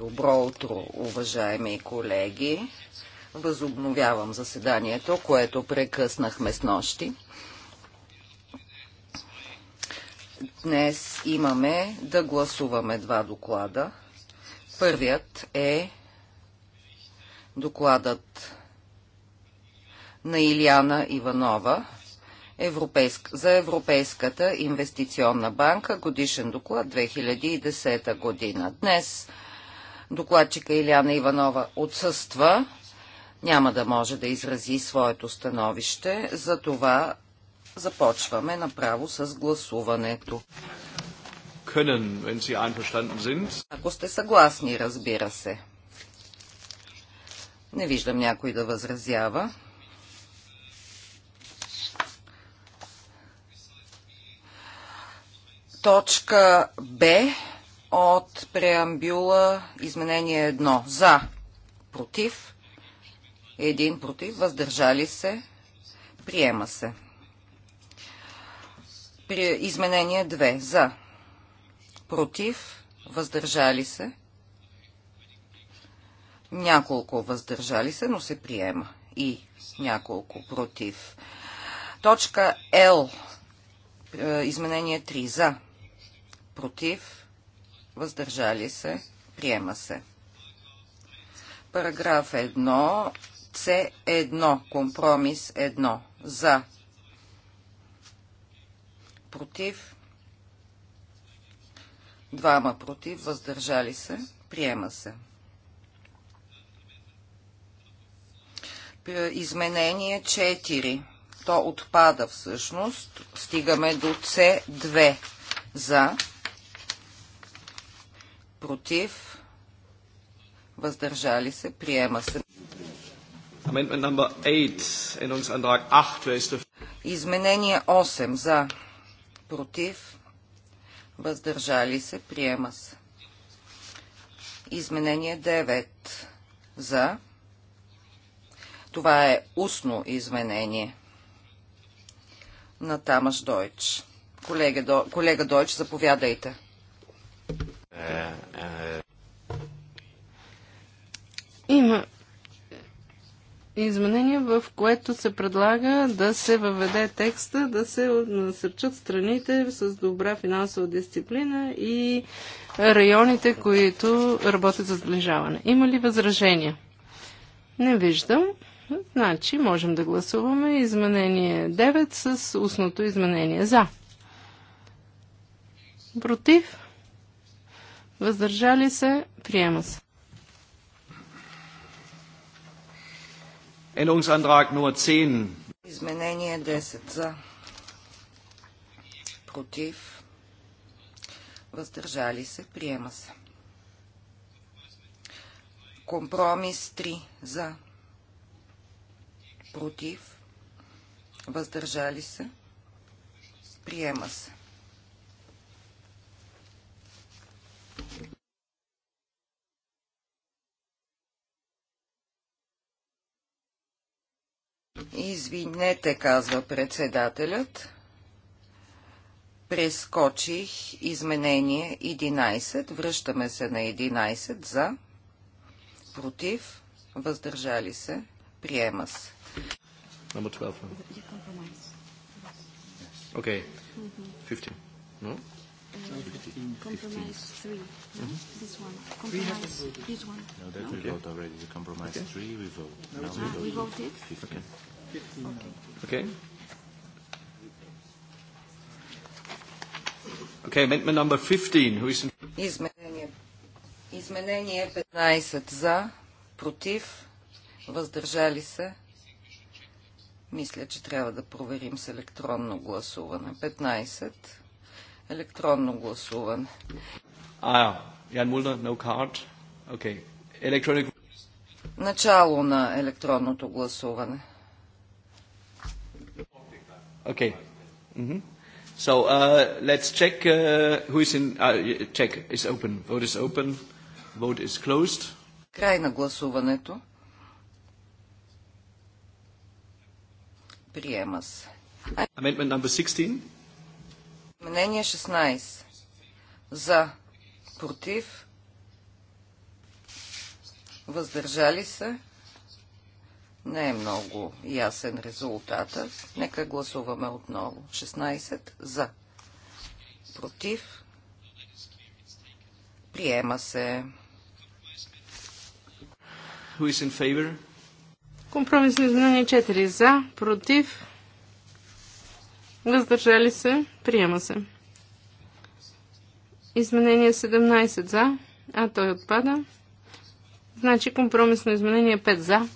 Добро утро, уважаеми колеги. Възобновявам заседанието, което прекъснахме с нощи. Днес имаме да гласуваме два доклада. Първият е докладът на Илияна Иванова – европейск, за Европейската инвестиционна банка, годишен доклад 2010 година. Днес докладчика Иляна Иванова отсъства, няма да може да изрази своето становище, за това започваме направо с гласуването. Ако сте съгласни, разбира се. Не виждам някой да възразява. точка Б от преамбюла изменение 1. За, против, един против, въздържали се, приема се. При изменение 2. За, против, въздържали се, няколко въздържали се, но се приема и няколко против. Точка Л. Е, изменение 3. За, против, въздържали се, приема се. Параграф 1, С1, компромис 1, за, против, двама против, въздържали се, приема се. Изменение 4. То отпада всъщност. Стигаме до С2 за против, въздържали се, приема се. Изменение 8 за, против, въздържали се, приема се. Изменение 9 за. Това е устно изменение на Тамаш Дойч. Колега, колега Дойч, заповядайте. Има изменение, в което се предлага да се въведе текста, да се насърчат страните с добра финансова дисциплина и районите, които работят за сближаване. Има ли възражения? Не виждам. Значи можем да гласуваме изменение 9 с устното изменение за. Против? въздържали се, приема се. Änderungsantrag Nummer 10. Изменение 10 за. Против. Въздържали се. Приема се. Компромис 3 за. Против. Въздържали се. Приема се. Извинете, казва председателят. Прескочих изменение 11. Връщаме се на 11 за. Против. Въздържали се. Приема се. Number 12. Okay. 15. No? Compromise three. This one. Compromise. This one. No, that we vote already. The compromise three, we vote. Now we vote. We voted. Okay. Okay. Okay, amendment number 15. Who is in... Изменение. Изменение 15 за, против, въздържали се. Мисля, че трябва да проверим с електронно гласуване. 15 електронно гласуване. А, Ян Мулдер, no card. Okay. Electronic... Начало на електронното гласуване. Okay. Mm-hmm. So uh, let's check uh, who is in. Uh, check is open. Vote is open. Vote is closed. Край на гласуването. Приема се. Amendment number 16. Мнение 16. За. Против. Въздържали се. Не е много ясен резултата. Нека гласуваме отново. 16. За. Против. Приема се. Компромисно изменение 4 за, против, Въздържали се. Приема се. Изменение 17 за. А той отпада. Значи компромисно изменение 5 за.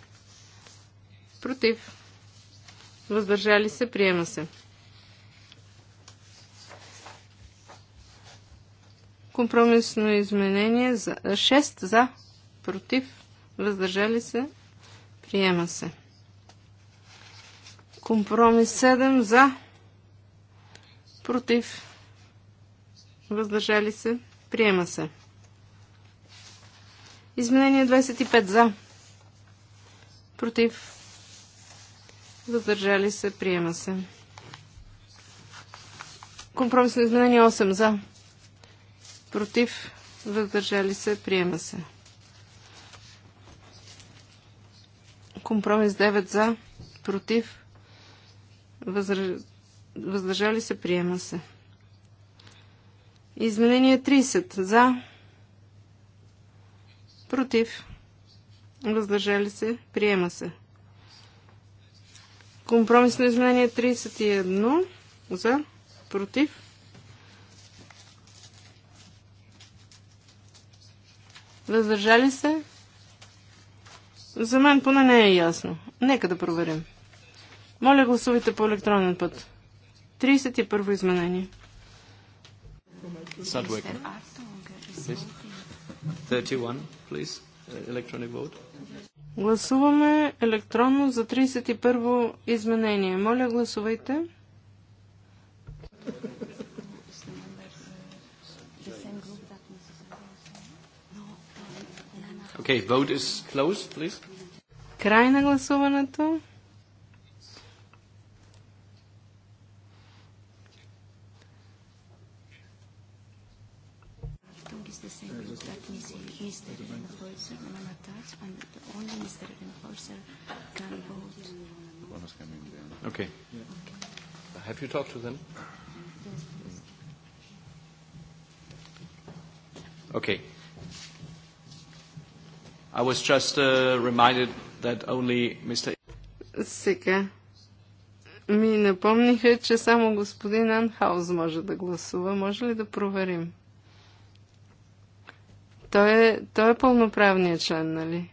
Против. Въздържали се. Приема се. Компромисно изменение за 6 за. Против. Въздържали се. Приема се. Компромис 7 за Против. Въздържали се. Приема се. Изменение 25 за. Против. Въздържали се. Приема се. Компромисно изменение 8 за. Против. Въздържали се. Приема се. Компромис 9 за. Против. се въздържали се, приема се. Изменение 30 за, против, въздържали се, приема се. Компромисно изменение 31 за, против, въздържали се. За мен поне не е ясно. Нека да проверим. Моля гласувайте по електронен път. 31 изменение. 31, please. Electronic vote. Гласуваме електронно за 31 изменение. Моля, гласувайте. Okay, vote is closed, please. Край на гласуването. Mr. Manatat and only Mr. Renholzer can vote. Okay. Have you talked to them? Yes, Okay. I was just uh, reminded that only Mr. Сега ми напомниха, че само господин Анхаус може да гласува. Може ли да проверим? Той е, той е пълноправният член, нали?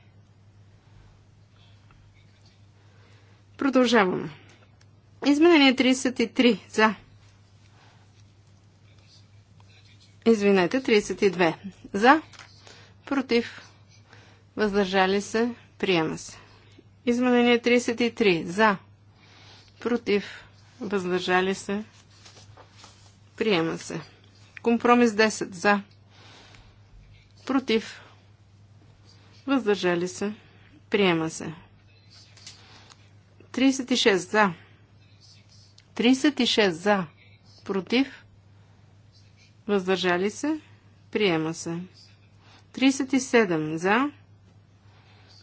Продължаваме. Изменение 33. За. Извинете, 32. За. Против. Въздържали се. Приема се. Изменение 33. За. Против. Въздържали се. Приема се. Компромис 10. За. Против. Въздържали се. Приема се. 36 за. 36 за. Против. Въздържали се. Приема се. 37 за.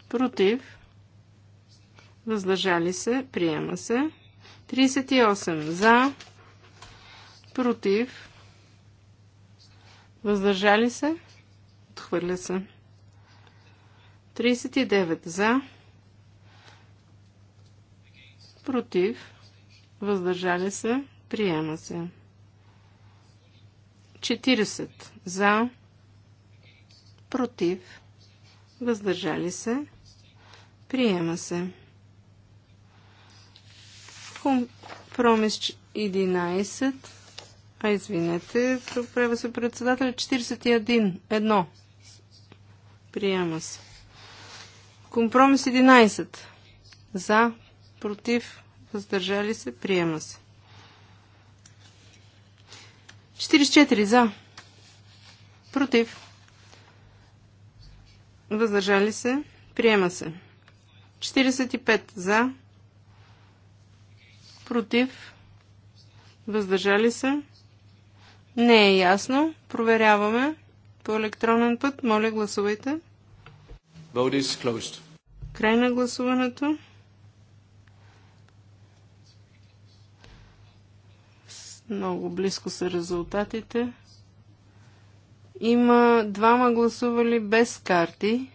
Против. Въздържали се. Приема се. 38 за. Против. Въздържали се. Отхвърля се. 39 за. Против. Въздържали се. Приема се. 40 за. Против. Въздържали се. Приема се. Компромис 11. А извинете, правя се председателя 41. Едно. Приема се. Компромис 11. За, против, въздържали се, приема се. 44 за, против, въздържали се, приема се. 45 за, против, въздържали се. Не е ясно. Проверяваме по електронен път. Моля, гласувайте. Vote is closed. Край на гласуването. Много близко са резултатите. Има двама гласували без карти.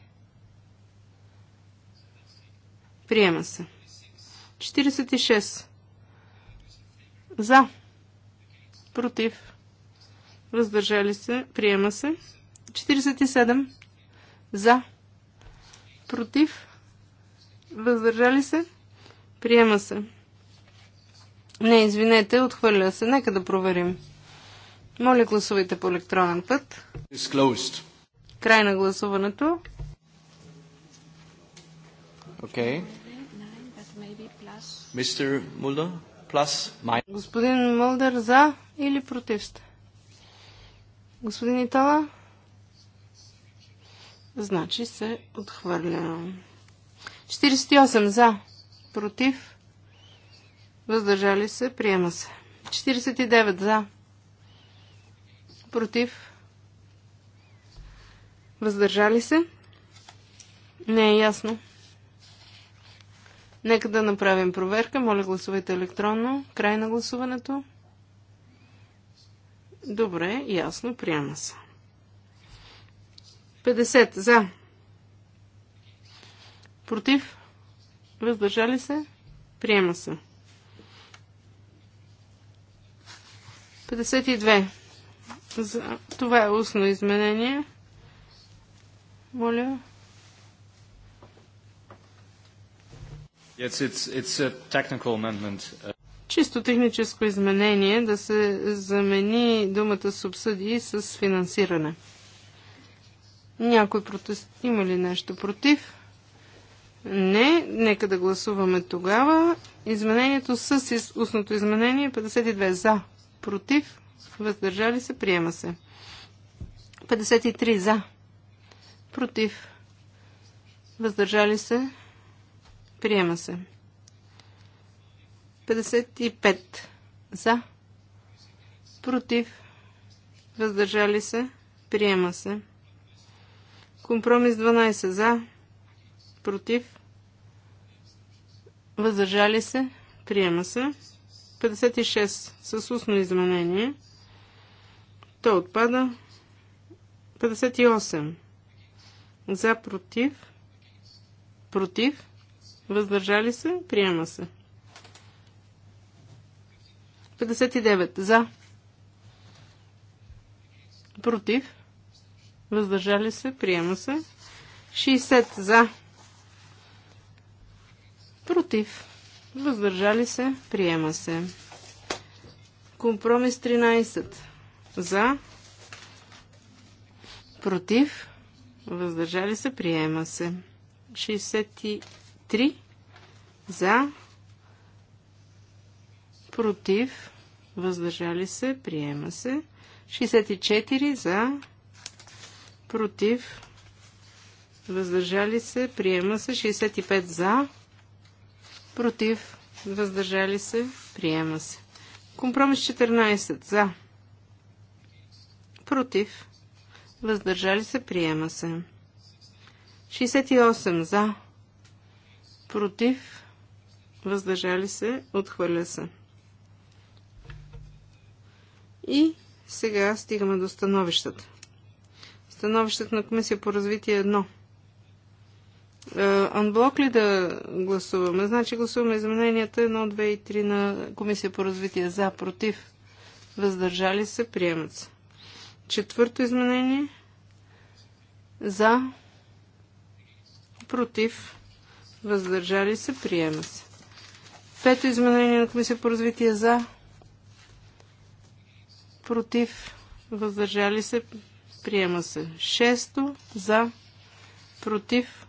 Приема се. 46. За. Против. Въздържали се. Приема се. 47 за, против, въздържали се, приема се. Не, извинете, отхвърля се. Нека да проверим. Моля, гласувайте по електронен път. Край на гласуването. Okay. Господин Мулдър, за или против сте? Господин Итала? Значи се отхвърля. 48 за, против, въздържали се, приема се. 49 за, против, въздържали се. Не е ясно. Нека да направим проверка. Моля, гласувайте електронно. Край на гласуването. Добре, ясно, приема се. 50 за. Против. Въздържали се. Приема се. 52. За... Това е устно изменение. Моля. It's, it's, it's a technical amendment. Чисто техническо изменение да се замени думата субсъдии с финансиране. Някой протест... има ли нещо против? Не. Нека да гласуваме тогава. Изменението с устното изменение 52 е за. Против. Въздържали се. Приема се. 53 за. Против. Въздържали се. Приема се. 55 за. Против. Въздържали се. Приема се. Компромис 12 за, против, въздържали се, приема се. 56 с устно изменение. То отпада. 58 за, против, против, въздържали се, приема се. 59 за, против, Въздържали се. Приема се. 60 за. Против. Въздържали се. Приема се. Компромис 13. За. Против. Въздържали се. Приема се. 63. За. Против. Въздържали се. Приема се. 64. За против, въздържали се, приема се 65 за, против, въздържали се, приема се. Компромис 14 за, против, въздържали се, приема се. 68 за, против, въздържали се, отхвърля се. И сега стигаме до становищата. Становището на Комисия по развитие е едно. Е, анблок ли да гласуваме? Значи гласуваме измененията 1, 2 и 3 на Комисия по развитие за, против, въздържали се, приемат се. Четвърто изменение за, против, въздържали се, приема се. Пето изменение на Комисия по развитие за, против, въздържали се, Приема се. 6 за. Против.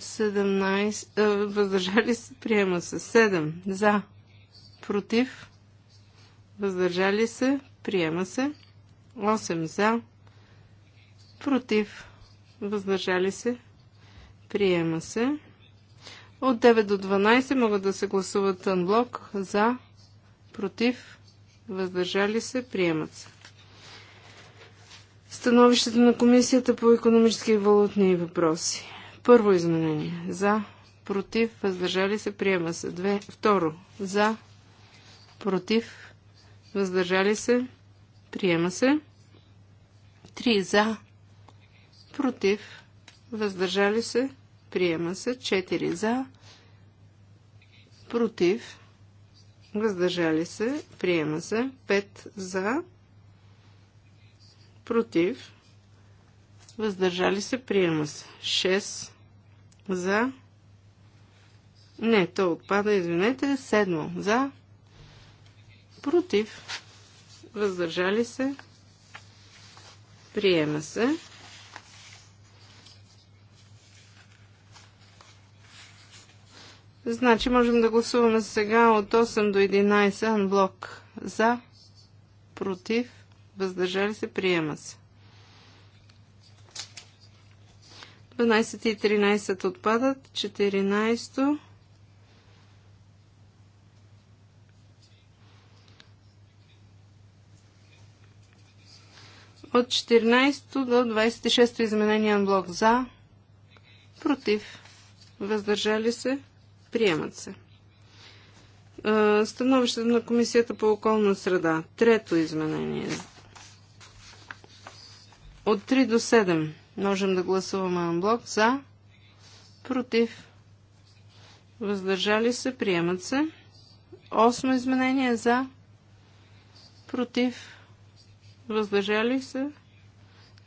17. въздържали се. Приема се. 7 за. Против. Въздържали се. Приема се. 8 за. Против. Въздържали се. Приема се. От 9 до 12 могат да се гласуват анблок за, против, въздържали се, приемат се становището на Комисията по економически и валутни въпроси. Първо изменение. За. Против. Въздържали се. Приема се. Две. Второ. За. Против. Въздържали се. Приема се. Три. За. Против. Въздържали се. Приема се. Четири. За. Против. Въздържали се. Приема се. Пет. За против, въздържали се, приема се. 6 за, не, то отпада, извинете, 7 за, против, въздържали се, приема се. Значи можем да гласуваме сега от 8 до 11 блок за, против, въздържали се, приема се. 12 и 13 отпадат, 14 от 14 до 26 изменения на блок за, против, въздържали се, приемат се. Е, становището на Комисията по околна среда. Трето изменение. От 3 до 7 можем да гласуваме анблок за, против, въздържали се, приемат се. Осмо изменение за, против, въздържали се.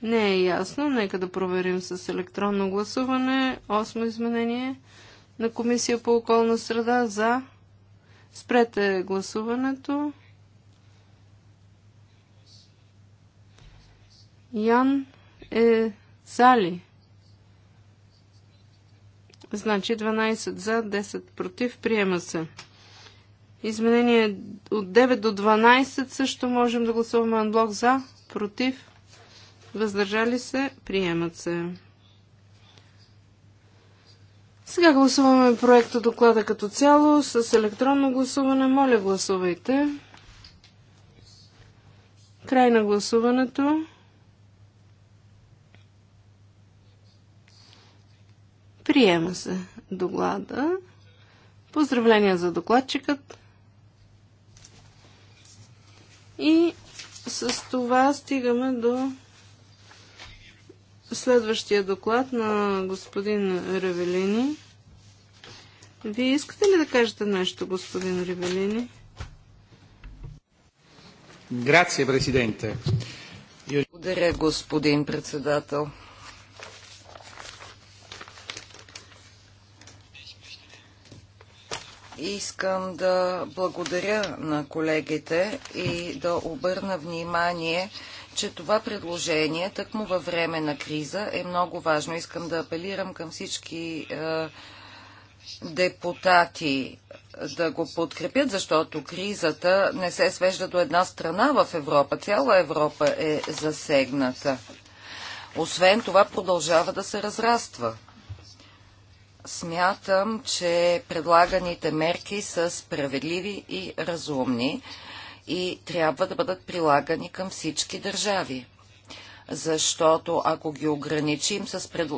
Не е ясно, нека да проверим с електронно гласуване. Осмо изменение на Комисия по околна среда за. Спрете гласуването. Ян е зали. Значи 12 за, 10 против, приема се. Изменение от 9 до 12 също можем да гласуваме анблок за, против, въздържали се, приемат се. Сега гласуваме проекта доклада като цяло с електронно гласуване. Моля, гласувайте. Край на гласуването. Приема се доклада. Поздравления за докладчикът. И с това стигаме до следващия доклад на господин Ревелини. Вие искате ли да кажете нещо, господин Ревелини? Грация, президенте. Благодаря, господин председател. Искам да благодаря на колегите и да обърна внимание, че това предложение, тъкмо във време на криза, е много важно. Искам да апелирам към всички е, депутати да го подкрепят, защото кризата не се свежда до една страна в Европа. Цяла Европа е засегната. Освен това продължава да се разраства смятам, че предлаганите мерки са справедливи и разумни и трябва да бъдат прилагани към всички държави. Защото ако ги ограничим, с пред...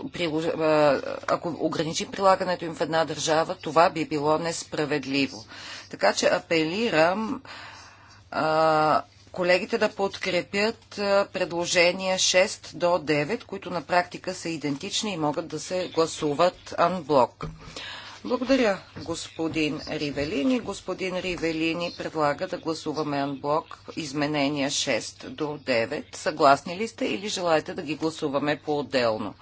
ако ограничим прилагането им в една държава, това би било несправедливо. Така че апелирам а колегите да подкрепят предложения 6 до 9, които на практика са идентични и могат да се гласуват анблок. Благодаря, господин Ривелини. Господин Ривелини предлага да гласуваме анблок изменения 6 до 9. Съгласни ли сте или желаете да ги гласуваме по-отделно?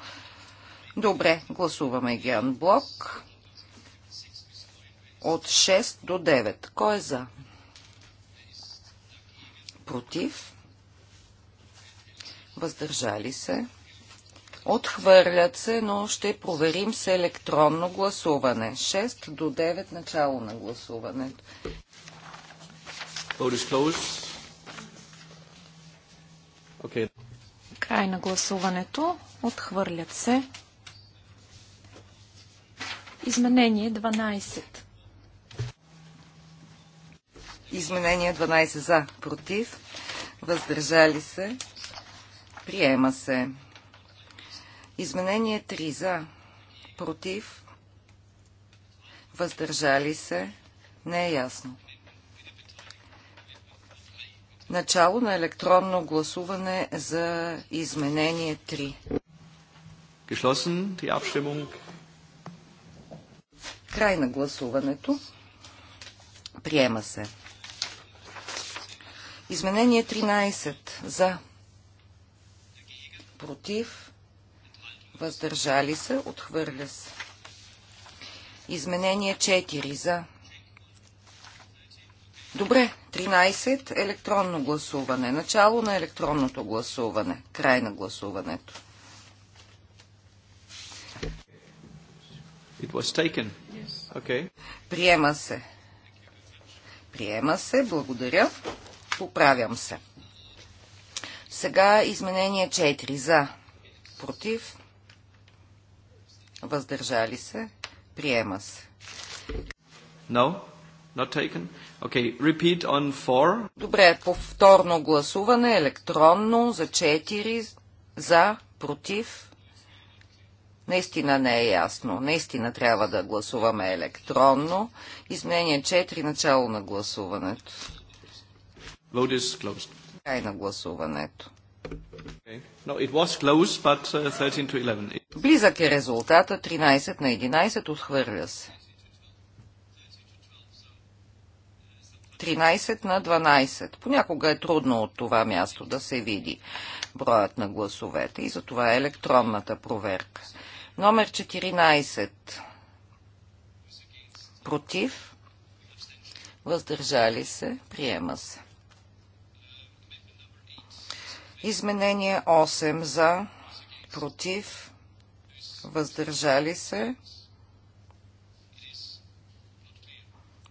Добре, гласуваме ги анблок от 6 до 9. Кой е за? против, въздържали се, отхвърлят се, но ще проверим с електронно гласуване. 6 до 9 начало на гласуването. Okay. Край на гласуването. Отхвърлят се. Изменение 12. Изменение 12 за, против, въздържали се, приема се. Изменение 3 за, против, въздържали се, не е ясно. Начало на електронно гласуване за изменение 3. Geschlossen, die Abstimmung. Край на гласуването. Приема се. Изменение 13. За. Против. Въздържали се. Отхвърля се. Изменение 4. За. Добре. 13. Електронно гласуване. Начало на електронното гласуване. Край на гласуването. It was taken. Yes. Okay. Приема се. Приема се. Благодаря. Поправям се. Сега изменение 4. За. Против. Въздържали се. Приема се. No, not taken. Okay, repeat on four. Добре, повторно гласуване, електронно, за 4, за, против. Наистина не е ясно. Наистина трябва да гласуваме електронно. Изменение 4, начало на гласуването. Vote is closed. Край на гласуването. Okay. No, it was close, but 13 uh, to 11. Близък е резултата. 13 на 11 отхвърля се. 13 на 12. Понякога е трудно от това място да се види броят на гласовете и затова е електронната проверка. Номер 14. Против. Въздържали се. Приема се. Изменение 8 за, против, въздържали се.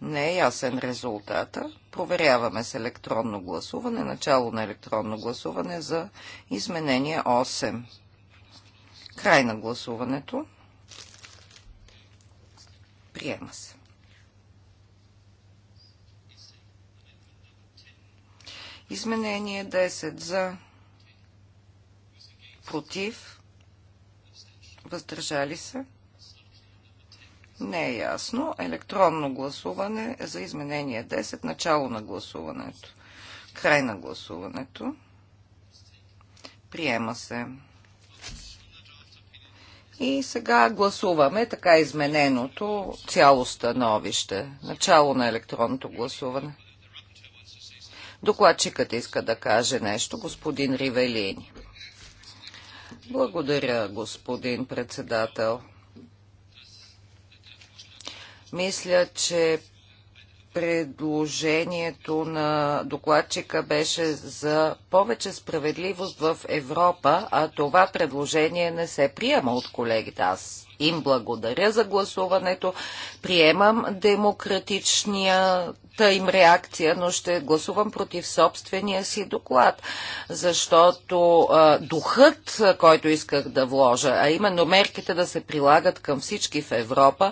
Не е ясен резултата. Проверяваме с електронно гласуване, начало на електронно гласуване за изменение 8. Край на гласуването. Приема се. Изменение 10 за против, въздържали се. Не е ясно. Електронно гласуване за изменение 10. Начало на гласуването. Край на гласуването. Приема се. И сега гласуваме така измененото цяло становище. Начало на електронното гласуване. Докладчикът иска да каже нещо, господин Ривелини. Благодаря, господин председател. Мисля, че предложението на докладчика беше за повече справедливост в Европа, а това предложение не се приема от колегите. Аз им благодаря за гласуването. Приемам та им реакция, но ще гласувам против собствения си доклад, защото а, духът, който исках да вложа, а именно мерките да се прилагат към всички в Европа,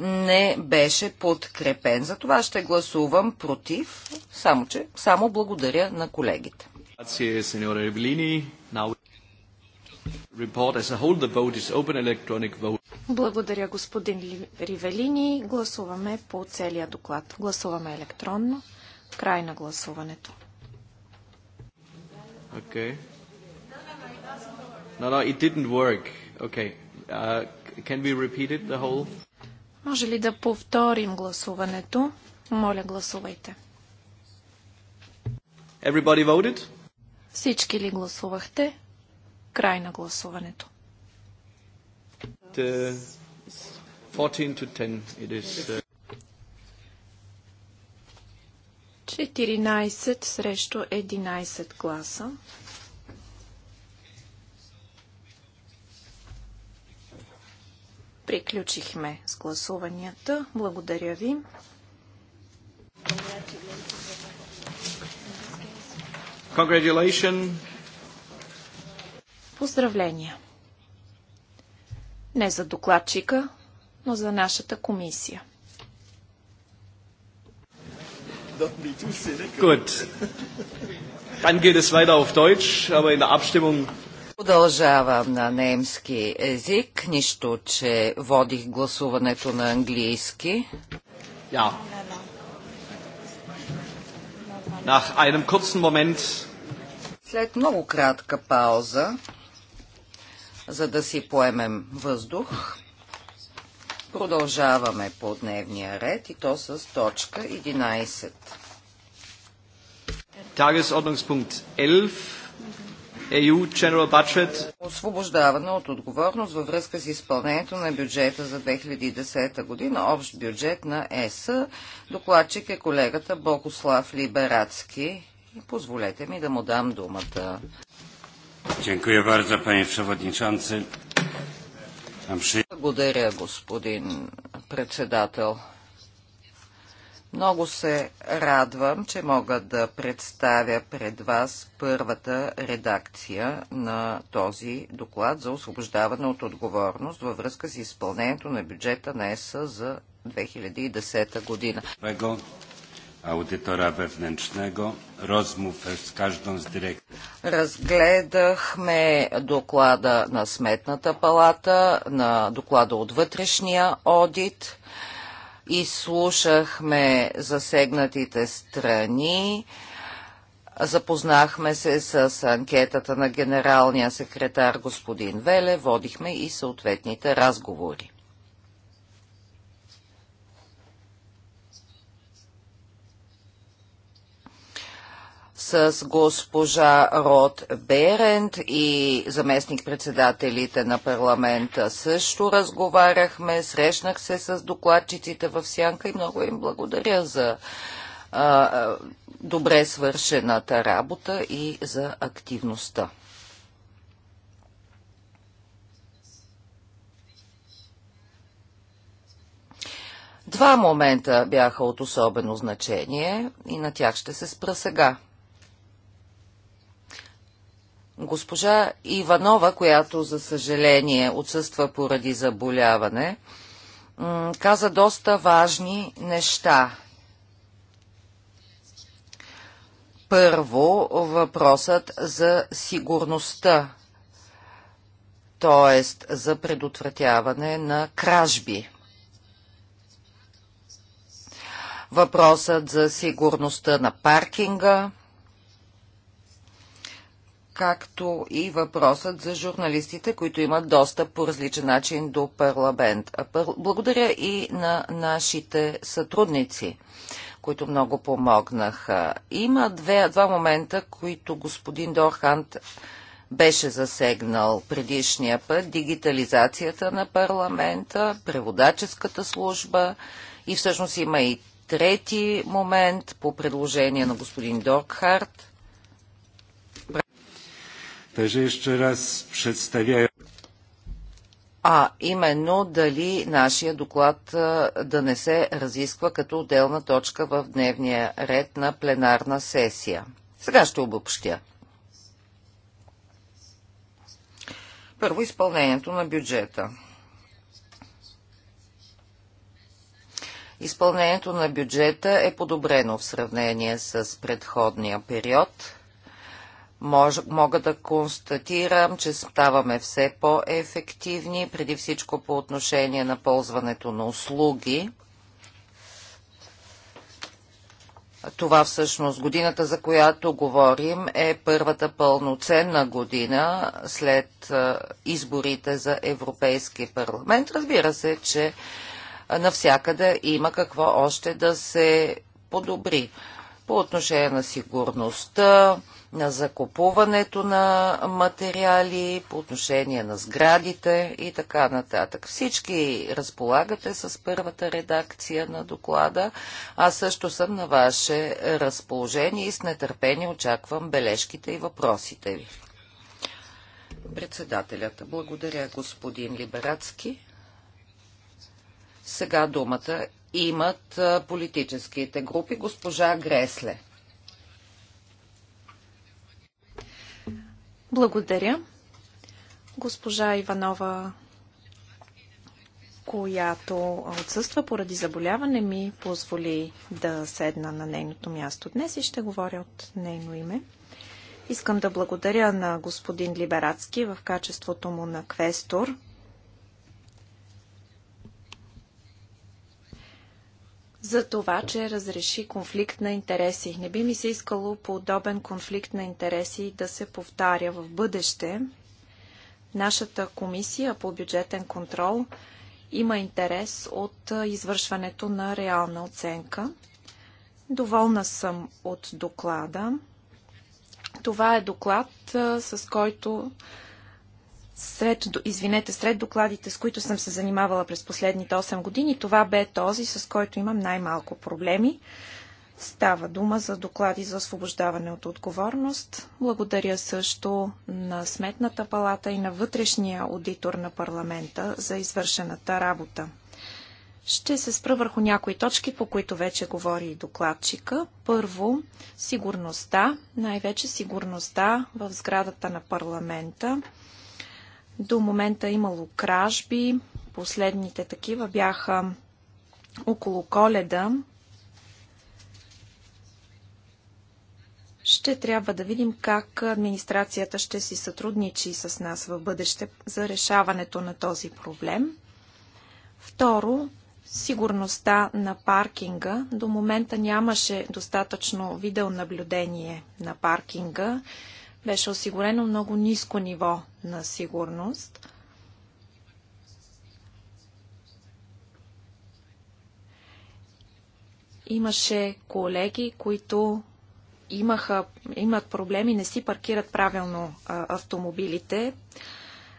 не беше подкрепен. Затова ще гласувам против, само че само благодаря на колегите. Благодаря, господин Ривелини. Гласуваме по целия доклад. Гласуваме електронно. Край на гласуването. Okay. No, no, it didn't work. Okay. Uh, can we repeat it, the whole? Може ли да повторим гласуването? Моля, гласувайте. Everybody voted? Всички ли гласувахте? Край на гласуването. 14 uh, срещу 11 гласа. Приключихме с гласуванията. Благодаря ви. Congratulations. Поздравления! Не за докладчика, но за нашата комисия. Продължавам на немски език, нищо, че водих гласуването на английски. Ja. Nach einem kurzen Moment. След много кратка пауза за да си поемем въздух. Продължаваме по дневния ред и то с точка 11. Tagesordnungspunkt 11. EU General Budget. Освобождаване от отговорност във връзка с изпълнението на бюджета за 2010 година, общ бюджет на ЕС. Докладчик е колегата Богослав Либерацки. позволете ми да му дам думата. Dziękuję bardzo, panie przewodniczący. Благодаря, господин председател. Много се радвам, че мога да представя пред вас първата редакция на този доклад за освобождаване от отговорност във връзка с изпълнението на бюджета на ЕС за 2010 година audytora wewnętrznego, rozmów с каждом с директор. Разгледахме доклада на Сметната палата, на доклада от вътрешния одит, изслушахме засегнатите страни, запознахме се с анкетата на генералния секретар господин Веле, водихме и съответните разговори. с госпожа Рот Берент и заместник-председателите на парламента също разговаряхме, срещнах се с докладчиците в Сянка и много им благодаря за а, добре свършената работа и за активността. Два момента бяха от особено значение и на тях ще се спра сега. Госпожа Иванова, която за съжаление отсъства поради заболяване, каза доста важни неща. Първо, въпросът за сигурността, т.е. за предотвратяване на кражби. Въпросът за сигурността на паркинга – както и въпросът за журналистите, които имат достъп по различен начин до парламент. Благодаря и на нашите сътрудници, които много помогнаха. Има две, два момента, които господин Дорхант беше засегнал предишния път. Дигитализацията на парламента, преводаческата служба и всъщност има и трети момент по предложение на господин Доркхарт – Теже още раз представяю а именно дали нашия доклад е, да не се разисква като отделна точка в дневния ред на пленарна сесия. Сега ще обобщя. Първо изпълнението на бюджета. Изпълнението на бюджета е подобрено в сравнение с предходния период – Мож, мога да констатирам, че ставаме все по-ефективни, преди всичко по отношение на ползването на услуги. Това всъщност годината, за която говорим, е първата пълноценна година след изборите за Европейски парламент. Разбира се, че навсякъде има какво още да се подобри по отношение на сигурността, на закупуването на материали, по отношение на сградите и така нататък. Всички разполагате с първата редакция на доклада. Аз също съм на ваше разположение и с нетърпение очаквам бележките и въпросите ви. Председателята, благодаря господин Либерацки. Сега думата имат политическите групи. Госпожа Гресле. Благодаря. Госпожа Иванова, която отсъства поради заболяване, ми позволи да седна на нейното място днес и ще говоря от нейно име. Искам да благодаря на господин Либерацки в качеството му на квестор за това, че разреши конфликт на интереси. Не би ми се искало подобен конфликт на интереси да се повтаря в бъдеще. Нашата комисия по бюджетен контрол има интерес от извършването на реална оценка. Доволна съм от доклада. Това е доклад, с който сред, извинете, сред докладите, с които съм се занимавала през последните 8 години, това бе този, с който имам най-малко проблеми. Става дума за доклади за освобождаване от отговорност. Благодаря също на Сметната палата и на вътрешния аудитор на парламента за извършената работа. Ще се спра върху някои точки, по които вече говори и докладчика. Първо, сигурността, най-вече сигурността в сградата на парламента. До момента имало кражби. Последните такива бяха около коледа. Ще трябва да видим как администрацията ще си сътрудничи с нас в бъдеще за решаването на този проблем. Второ, сигурността на паркинга. До момента нямаше достатъчно видеонаблюдение на паркинга беше осигурено много ниско ниво на сигурност. Имаше колеги, които имаха, имат проблеми, не си паркират правилно а, автомобилите.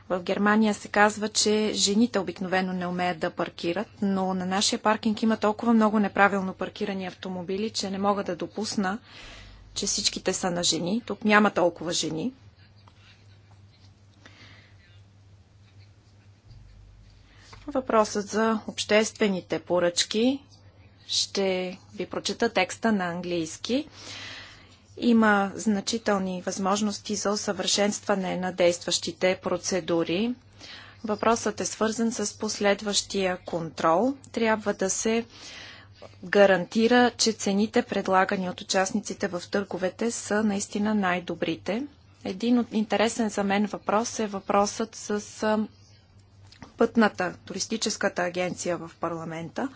В Германия се казва, че жените обикновено не умеят да паркират, но на нашия паркинг има толкова много неправилно паркирани автомобили, че не мога да допусна че всичките са на жени. Тук няма толкова жени. Въпросът за обществените поръчки. Ще ви прочета текста на английски. Има значителни възможности за усъвършенстване на действащите процедури. Въпросът е свързан с последващия контрол. Трябва да се гарантира, че цените, предлагани от участниците в търговете, са наистина най-добрите. Един от интересен за мен въпрос е въпросът с пътната туристическата агенция в парламента.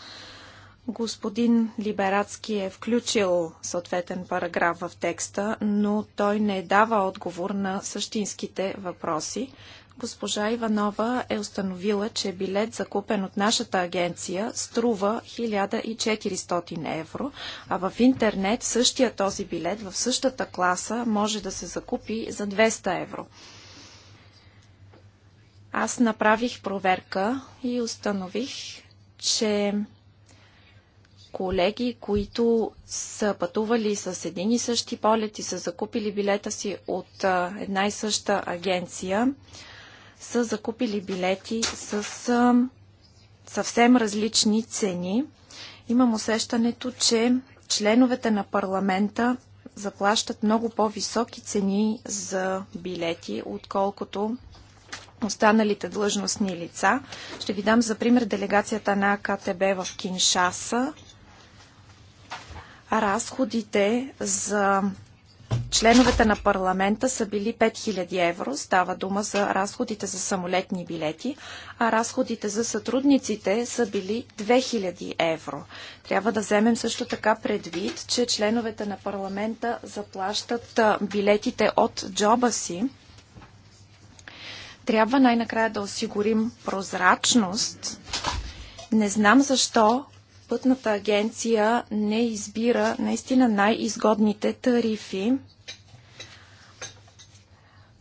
Господин Либерацки е включил съответен параграф в текста, но той не дава отговор на същинските въпроси. Госпожа Иванова е установила, че билет закупен от нашата агенция струва 1400 евро, а в интернет същия този билет в същата класа може да се закупи за 200 евро. Аз направих проверка и установих, че колеги, които са пътували с един и същи полет и са закупили билета си от една и съща агенция, са закупили билети с съвсем различни цени. Имам усещането, че членовете на парламента заплащат много по-високи цени за билети, отколкото останалите длъжностни лица. Ще ви дам за пример делегацията на КТБ в Киншаса. Разходите за Членовете на парламента са били 5000 евро, става дума за разходите за самолетни билети, а разходите за сътрудниците са били 2000 евро. Трябва да вземем също така предвид, че членовете на парламента заплащат билетите от джоба си. Трябва най-накрая да осигурим прозрачност. Не знам защо Пътната агенция не избира наистина най-изгодните тарифи.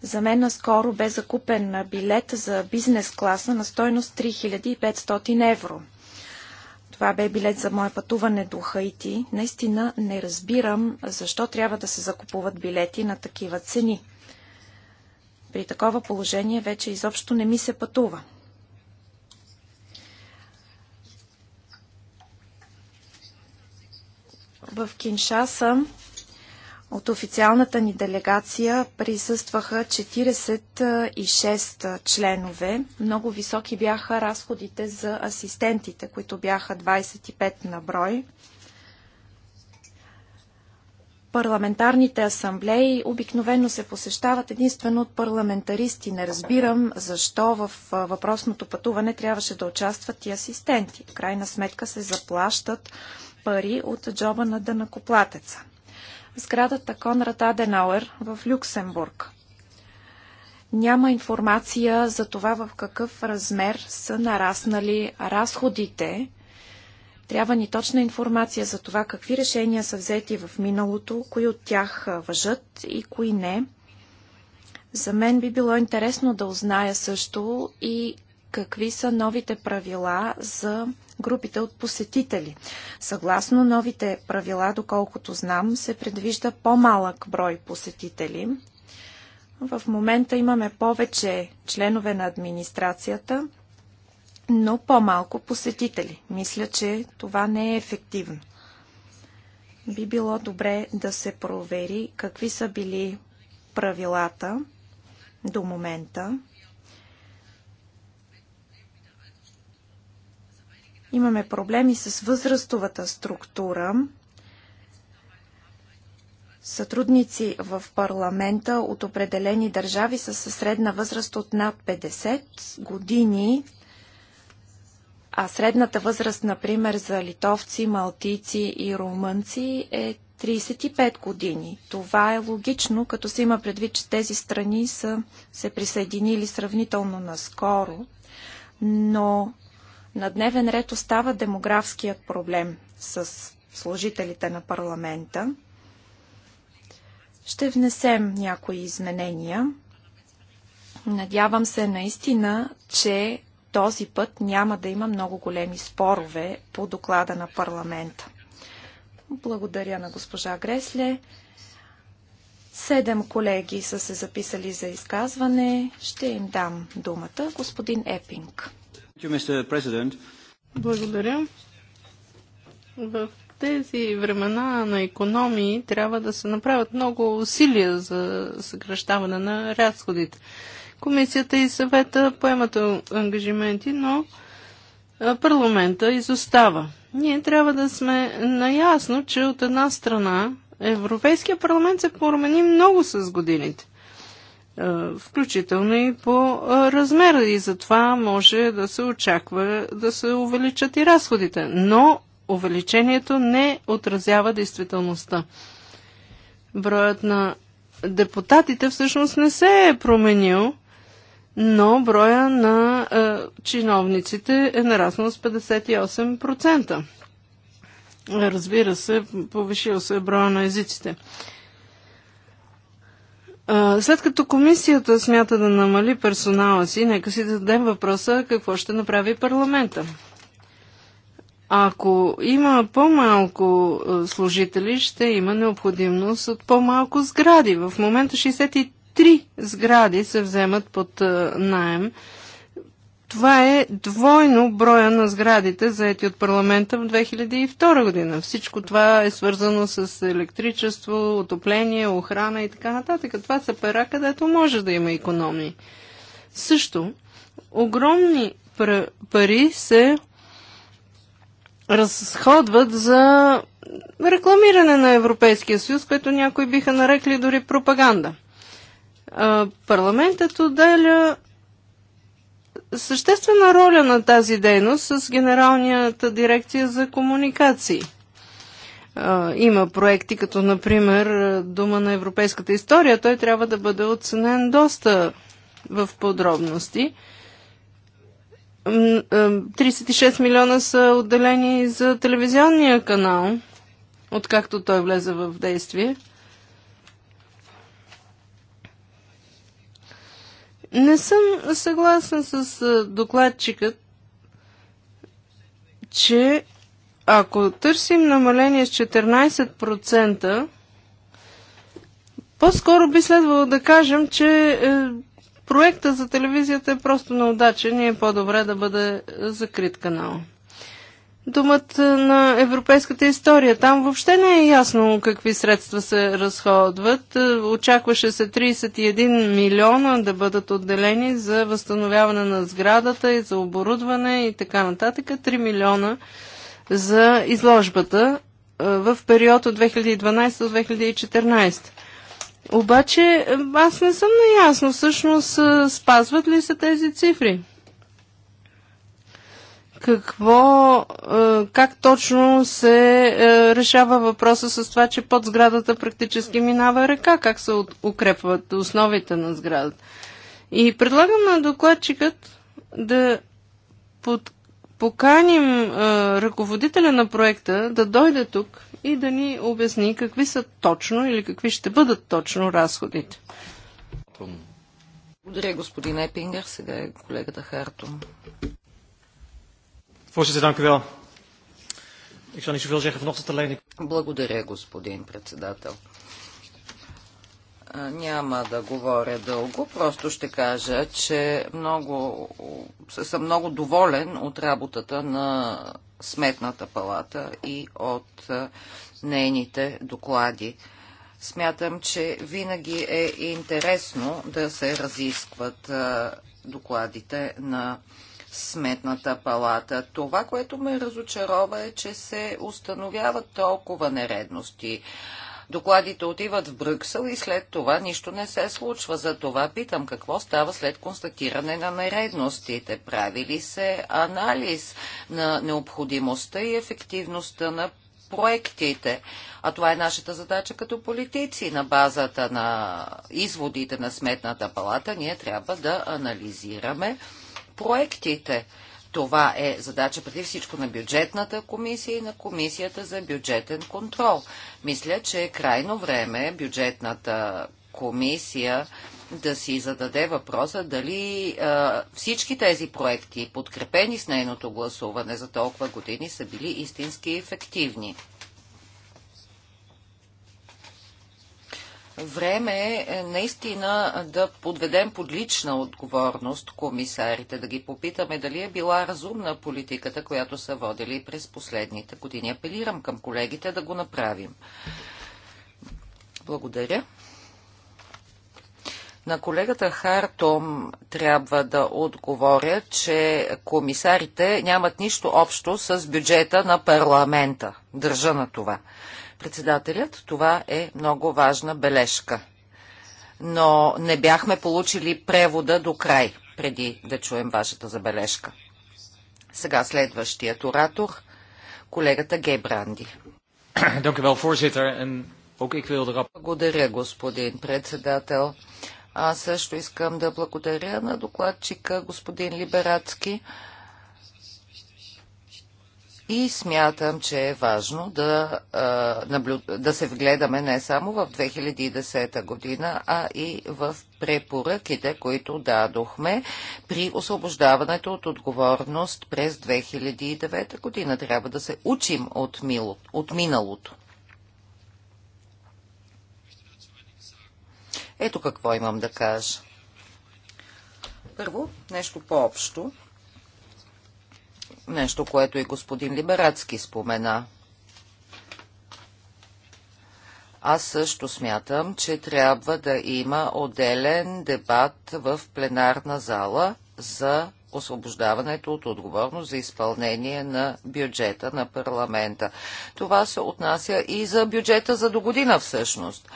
За мен наскоро бе закупен билет за бизнес класа на стойност 3500 евро. Това бе билет за мое пътуване до Хаити. Наистина не разбирам защо трябва да се закупуват билети на такива цени. При такова положение вече изобщо не ми се пътува. В Киншаса от официалната ни делегация присъстваха 46 членове. Много високи бяха разходите за асистентите, които бяха 25 на брой. Парламентарните асамблеи обикновено се посещават единствено от парламентаристи. Не разбирам защо в въпросното пътуване трябваше да участват и асистенти. В крайна сметка се заплащат пари от джоба на дънакоплатеца. Сградата Конрад Аденауер в Люксембург. Няма информация за това в какъв размер са нараснали разходите. Трябва ни точна информация за това какви решения са взети в миналото, кои от тях въжат и кои не. За мен би било интересно да узная също и какви са новите правила за групите от посетители. Съгласно новите правила, доколкото знам, се предвижда по-малък брой посетители. В момента имаме повече членове на администрацията, но по-малко посетители. Мисля, че това не е ефективно. Би било добре да се провери какви са били правилата до момента Имаме проблеми с възрастовата структура. Сътрудници в парламента от определени държави са със средна възраст от над 50 години, а средната възраст, например, за литовци, малтийци и румънци е 35 години. Това е логично, като се има предвид, че тези страни са се присъединили сравнително наскоро, но на дневен ред остава демографският проблем с служителите на парламента. Ще внесем някои изменения. Надявам се наистина, че този път няма да има много големи спорове по доклада на парламента. Благодаря на госпожа Гресле. Седем колеги са се записали за изказване. Ще им дам думата. Господин Епинг. Благодаря. В тези времена на економии трябва да се направят много усилия за съкръщаване на разходите. Комисията и съвета поемат ангажименти, но парламента изостава. Ние трябва да сме наясно, че от една страна Европейския парламент се промени много с годините. Е, включително и по е, размера и затова може да се очаква да се увеличат и разходите, но увеличението не отразява действителността. Броят на депутатите всъщност не се е променил, но броя на е, чиновниците е нараснал с 58%. Разбира се, повишил се броя на езиците. След като комисията смята да намали персонала си, нека си зададем въпроса какво ще направи парламента. Ако има по-малко служители, ще има необходимост от по-малко сгради. В момента 63 сгради се вземат под найем това е двойно броя на сградите, заети от парламента в 2002 година. Всичко това е свързано с електричество, отопление, охрана и така нататък. Това са пера, където може да има економии. Също, огромни пари се разходват за рекламиране на Европейския съюз, което някои биха нарекли дори пропаганда. Парламентът отделя съществена роля на тази дейност с Генералната дирекция за комуникации. Има проекти, като например Дума на европейската история. Той трябва да бъде оценен доста в подробности. 36 милиона са отделени за телевизионния канал, откакто той влезе в действие. Не съм съгласен с докладчикът, че ако търсим намаление с 14%, по-скоро би следвало да кажем, че е, проекта за телевизията е просто неудачен и е по-добре да бъде закрит канал. Думът е, на европейската история. Там въобще не е ясно какви средства се разходват. Е, очакваше се 31 милиона да бъдат отделени за възстановяване на сградата и за оборудване и така нататък. 3 милиона за изложбата е, в период от 2012 до 2014. Обаче аз не съм наясно всъщност спазват ли се тези цифри какво, е, как точно се е, решава въпроса с това, че под сградата практически минава река, как се укрепват основите на сградата. И предлагам на докладчикът да под, поканим е, ръководителя на проекта да дойде тук и да ни обясни какви са точно или какви ще бъдат точно разходите. Благодаря, господин Епингер. Сега е колегата Хартум. Voorzitter, dank u wel. Ik zal niet zoveel zeggen vanochtend alleen. Благодаря, господин председател. Няма да говоря дълго, просто ще кажа, че много, съм много доволен от работата на Сметната палата и от нейните доклади. Смятам, че винаги е интересно да се разискват докладите на сметната палата. Това, което ме разочарова е, че се установяват толкова нередности. Докладите отиват в Брюксел и след това нищо не се случва. За това питам какво става след констатиране на нередностите. Прави ли се анализ на необходимостта и ефективността на проектите. А това е нашата задача като политици. На базата на изводите на Сметната палата ние трябва да анализираме проектите. Това е задача преди всичко на бюджетната комисия и на комисията за бюджетен контрол. Мисля, че е крайно време бюджетната комисия да си зададе въпроса дали а, всички тези проекти, подкрепени с нейното гласуване за толкова години, са били истински ефективни. Време е, е наистина е, да подведем под лична отговорност комисарите, да ги попитаме дали е била разумна политиката, която са водили през последните години. Апелирам към колегите да го направим. Благодаря. На колегата Хартом трябва да отговоря, че комисарите нямат нищо общо с бюджета на парламента. Държа на това. Председателят, това е много важна бележка. Но не бяхме получили превода до край, преди да чуем вашата забележка. Сега следващият оратор, колегата Гейбранди. Благодаря, господин председател. Аз също искам да благодаря на докладчика господин Либерацки и смятам, че е важно да, да се вгледаме не само в 2010 година, а и в препоръките, които дадохме при освобождаването от отговорност през 2009 година. Трябва да се учим от, мило, от миналото. Ето какво имам да кажа. Първо, нещо по-общо нещо, което и господин Либерацки спомена. Аз също смятам, че трябва да има отделен дебат в пленарна зала за освобождаването от отговорност за изпълнение на бюджета на парламента. Това се отнася и за бюджета за до година всъщност.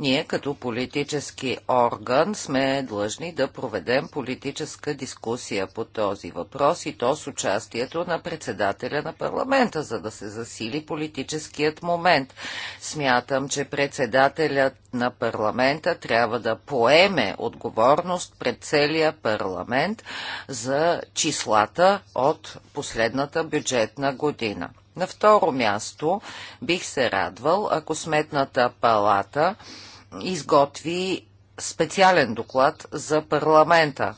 Ние като политически орган сме длъжни да проведем политическа дискусия по този въпрос и то с участието на председателя на парламента, за да се засили политическият момент. Смятам, че председателят на парламента трябва да поеме отговорност пред целия парламент за числата от последната бюджетна година. На второ място бих се радвал, ако Сметната палата изготви специален доклад за парламента.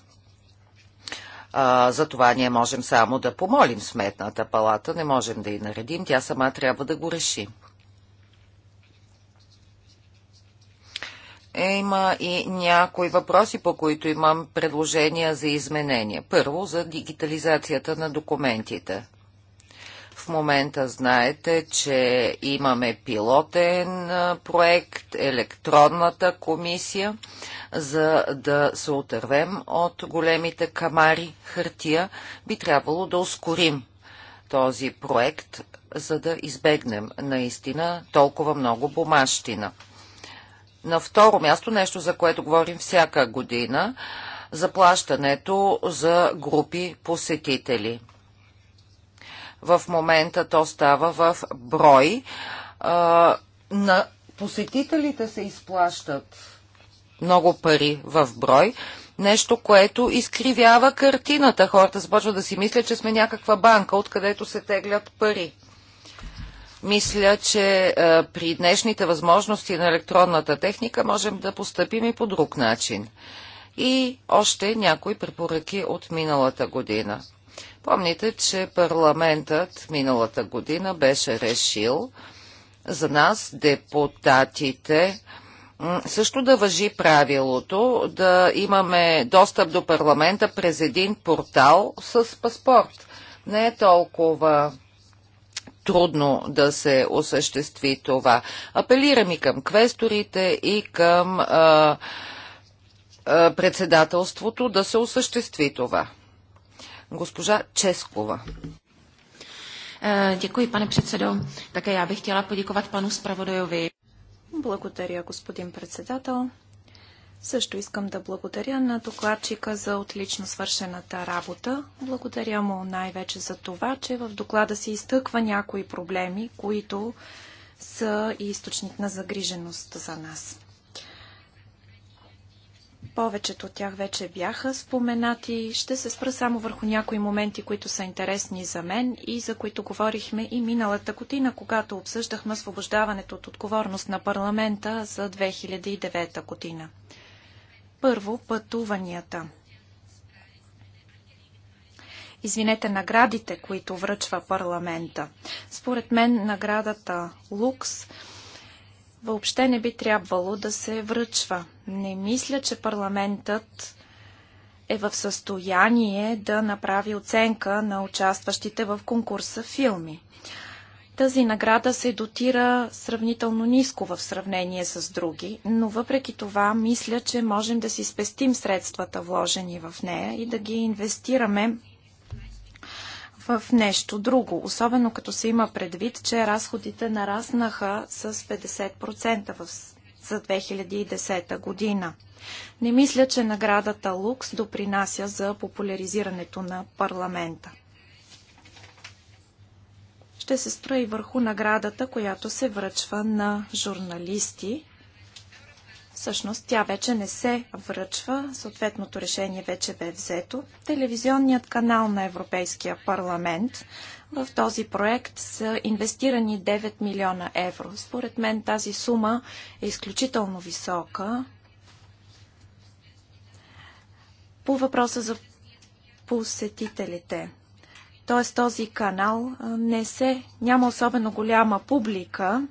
А, за това ние можем само да помолим сметната палата, не можем да и наредим, тя сама трябва да го реши. Е, има и някои въпроси, по които имам предложения за изменения. Първо, за дигитализацията на документите. В момента знаете, че имаме пилотен проект, електронната комисия, за да се отървем от големите камари хартия. Би трябвало да ускорим този проект, за да избегнем наистина толкова много бумащина. На второ място, нещо за което говорим всяка година, заплащането за групи посетители – в момента то става в брой. А, на посетителите се изплащат много пари в брой. Нещо, което изкривява картината. Хората започват да си мислят, че сме някаква банка, откъдето се теглят пари. Мисля, че а, при днешните възможности на електронната техника можем да постъпим и по друг начин. И още някои препоръки от миналата година. Помните, че парламентът миналата година беше решил за нас, депутатите, също да въжи правилото да имаме достъп до парламента през един портал с паспорт. Не е толкова трудно да се осъществи това. Апелирам и към квесторите, и към а, а, председателството да се осъществи това. Госпожа Ческова. Е, děkuji, pane předsedo. Také já bych chtěla poděkovat panu zpravodajovi. Благодаря, господин председател. Също искам да благодаря на докладчика за отлично свършената работа. Благодаря му най-вече за това, че в доклада се изтъква някои проблеми, които са и източник на загриженост за нас. Повечето от тях вече бяха споменати. Ще се спра само върху някои моменти, които са интересни за мен и за които говорихме и миналата година, когато обсъждахме освобождаването от отговорност на парламента за 2009 година. Първо, пътуванията. Извинете, наградите, които връчва парламента. Според мен наградата Лукс – въобще не би трябвало да се връчва. Не мисля, че парламентът е в състояние да направи оценка на участващите в конкурса филми. Тази награда се дотира сравнително ниско в сравнение с други, но въпреки това мисля, че можем да си спестим средствата вложени в нея и да ги инвестираме в нещо друго, особено като се има предвид, че разходите нараснаха с 50% в, за 2010 година. Не мисля, че наградата Лукс допринася за популяризирането на парламента. Ще се спра и върху наградата, която се връчва на журналисти. Всъщност тя вече не се връчва, съответното решение вече бе взето. Телевизионният канал на Европейския парламент в този проект са инвестирани 9 милиона евро. Според мен тази сума е изключително висока. По въпроса за посетителите. Т.е. този канал не се, няма особено голяма публика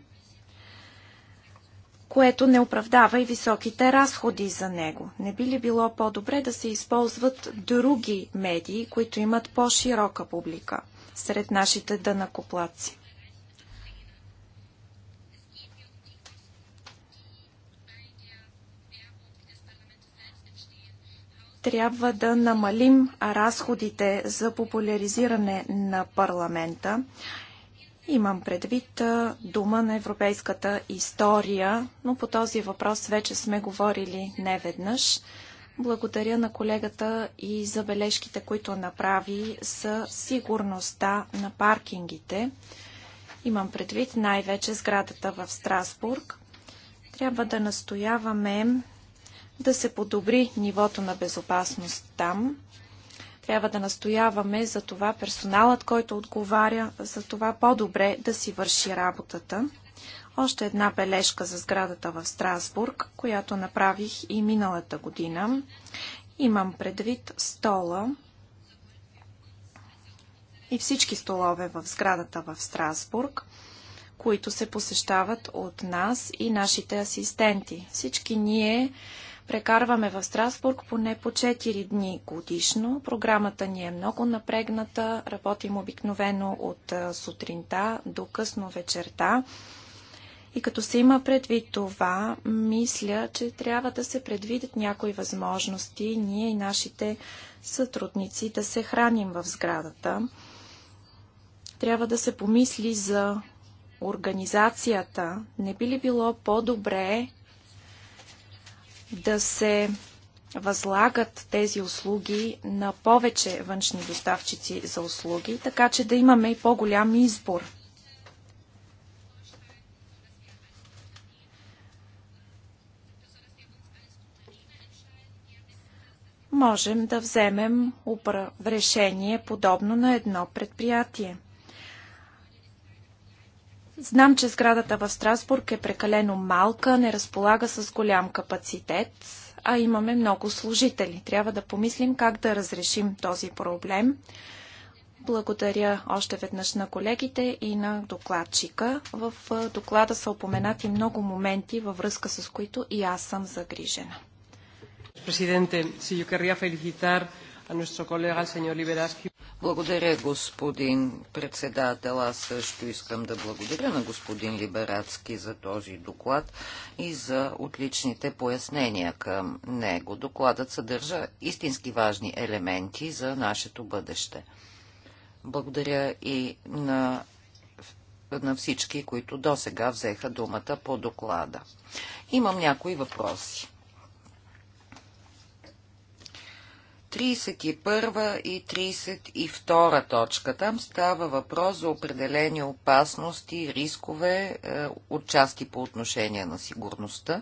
което не оправдава и високите разходи за него. Не би ли било по-добре да се използват други медии, които имат по-широка публика сред нашите дънакоплаци? трябва да намалим разходите за популяризиране на парламента Имам предвид дума на европейската история, но по този въпрос вече сме говорили неведнъж. Благодаря на колегата и забележките, които направи за сигурността на паркингите. Имам предвид най-вече сградата в Страсбург. Трябва да настояваме да се подобри нивото на безопасност там. Трябва да настояваме за това персоналът, който отговаря, за това по-добре да си върши работата. Още една бележка за сградата в Страсбург, която направих и миналата година. Имам предвид стола и всички столове в сградата в Страсбург които се посещават от нас и нашите асистенти. Всички ние Прекарваме в Страсбург поне по 4 дни годишно. Програмата ни е много напрегната. Работим обикновено от сутринта до късно вечерта. И като се има предвид това, мисля, че трябва да се предвидят някои възможности ние и нашите сътрудници да се храним в сградата. Трябва да се помисли за организацията. Не би ли било по-добре да се възлагат тези услуги на повече външни доставчици за услуги, така че да имаме и по-голям избор. Можем да вземем решение подобно на едно предприятие – Знам, че сградата в Страсбург е прекалено малка, не разполага с голям капацитет, а имаме много служители. Трябва да помислим как да разрешим този проблем. Благодаря още веднъж на колегите и на докладчика. В доклада са упоменати много моменти, във връзка с които и аз съм загрижена. Президенте, си ю querría благодаря, господин председател. Аз също искам да благодаря на господин Либерацки за този доклад и за отличните пояснения към него. Докладът съдържа истински важни елементи за нашето бъдеще. Благодаря и на на всички, които до сега взеха думата по доклада. Имам някои въпроси. 31 и 32 точка. Там става въпрос за определени опасности и рискове е, отчасти по отношение на сигурността.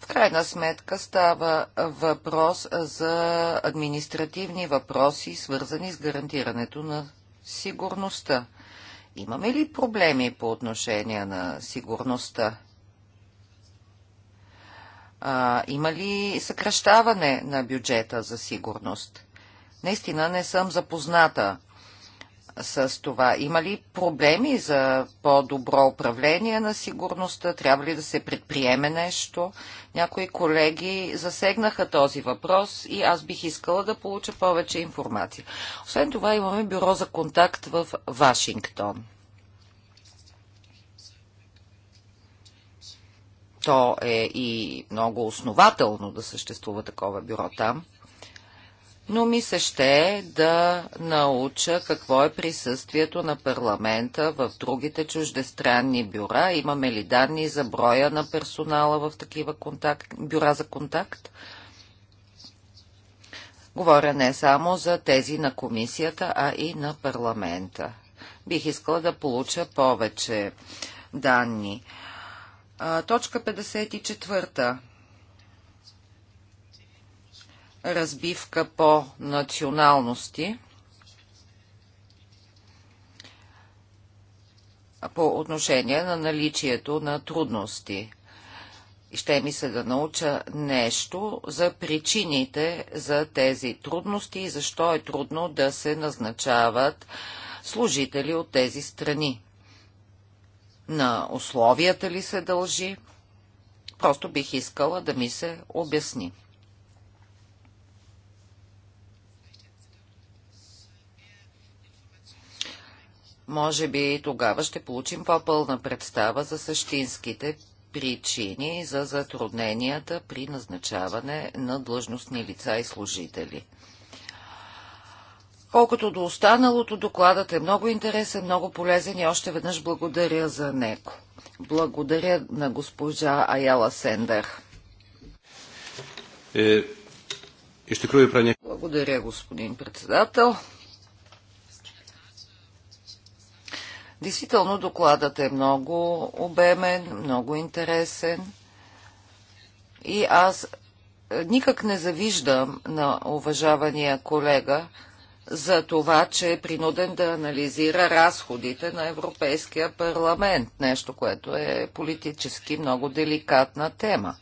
В крайна сметка става въпрос за административни въпроси, свързани с гарантирането на сигурността. Имаме ли проблеми по отношение на сигурността? А, има ли съкръщаване на бюджета за сигурност? Наистина не съм запозната с това? Има ли проблеми за по-добро управление на сигурността? Трябва ли да се предприеме нещо? Някои колеги засегнаха този въпрос и аз бих искала да получа повече информация. Освен това имаме бюро за контакт в Вашингтон. то е и много основателно да съществува такова бюро там, но ми се ще да науча какво е присъствието на парламента в другите чуждестранни бюра. Имаме ли данни за броя на персонала в такива контакт, бюра за контакт? Говоря не само за тези на комисията, а и на парламента. Бих искала да получа повече данни. Точка 54. Разбивка по националности. по отношение на наличието на трудности. Ще ми се да науча нещо за причините за тези трудности и защо е трудно да се назначават служители от тези страни на условията ли се дължи. Просто бих искала да ми се обясни. Може би тогава ще получим по-пълна представа за същинските причини за затрудненията при назначаване на длъжностни лица и служители. Колкото до останалото, докладът е много интересен, много полезен и още веднъж благодаря за него. Благодаря на госпожа Аяла Сендер. Е, благодаря, господин председател. Действително докладът е много обемен, много интересен и аз никак не завиждам на уважавания колега, за това, че е принуден да анализира разходите на Европейския парламент, нещо, което е политически много деликатна тема.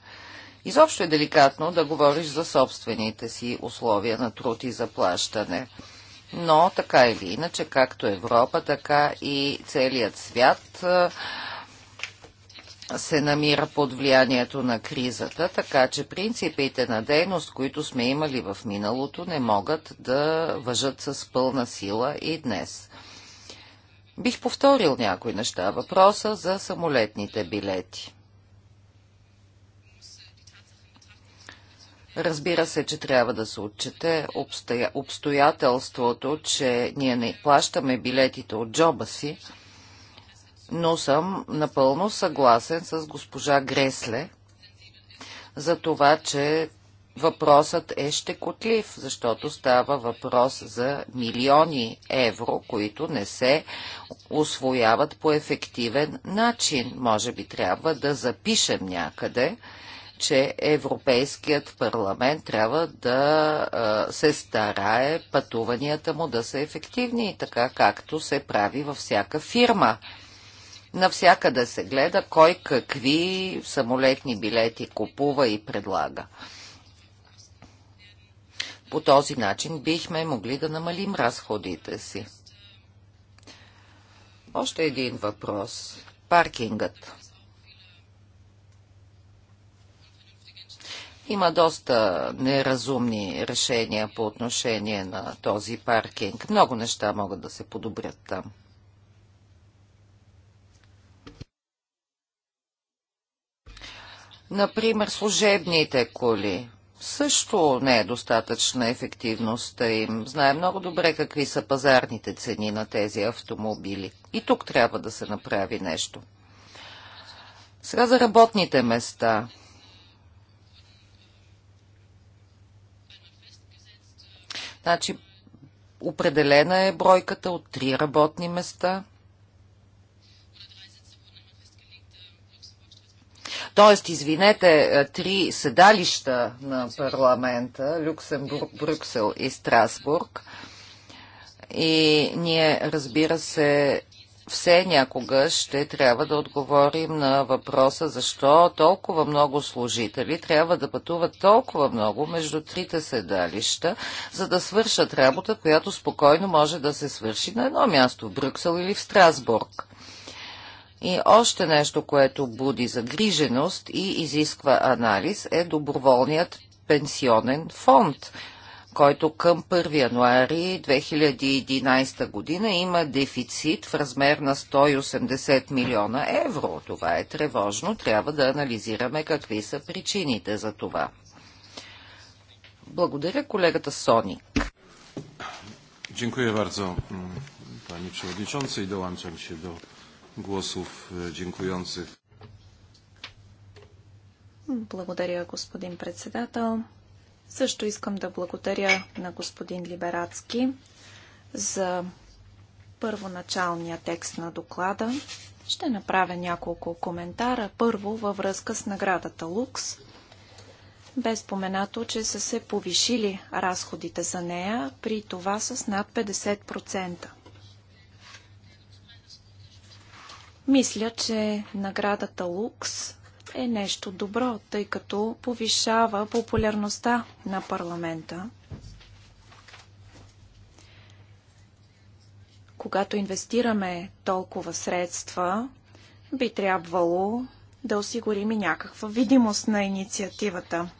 Изобщо е деликатно да говориш за собствените си условия на труд и заплащане. Но така или иначе, както Европа, така и целият свят се намира под влиянието на кризата, така че принципите на дейност, които сме имали в миналото, не могат да въжат с пълна сила и днес. Бих повторил някои неща. Въпроса за самолетните билети. Разбира се, че трябва да се отчете обстоятелството, че ние не плащаме билетите от джоба си, но съм напълно съгласен с госпожа Гресле за това, че въпросът е щекотлив, защото става въпрос за милиони евро, които не се освояват по ефективен начин. Може би трябва да запишем някъде, че Европейският парламент трябва да се старае пътуванията му да са ефективни, така както се прави във всяка фирма. Навсякъде се гледа кой какви самолетни билети купува и предлага. По този начин бихме могли да намалим разходите си. Още един въпрос. Паркингът. Има доста неразумни решения по отношение на този паркинг. Много неща могат да се подобрят там. Например, служебните коли. Също не е достатъчна ефективността им. Знае много добре какви са пазарните цени на тези автомобили. И тук трябва да се направи нещо. Сега за работните места. Значи, определена е бройката от три работни места – Тоест, извинете, е, три седалища на парламента Люксембург, Брюксел и Страсбург. И ние, разбира се, все някога ще трябва да отговорим на въпроса защо толкова много служители трябва да пътуват толкова много между трите седалища, за да свършат работа, която спокойно може да се свърши на едно място в Брюксел или в Страсбург. И още нещо, което буди загриженост и изисква анализ е доброволният пенсионен фонд, който към 1 януари 2011 година има дефицит в размер на 180 милиона евро. Това е тревожно. Трябва да анализираме какви са причините за това. Благодаря колегата Соник. Dziękuję bardzo Panie Przewodniczący i dołączam się do głosów e, dziękujących. Благодаря, господин председател. Също искам да благодаря на господин Либерацки за първоначалния текст на доклада. Ще направя няколко коментара. Първо, във връзка с наградата Лукс. Бе споменато, че са се повишили разходите за нея, при това с над 50%. Мисля, че наградата Лукс е нещо добро, тъй като повишава популярността на парламента. Когато инвестираме толкова средства, би трябвало да осигурим и някаква видимост на инициативата.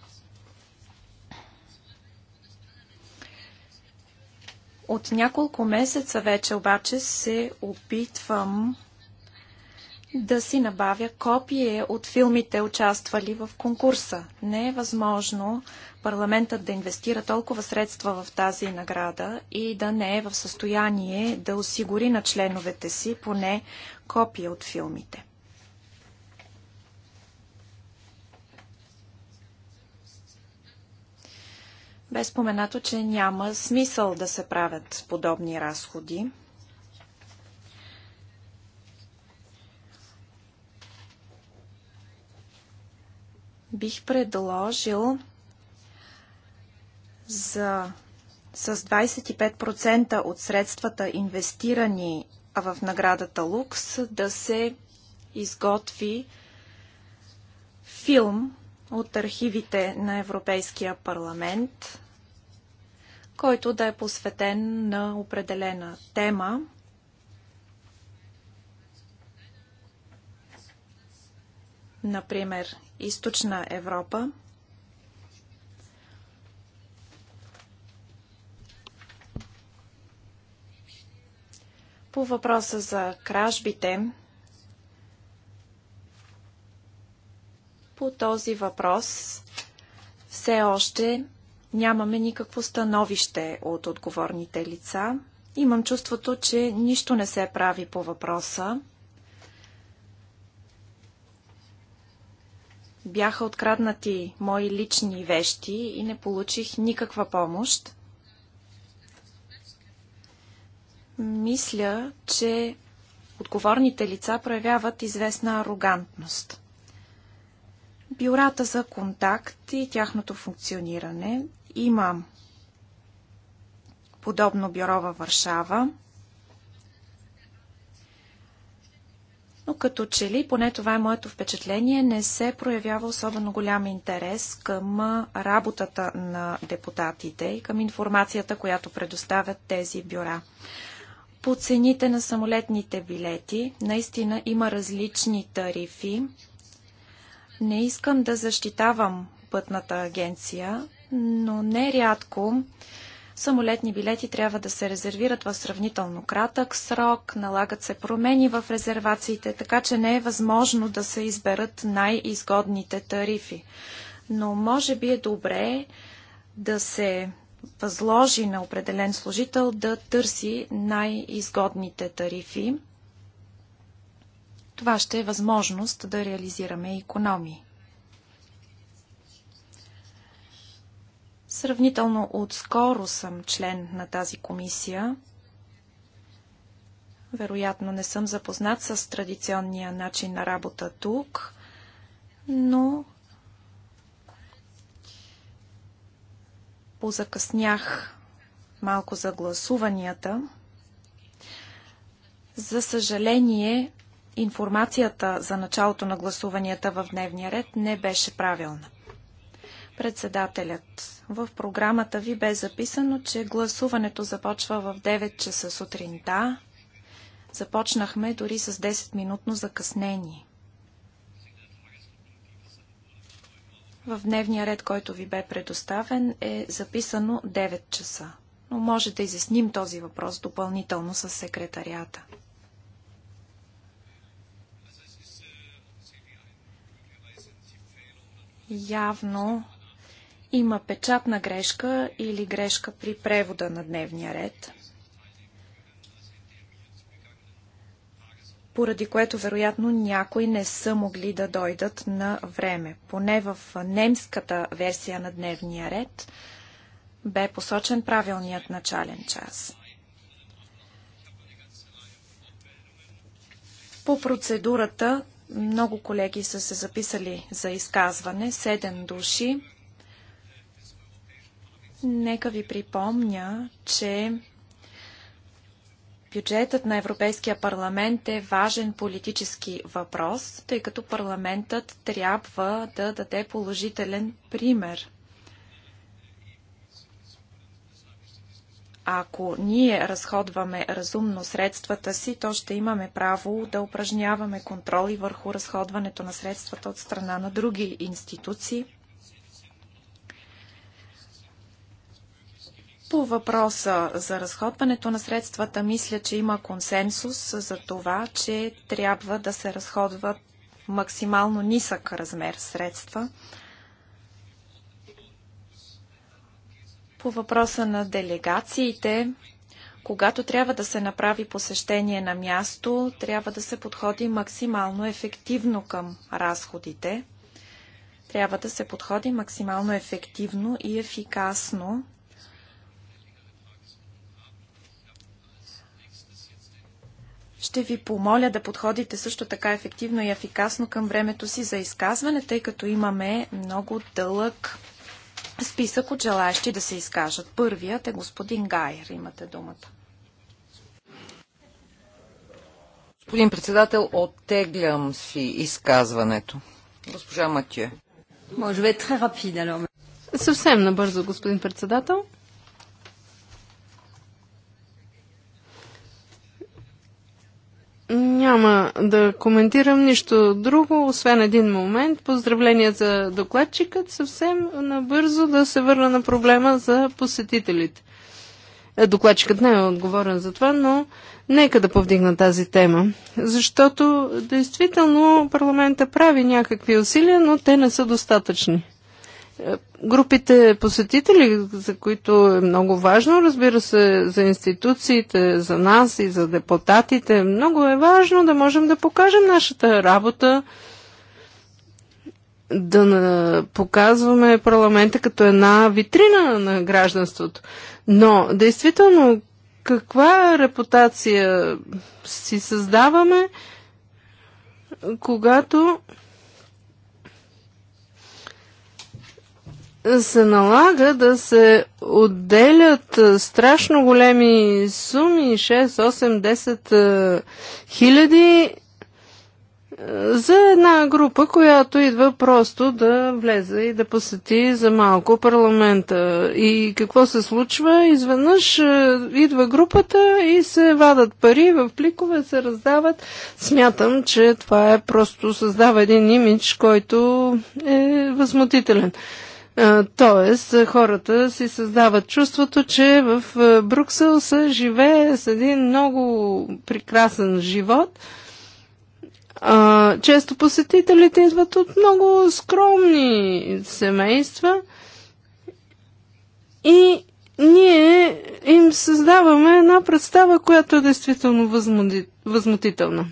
От няколко месеца вече обаче се опитвам да си набавя копие от филмите, участвали в конкурса. Не е възможно парламентът да инвестира толкова средства в тази награда и да не е в състояние да осигури на членовете си поне копия от филмите. Бе споменато, че няма смисъл да се правят подобни разходи. бих предложил за с 25% от средствата инвестирани в наградата Лукс да се изготви филм от архивите на Европейския парламент, който да е посветен на определена тема. Например, източна Европа. По въпроса за кражбите, по този въпрос все още нямаме никакво становище от отговорните лица. Имам чувството, че нищо не се прави по въпроса. бяха откраднати мои лични вещи и не получих никаква помощ. Мисля, че отговорните лица проявяват известна арогантност. Бюрата за контакт и тяхното функциониране има подобно бюро във Варшава. но като че ли, поне това е моето впечатление, не се проявява особено голям интерес към работата на депутатите и към информацията, която предоставят тези бюра. По цените на самолетните билети наистина има различни тарифи. Не искам да защитавам пътната агенция, но нерядко рядко Самолетни билети трябва да се резервират в сравнително кратък срок, налагат се промени в резервациите, така че не е възможно да се изберат най-изгодните тарифи. Но може би е добре да се възложи на определен служител да търси най-изгодните тарифи. Това ще е възможност да реализираме економии. Сравнително отскоро съм член на тази комисия. Вероятно не съм запознат с традиционния начин на работа тук, но позакъснях малко за гласуванията. За съжаление, информацията за началото на гласуванията в дневния ред не беше правилна. Председателят, в програмата ви бе записано, че гласуването започва в 9 часа сутринта. Започнахме дори с 10-минутно закъснение. В дневния ред, който ви бе предоставен, е записано 9 часа. Но може да изясним този въпрос допълнително с секретарията. Явно има печатна грешка или грешка при превода на дневния ред, поради което вероятно някои не са могли да дойдат на време. Поне в немската версия на дневния ред бе посочен правилният начален час. По процедурата много колеги са се записали за изказване, 7 души. Нека ви припомня, че Бюджетът на Европейския парламент е важен политически въпрос, тъй като парламентът трябва да даде положителен пример. Ако ние разходваме разумно средствата си, то ще имаме право да упражняваме контроли върху разходването на средствата от страна на други институции – По въпроса за разходването на средствата, мисля, че има консенсус за това, че трябва да се разходват максимално нисък размер средства. По въпроса на делегациите, когато трябва да се направи посещение на място, трябва да се подходи максимално ефективно към разходите. Трябва да се подходи максимално ефективно и ефикасно Ще ви помоля да подходите също така ефективно и ефикасно към времето си за изказване, тъй като имаме много дълъг списък от желаящи да се изкажат. Първият е господин Гайер. Имате думата. Господин председател, оттеглям си изказването. Госпожа Матю. Може би е Съвсем набързо, господин председател. Няма да коментирам нищо друго, освен един момент. Поздравления за докладчикът. Съвсем набързо да се върна на проблема за посетителите. Е, докладчикът не е отговорен за това, но нека да повдигна тази тема. Защото действително парламента прави някакви усилия, но те не са достатъчни. Групите посетители, за които е много важно, разбира се, за институциите, за нас и за депутатите, много е важно да можем да покажем нашата работа, да показваме парламента като една витрина на гражданството. Но, действително, каква репутация си създаваме, когато се налага да се отделят страшно големи суми 6, 8, 10 хиляди за една група, която идва просто да влезе и да посети за малко парламента. И какво се случва? Изведнъж идва групата и се вадат пари в пликове, се раздават. Смятам, че това е просто създава един имидж, който е възмутителен. Тоест, хората си създават чувството, че в Бруксел се живее с един много прекрасен живот. Често посетителите идват от много скромни семейства и ние им създаваме една представа, която е действително възмутителна.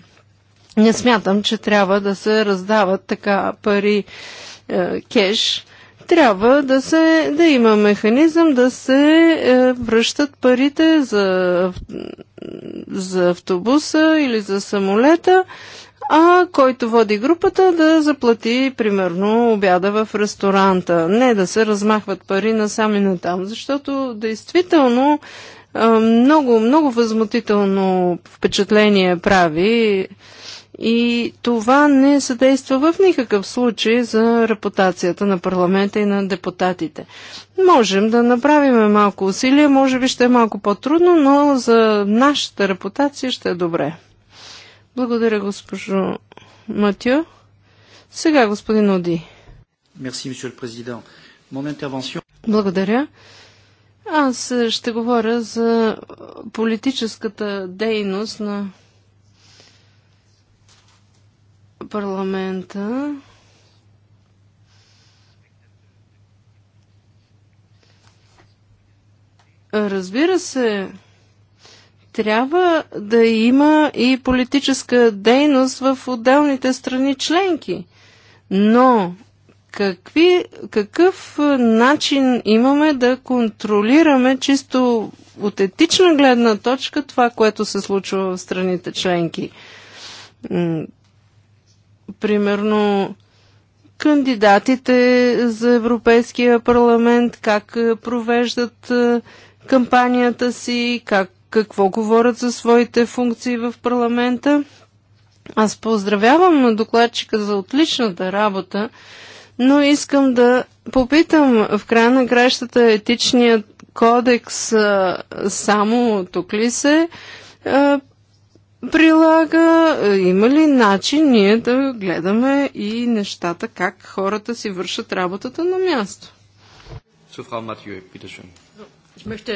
Не смятам, че трябва да се раздават така пари е, кеш трябва да, се, да има механизъм да се е, връщат парите за, за автобуса или за самолета, а който води групата да заплати, примерно, обяда в ресторанта. Не да се размахват пари насам и натам, защото действително е, много, много възмутително впечатление прави и това не съдейства в никакъв случай за репутацията на парламента и на депутатите. Можем да направим малко усилия, може би ще е малко по-трудно, но за нашата репутация ще е добре. Благодаря, госпожо Матю. Сега, господин Оди. Мерси, месье президент. Благодаря. Аз ще говоря за политическата дейност на парламента Разбира се, трябва да има и политическа дейност в отделните страни членки. Но какви, какъв начин имаме да контролираме чисто от етична гледна точка това, което се случва в страните членки? примерно кандидатите за Европейския парламент, как е, провеждат е, кампанията си, как, какво говорят за своите функции в парламента. Аз поздравявам на докладчика за отличната работа, но искам да попитам в края на кращата етичният кодекс е, само тук ли се прилага? Е, има ли начин ние да гледаме и нещата, как хората си вършат работата на място? Ich möchte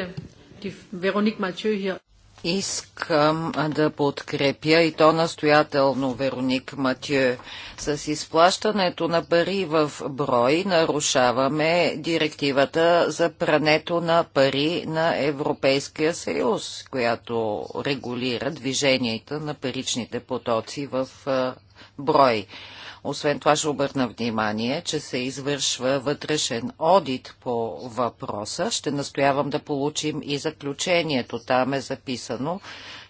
die Veronique Mathieu hier Искам да подкрепя и то настоятелно Вероник Матю. С изплащането на пари в брой нарушаваме директивата за прането на пари на Европейския съюз, която регулира движенията на паричните потоци в брой. Освен това ще обърна внимание, че се извършва вътрешен одит по въпроса. Ще настоявам да получим и заключението. Там е записано,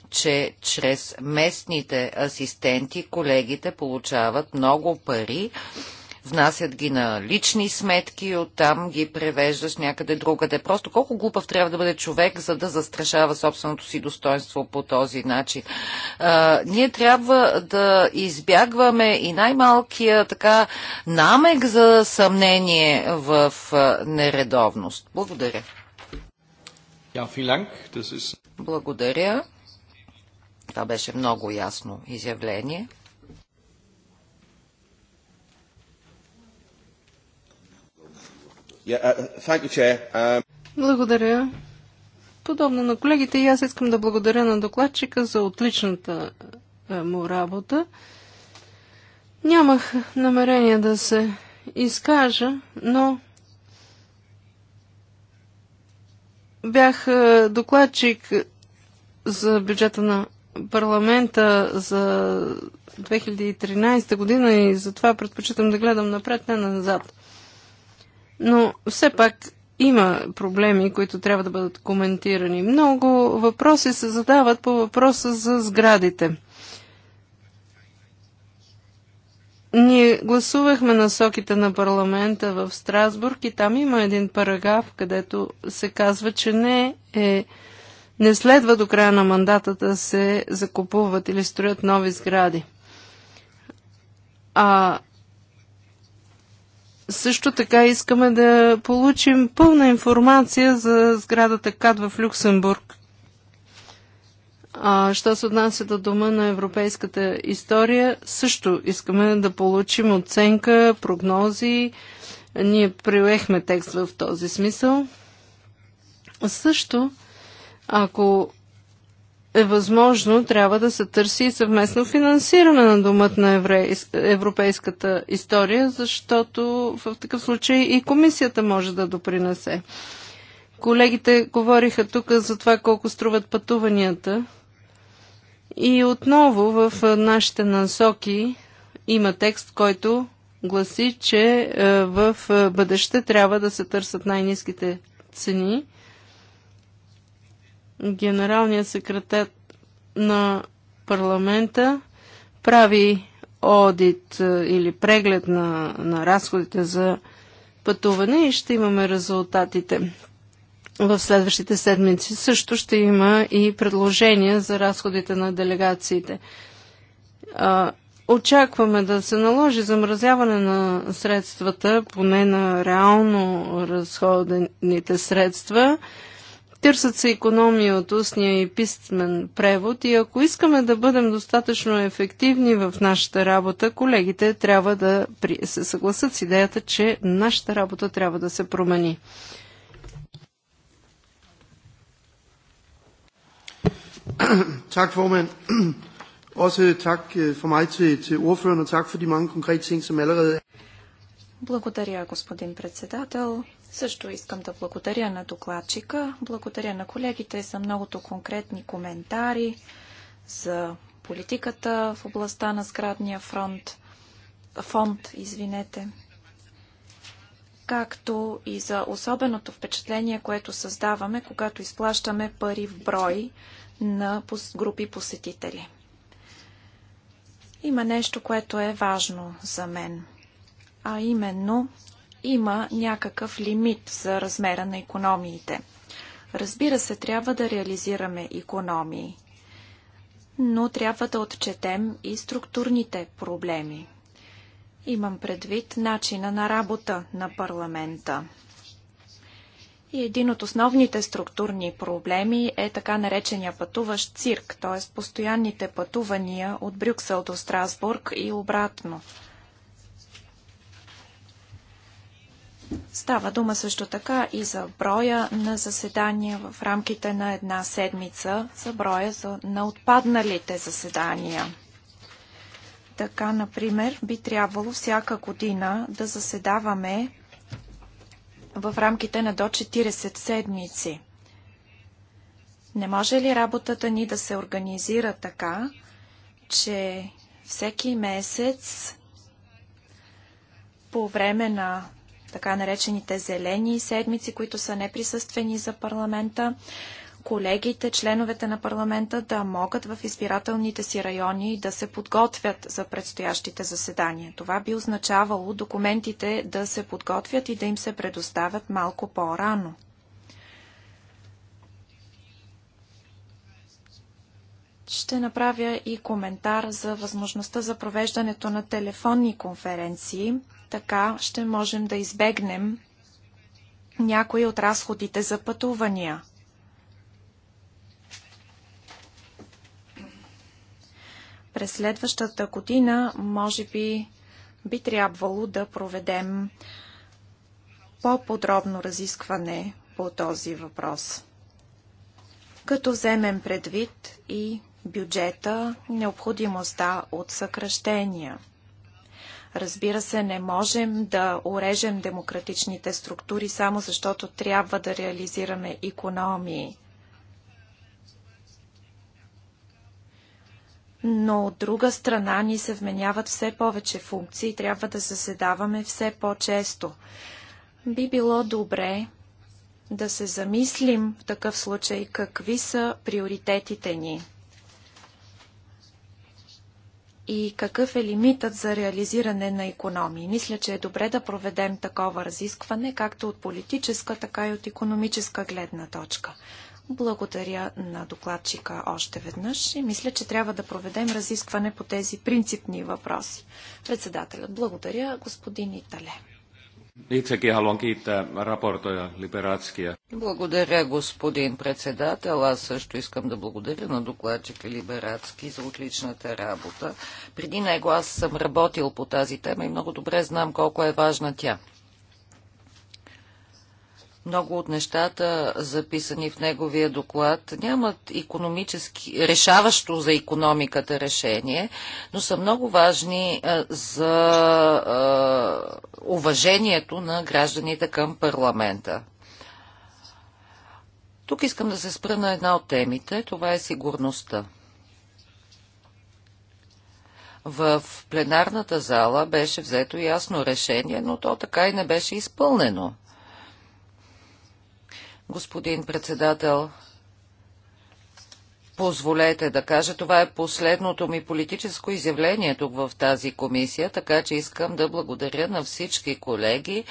че чрез местните асистенти колегите получават много пари внасят ги на лични сметки и оттам ги превеждаш някъде другаде. Просто колко глупав трябва да бъде човек, за да застрашава собственото си достоинство по този начин. А, ние трябва да избягваме и най-малкия така намек за съмнение в нередовност. Благодаря. Благодаря. Това беше много ясно изявление. Yeah, uh, you, um, Благодаря. Подобно на колегите, и аз искам да благодаря на докладчика за отличната е, му работа. Нямах намерение да се изкажа, но бях е, докладчик за бюджета на парламента за 2013 година и затова предпочитам да гледам напред, не назад но все пак има проблеми, които трябва да бъдат коментирани. Много въпроси се задават по въпроса за сградите. Ние гласувахме насоките на парламента в Страсбург и там има един параграф, където се казва, че не е не следва до края на мандата да се закупуват или строят нови сгради. А също така искаме да получим пълна информация за сградата КАД в Люксембург. А, що се отнася до дома на европейската история, също искаме да получим оценка, прогнози. Ние приехме текст в този смисъл. Също, ако е възможно, трябва да се търси и съвместно финансиране на Думът на европейската история, защото в такъв случай и комисията може да допринесе. Колегите говориха тук за това колко струват пътуванията. И отново в нашите насоки има текст, който гласи, че в бъдеще трябва да се търсят най-низките цени – Генералният секретар на парламента прави одит е, или преглед на, на разходите за пътуване и ще имаме резултатите. В следващите седмици също ще има и предложения за разходите на делегациите. очакваме да се наложи замразяване на средствата, поне на реално разходените средства. Търсят се економии от устния и писмен превод и ако искаме да бъдем достатъчно ефективни в нашата работа, колегите трябва да се съгласат с идеята, че нашата работа трябва да се промени. Tak, formand. Også tak øh, mig til, til ordføreren, og tak for de mange konkrete ting, som allerede er. Благодаря, господин председател. Също искам да благодаря на докладчика, благодаря на колегите за многото конкретни коментари, за политиката в областта на сградния фронт, фонд, извинете, както и за особеното впечатление, което създаваме, когато изплащаме пари в брой на групи посетители. Има нещо, което е важно за мен, а именно има някакъв лимит за размера на економиите. Разбира се, трябва да реализираме економии, но трябва да отчетем и структурните проблеми. Имам предвид начина на работа на парламента. И един от основните структурни проблеми е така наречения пътуващ цирк, т.е. постоянните пътувания от Брюксел до Страсбург и обратно. Става дума също така и за броя на заседания в рамките на една седмица, за броя за, на отпадналите заседания. Така, например, би трябвало всяка година да заседаваме в рамките на до 40 седмици. Не може ли работата ни да се организира така, че всеки месец по време на така наречените зелени седмици, които са неприсъствени за парламента, колегите, членовете на парламента да могат в избирателните си райони да се подготвят за предстоящите заседания. Това би означавало документите да се подготвят и да им се предоставят малко по-рано. Ще направя и коментар за възможността за провеждането на телефонни конференции – така ще можем да избегнем някои от разходите за пътувания. През следващата година, може би, би трябвало да проведем по-подробно разискване по този въпрос. Като вземем предвид и бюджета, необходимостта от съкръщения – Разбира се, не можем да урежем демократичните структури само защото трябва да реализираме економии. но от друга страна ни се вменяват все повече функции и трябва да заседаваме все по-често. Би било добре да се замислим в такъв случай какви са приоритетите ни и какъв е лимитът за реализиране на економии. Мисля, че е добре да проведем такова разискване, както от политическа, така и от економическа гледна точка. Благодаря на докладчика още веднъж и мисля, че трябва да проведем разискване по тези принципни въпроси. Председателят, благодаря, господин Итале. Itsekin haluan kiittää raportoja Liberatskia. Благодаря, господин председател. Аз също искам да благодаря на докладчика Либерацки за отличната работа. Преди него аз съм работил по тази тема и много добре знам колко е важна тя много от нещата, записани в неговия доклад, нямат економически, решаващо за економиката решение, но са много важни за уважението на гражданите към парламента. Тук искам да се спра на една от темите. Това е сигурността. В пленарната зала беше взето ясно решение, но то така и не беше изпълнено. Господин председател, позволете да кажа, това е последното ми политическо изявление тук в тази комисия, така че искам да благодаря на всички колеги,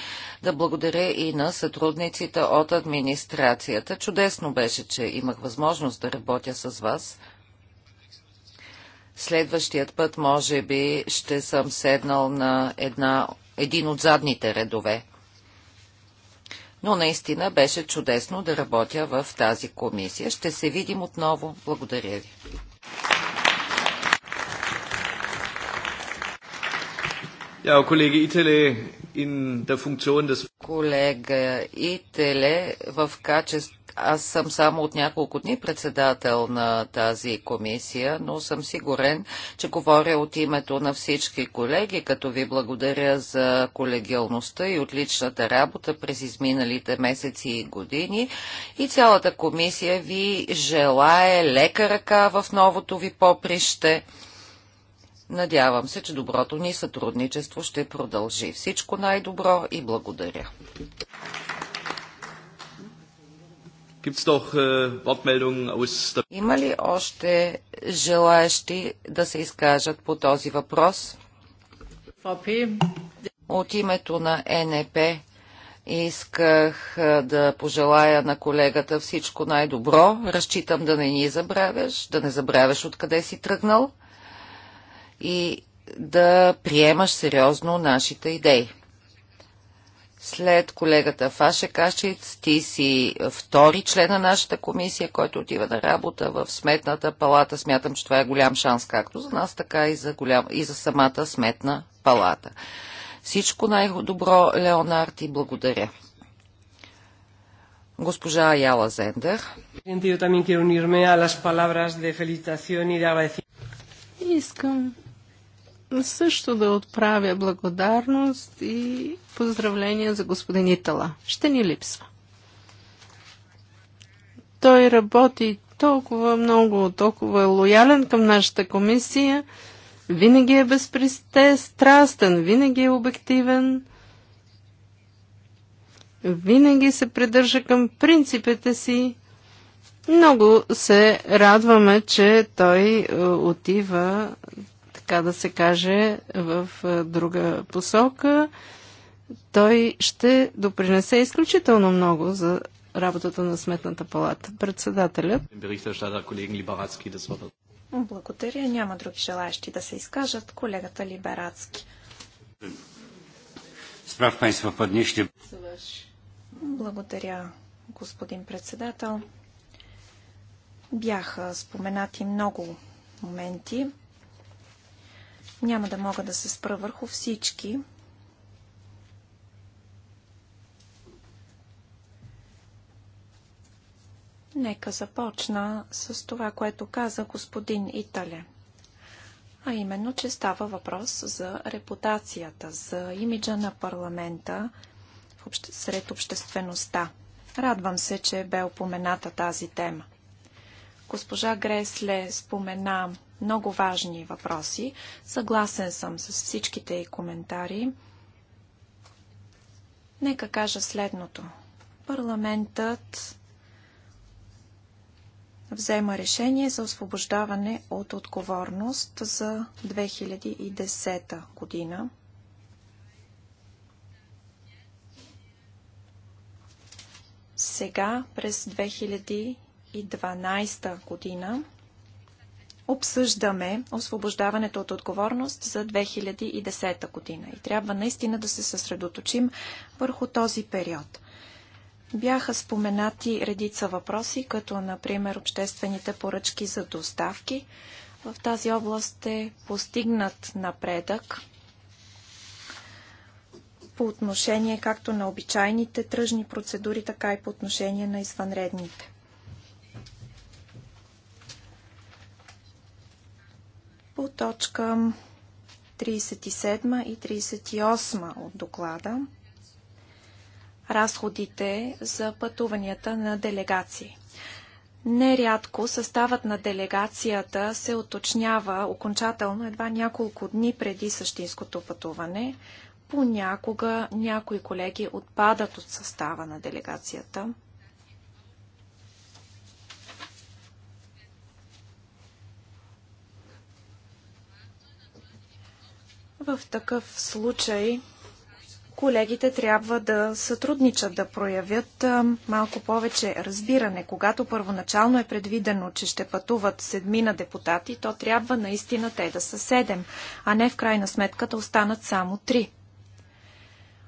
да благодаря и на сътрудниците от администрацията. Чудесно беше, че имах възможност да работя с вас. Следващият път, може би, ще съм седнал на една, един от задните редове но наистина беше чудесно да работя в тази комисия. Ще се видим отново. Благодаря ви. Ja, Kollege Itele, in der Funktion des... Колега Ителе, в качеството аз съм само от няколко дни председател на тази комисия, но съм сигурен, че говоря от името на всички колеги, като ви благодаря за колегиалността и отличната работа през изминалите месеци и години. И цялата комисия ви желае лека ръка в новото ви поприще. Надявам се, че доброто ни сътрудничество ще продължи. Всичко най-добро и благодаря. Äh, Има ли още желаящи да се изкажат по този въпрос? От името на НП исках да пожелая на колегата всичко най-добро. Разчитам да не ни забравяш, да не забравяш откъде си тръгнал и да приемаш сериозно нашите идеи. След колегата Фаше Кашиц, ти си втори член на нашата комисия, който отива на работа в Сметната палата. Смятам, че това е голям шанс както за нас, така и за, голям, и за самата Сметна палата. Всичко най-добро, Леонард, и благодаря. Госпожа Аяла Зендер. Искам също да отправя благодарност и поздравления за господин Итала. Ще ни липсва. Той работи толкова много, толкова е лоялен към нашата комисия, винаги е безпристрастен, винаги е обективен, винаги се придържа към принципите си. Много се радваме, че той е, отива така да се каже, в друга посока, той ще допринесе изключително много за работата на Сметната палата. Председателят. Благодаря. Няма други желаящи да се изкажат. Колегата Либерацки. Благодаря, господин председател. Бяха споменати много моменти. Няма да мога да се спра върху всички. Нека започна с това, което каза господин Итале. А именно, че става въпрос за репутацията, за имиджа на парламента обще... сред обществеността. Радвам се, че бе упомената тази тема. Госпожа Гресле спомена много важни въпроси. Съгласен съм с всичките и коментари. Нека кажа следното. Парламентът взема решение за освобождаване от отговорност за 2010 година. Сега, през 2012 година, обсъждаме освобождаването от отговорност за 2010 година и трябва наистина да се съсредоточим върху този период. Бяха споменати редица въпроси, като например обществените поръчки за доставки. В тази област е постигнат напредък по отношение както на обичайните тръжни процедури, така и по отношение на извънредните. по точка 37 и 38 от доклада разходите за пътуванията на делегации. Нерядко съставът на делегацията се уточнява окончателно едва няколко дни преди същинското пътуване. Понякога някои колеги отпадат от състава на делегацията. В такъв случай колегите трябва да сътрудничат, да проявят малко повече разбиране. Когато първоначално е предвидено, че ще пътуват седмина депутати, то трябва наистина те да са седем, а не в крайна сметка да останат само три.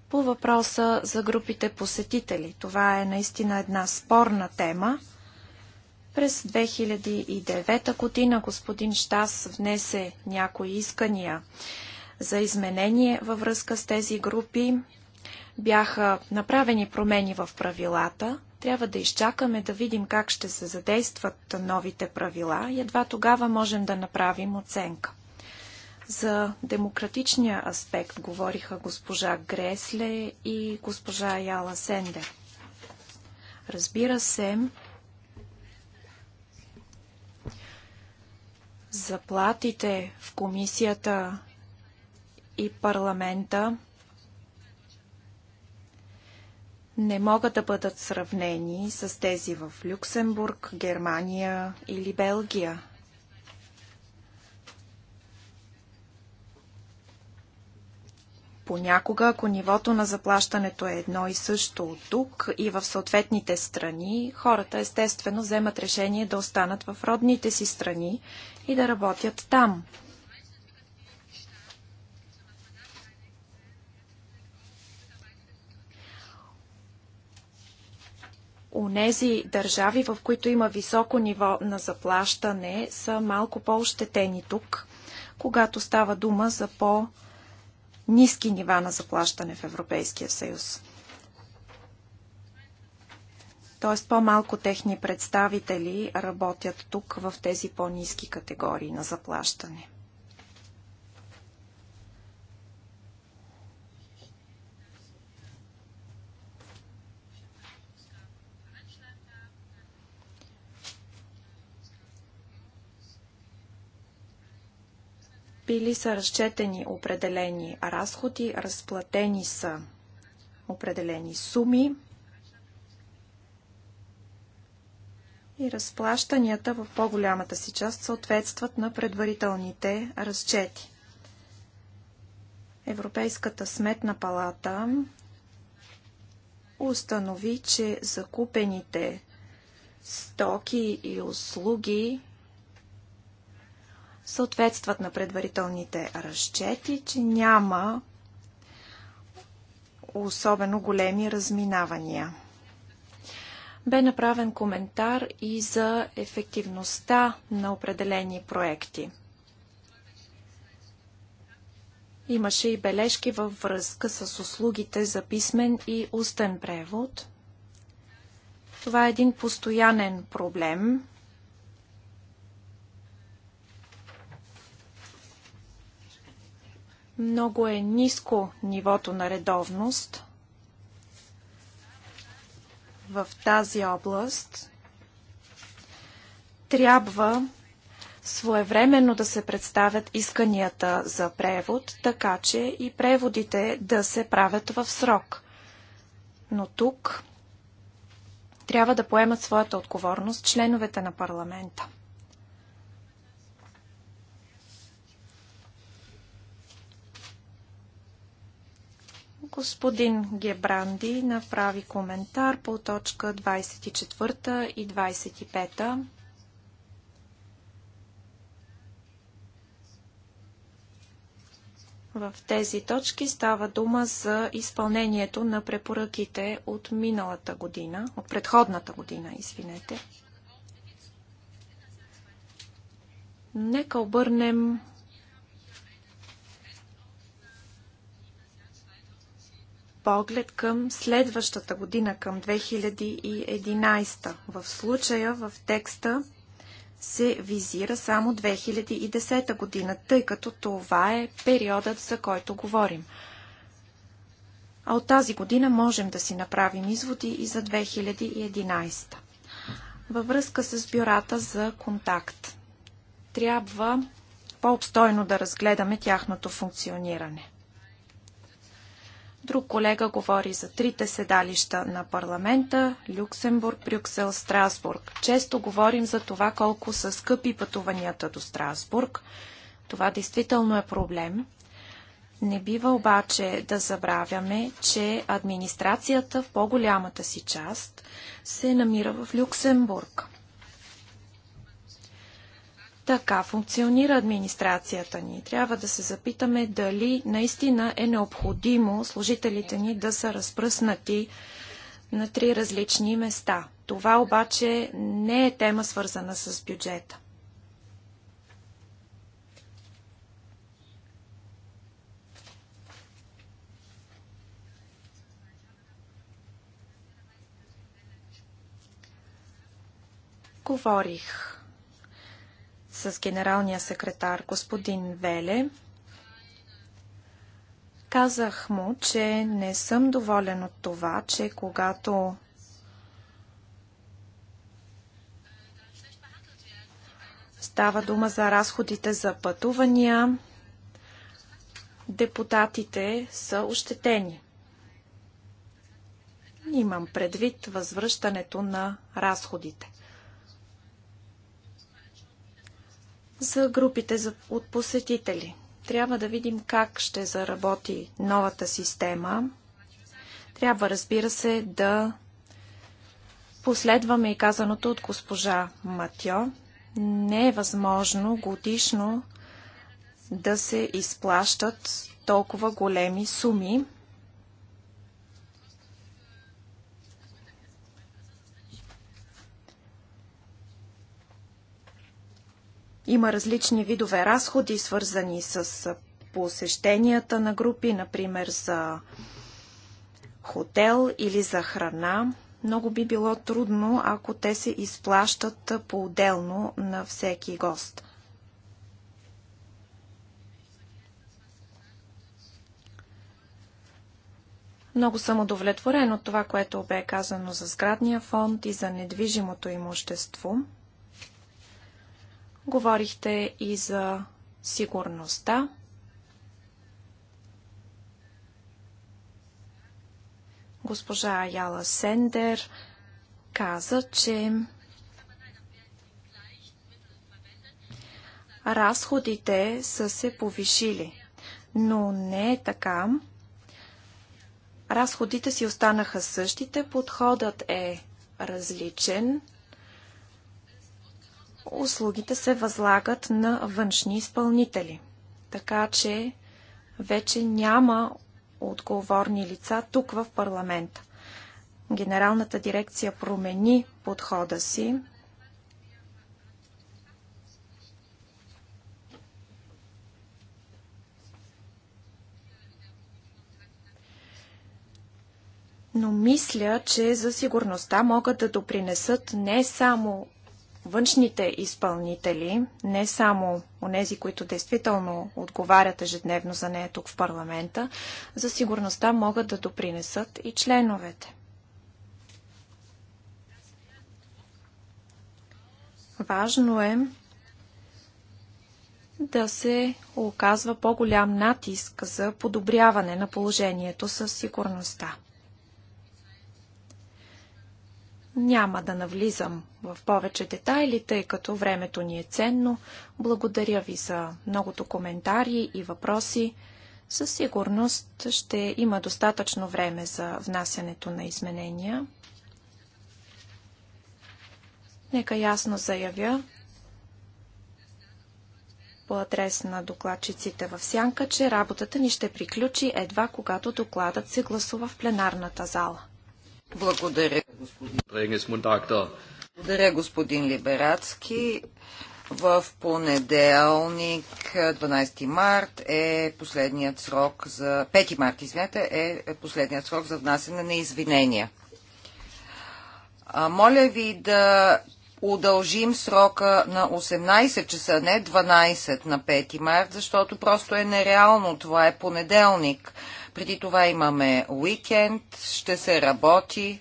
По въпроса за групите посетители, това е наистина една спорна тема. През 2009 година господин Штас внесе някои искания за изменение във връзка с тези групи. Бяха направени промени в правилата. Трябва да изчакаме да видим как ще се задействат новите правила и едва тогава можем да направим оценка. За демократичния аспект говориха госпожа Гресле и госпожа Яла Сендер. Разбира се, заплатите в комисията и парламента не могат да бъдат сравнени с тези в Люксембург, Германия или Белгия. Понякога, ако нивото на заплащането е едно и също от тук и в съответните страни, хората естествено вземат решение да останат в родните си страни и да работят там. Онези държави, в които има високо ниво на заплащане, са малко по-ощетени тук, когато става дума за по-низки нива на заплащане в Европейския съюз. Тоест по-малко техни представители работят тук в тези по-низки категории на заплащане. Били са разчетени определени разходи, разплатени са определени суми и разплащанията в по-голямата си част съответстват на предварителните разчети. Европейската сметна палата установи, че закупените стоки и услуги съответстват на предварителните разчети, че няма особено големи разминавания. Бе направен коментар и за ефективността на определени проекти. Имаше и бележки във връзка с услугите за писмен и устен превод. Това е един постоянен проблем, Много е ниско нивото на редовност в тази област. Трябва своевременно да се представят исканията за превод, така че и преводите да се правят в срок. Но тук трябва да поемат своята отговорност членовете на парламента. Господин Гебранди направи коментар по точка 24 и 25. В тези точки става дума за изпълнението на препоръките от миналата година, от предходната година, извинете. Нека обърнем поглед към следващата година, към 2011. В случая в текста се визира само 2010 година, тъй като това е периодът, за който говорим. А от тази година можем да си направим изводи и за 2011. Във връзка с бюрата за контакт. Трябва по-обстойно да разгледаме тяхното функциониране. Друг колега говори за трите седалища на парламента – Люксембург, Брюксел, Страсбург. Често говорим за това колко са скъпи пътуванията до Страсбург. Това действително е проблем. Не бива обаче да забравяме, че администрацията в по-голямата си част се намира в Люксембург. Така функционира администрацията ни. Трябва да се запитаме дали наистина е необходимо служителите ни да са разпръснати на три различни места. Това обаче не е тема свързана с бюджета. Говорих с генералния секретар господин Веле. Казах му, че не съм доволен от това, че когато става дума за разходите за пътувания, депутатите са ощетени. Имам предвид възвръщането на разходите. за групите от посетители. Трябва да видим как ще заработи новата система. Трябва, разбира се, да последваме и казаното от госпожа Матьо. Не е възможно годишно да се изплащат толкова големи суми Има различни видове разходи, свързани с посещенията на групи, например за хотел или за храна. Много би било трудно, ако те се изплащат по-отделно на всеки гост. Много съм удовлетворен от това, което бе казано за сградния фонд и за недвижимото имущество. Говорихте и за сигурността. Госпожа Яла Сендер каза, че разходите са се повишили. Но не е така. Разходите си останаха същите, подходът е различен – услугите се възлагат на външни изпълнители. Така че вече няма отговорни лица тук в парламента. Генералната дирекция промени подхода си. Но мисля, че за сигурността могат да допринесат не само външните изпълнители, не само онези, които действително отговарят ежедневно за нея тук в парламента, за сигурността могат да допринесат и членовете. Важно е да се оказва по-голям натиск за подобряване на положението със сигурността. Няма да навлизам в повече детайли, тъй като времето ни е ценно. Благодаря ви за многото коментари и въпроси. Със сигурност ще има достатъчно време за внасянето на изменения. Нека ясно заявя по адрес на докладчиците в Сянка, че работата ни ще приключи едва когато докладът се гласува в пленарната зала. Благодаря, господин. Благодаря, господин Либерацки. В понеделник, 12 март, е последният срок за... 5 март, извинете, е последният срок за внасене на извинения. А, моля ви да удължим срока на 18 часа, не 12 на 5 март, защото просто е нереално. Това е понеделник. Преди това имаме уикенд, ще се работи.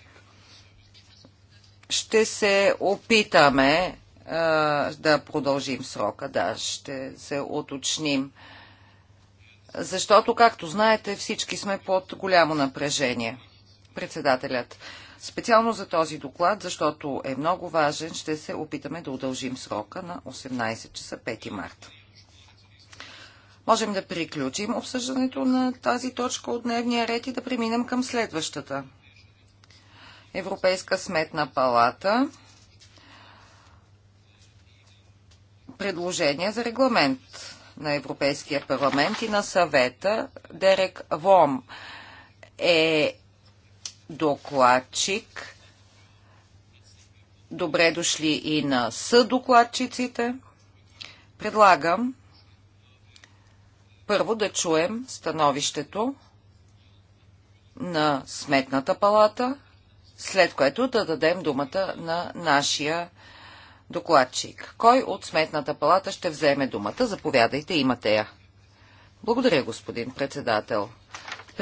Ще се опитаме а, да продължим срока, да, ще се уточним. Защото, както знаете, всички сме под голямо напрежение. Председателят. Специално за този доклад, защото е много важен, ще се опитаме да удължим срока на 18 часа 5 марта. Можем да приключим обсъждането на тази точка от дневния ред и да преминем към следващата. Европейска сметна палата. Предложение за регламент на Европейския парламент и на съвета. Дерек Вом е докладчик. Добре дошли и на съдокладчиците. Предлагам първо да чуем становището на Сметната палата, след което да дадем думата на нашия докладчик. Кой от Сметната палата ще вземе думата? Заповядайте, имате я. Благодаря, господин председател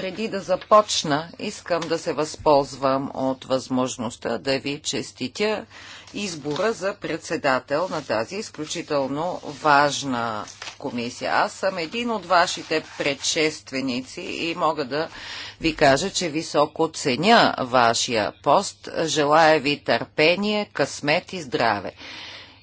преди да започна, искам да се възползвам от възможността да ви честитя избора за председател на тази изключително важна комисия. Аз съм един от вашите предшественици и мога да ви кажа, че високо ценя вашия пост. Желая ви търпение, късмет и здраве.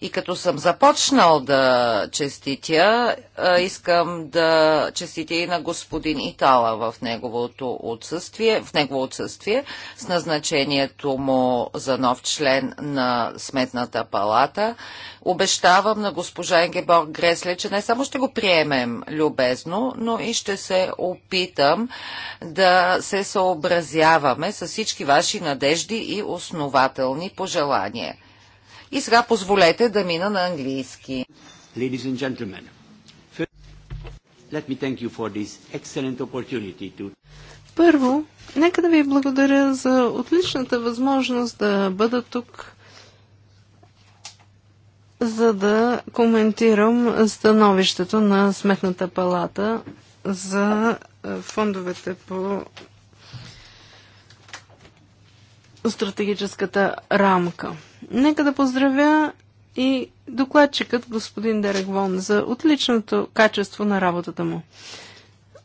И като съм започнал да честитя, искам да честитя и на господин Итала в неговото отсъствие, в негово отсъствие с назначението му за нов член на Сметната палата. Обещавам на госпожа Енгеборг Гресле, че не само ще го приемем любезно, но и ще се опитам да се съобразяваме с всички ваши надежди и основателни пожелания. И сега позволете да мина на английски. Ladies and gentlemen, first, let me thank you for this excellent opportunity to... Първо, нека да ви благодаря за отличната възможност да бъда тук, за да коментирам становището на Сметната палата за е, фондовете по стратегическата рамка. Нека да поздравя и докладчикът господин Дерек Вон за отличното качество на работата му.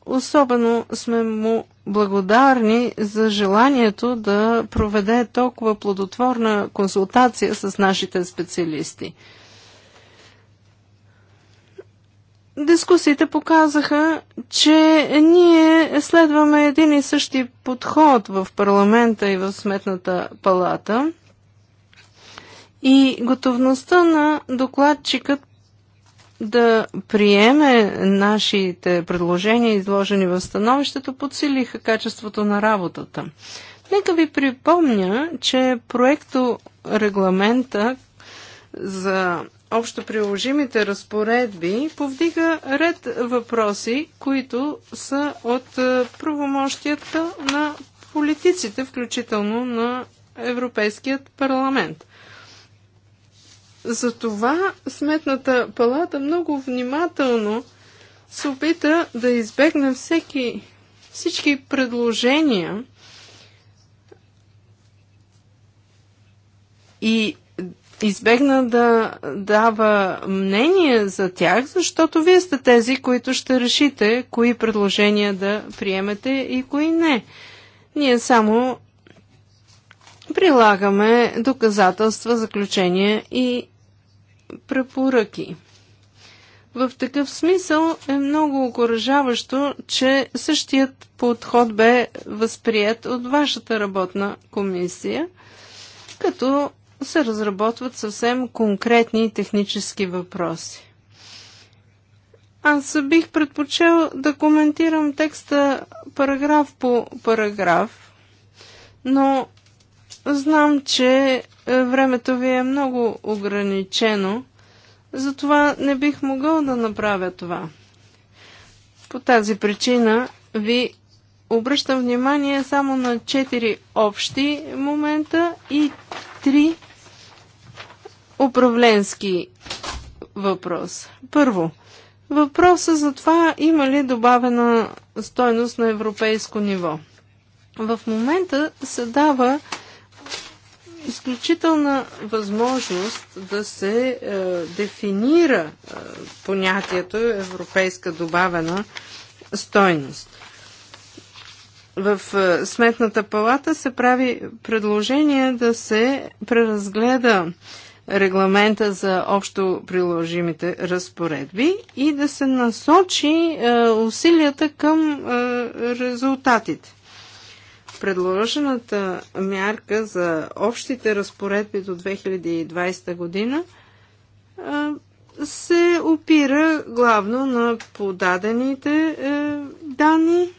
Особено сме му благодарни за желанието да проведе толкова плодотворна консултация с нашите специалисти – Дискусиите показаха, че ние следваме един и същи подход в парламента и в сметната палата и готовността на докладчикът да приеме нашите предложения, изложени в становището, подсилиха качеството на работата. Нека ви припомня, че проекто регламента за общо приложимите разпоредби повдига ред въпроси, които са от е, правомощията на политиците, включително на Европейският парламент. Затова Сметната палата много внимателно се опита да избегне всеки, всички предложения и избегна да дава мнение за тях, защото вие сте тези, които ще решите кои предложения да приемете и кои не. Ние само прилагаме доказателства, заключения и препоръки. В такъв смисъл е много окоръжаващо, че същият подход бе възприят от вашата работна комисия, като се разработват съвсем конкретни технически въпроси. Аз бих предпочел да коментирам текста параграф по параграф, но знам, че времето ви е много ограничено, затова не бих могъл да направя това. По тази причина ви обръщам внимание само на четири общи момента и три управленски въпрос. Първо, въпроса за това има ли добавена стойност на европейско ниво. В момента се дава изключителна възможност да се е, дефинира е, понятието европейска добавена стойност. В е, Сметната палата се прави предложение да се преразгледа е, регламента за общо приложимите разпоредби и да се насочи е, усилията към е, резултатите. Предложената мярка за общите разпоредби до 2020 година е, се опира главно на подадените е, данни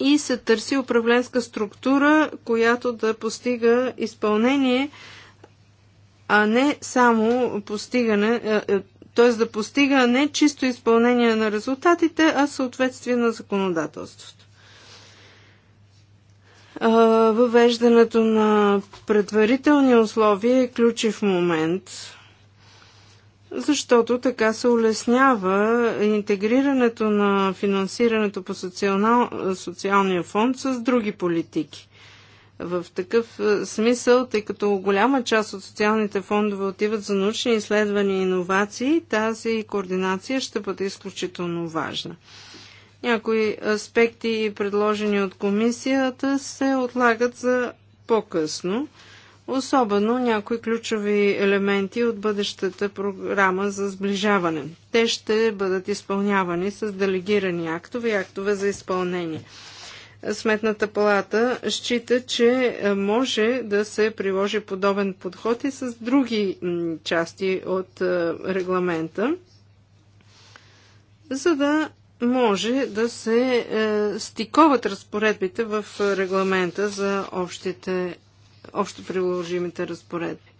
и се търси управленска структура, която да постига изпълнение а не само постигане, е, е, т.е. да постига не чисто изпълнение на резултатите, а съответствие на законодателството. Въвеждането на предварителни условия е ключов момент защото така се улеснява интегрирането на финансирането по социал... социалния фонд с други политики. В такъв е, смисъл, тъй като голяма част от социалните фондове отиват за научни изследвания и иновации, тази координация ще бъде изключително важна. Някои аспекти, предложени от комисията, се отлагат за по-късно, особено някои ключови елементи от бъдещата програма за сближаване. Те ще бъдат изпълнявани с делегирани актове и актове за изпълнение. Сметната палата счита, че е, може да се приложи подобен подход и с други части от е, регламента, за да може да се е, стиковат разпоредбите в регламента за общите, общо приложимите разпоредби.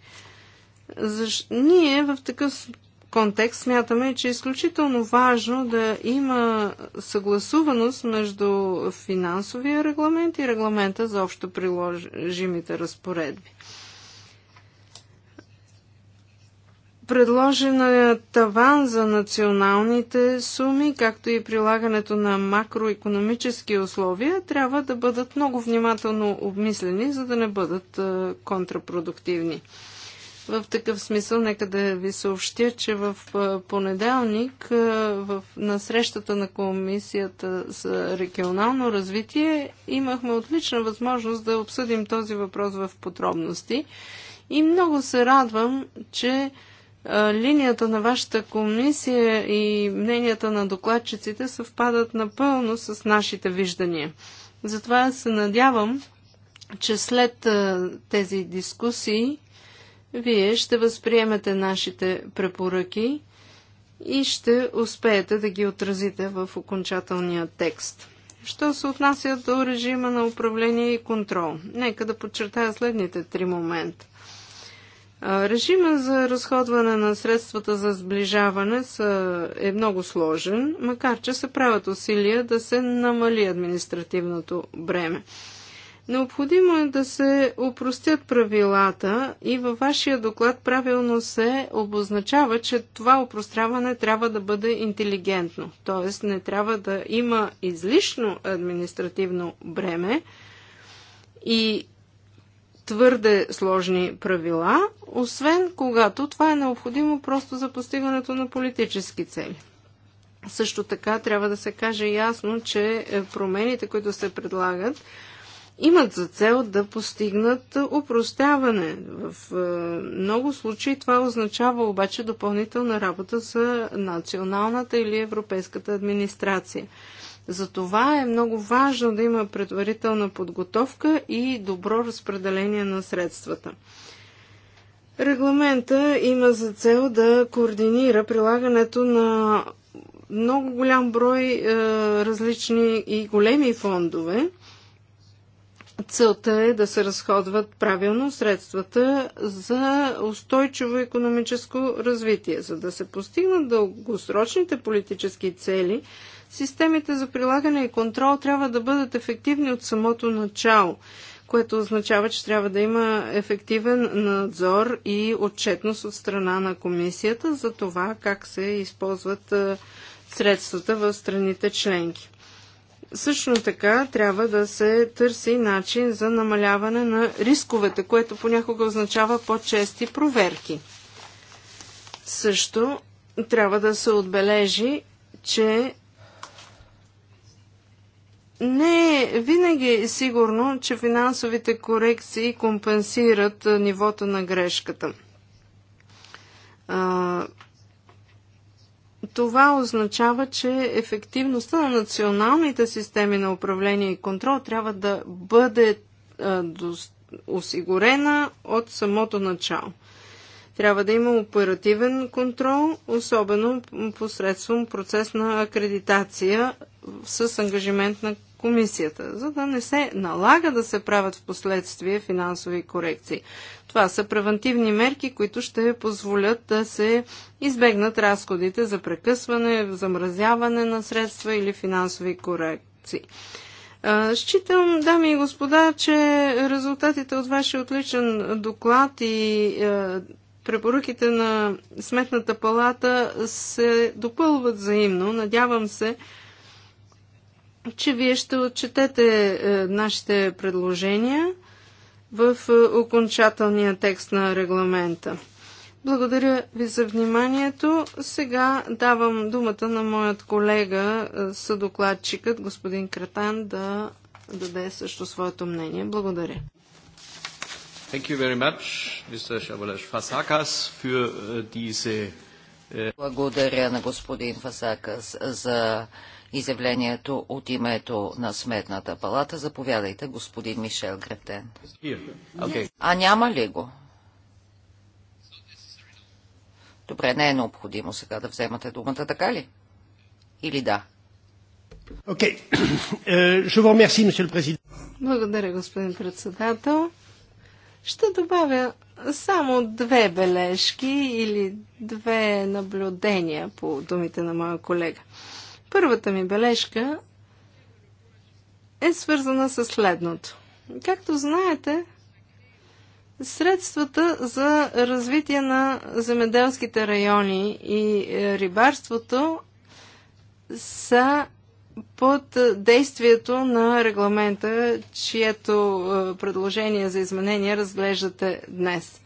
Защо? Ние в такъв контекст смятаме, че е изключително важно да има съгласуваност между финансовия регламент и регламента за общо приложимите разпоредби. Предложена е таван за националните суми, както и прилагането на макроекономически условия, трябва да бъдат много внимателно обмислени, за да не бъдат е, контрапродуктивни. В такъв смисъл, нека да ви съобщя, че в понеделник в, на срещата на Комисията за регионално развитие имахме отлична възможност да обсъдим този въпрос в подробности. И много се радвам, че линията на вашата комисия и мненията на докладчиците съвпадат напълно с нашите виждания. Затова се надявам, че след тези дискусии вие ще възприемете нашите препоръки и ще успеете да ги отразите в окончателния текст. Що се отнася до режима на управление и контрол? Нека да подчертая следните три момента. Режима за разходване на средствата за сближаване са, е много сложен, макар че се правят усилия да се намали административното бреме. Необходимо е да се упростят правилата и във вашия доклад правилно се обозначава, че това упростяване трябва да бъде интелигентно, т.е. не трябва да има излишно административно бреме и твърде сложни правила, освен когато това е необходимо просто за постигането на политически цели. Също така трябва да се каже ясно, че е, промените, които се предлагат, имат за цел да постигнат упростяване. В е, много случаи това означава обаче допълнителна работа за националната или европейската администрация. Затова е много важно да има предварителна подготовка и добро разпределение на средствата. Регламента има за цел да координира прилагането на много голям брой е, различни и големи фондове Целта е да се разходват правилно средствата за устойчиво економическо развитие. За да се постигнат дългосрочните политически цели, системите за прилагане и контрол трябва да бъдат ефективни от самото начало, което означава, че трябва да има ефективен надзор и отчетност от страна на комисията за това как се използват средствата в страните членки. Също така трябва да се търси начин за намаляване на рисковете, което понякога означава по-чести проверки. Също трябва да се отбележи, че не е винаги сигурно, че финансовите корекции компенсират нивото на грешката това означава, че ефективността на националните системи на управление и контрол трябва да бъде е, осигурена от самото начало. Трябва да има оперативен контрол, особено посредством процес на акредитация с ангажимент на комисията, за да не се налага да се правят в последствие финансови корекции. Това са превентивни мерки, които ще позволят да се избегнат разходите за прекъсване, замразяване на средства или финансови корекции. Считам, дами и господа, че резултатите от вашия отличен доклад и препоръките на Сметната палата се допълват взаимно. Надявам се, че вие ще отчетете е, нашите предложения в е, окончателния текст на регламента. Благодаря ви за вниманието. Сега давам думата на моят колега, е, съдокладчикът, господин Кратан, да даде също своето мнение. Благодаря. Thank you very much, Mr. Fasakas, Благодаря на господин Фасакас за изявлението от името на Сметната палата. Заповядайте, господин Мишел Гретен. Okay. А няма ли го? Добре, не е необходимо сега да вземате думата, така ли? Или да? Okay. Remercie, е, Благодаря, господин председател. Ще добавя само две бележки или две наблюдения по думите на моя колега. Първата ми бележка е свързана с следното. Както знаете, средствата за развитие на земеделските райони и е, рибарството са под действието на регламента, чието е, предложение за изменение разглеждате днес.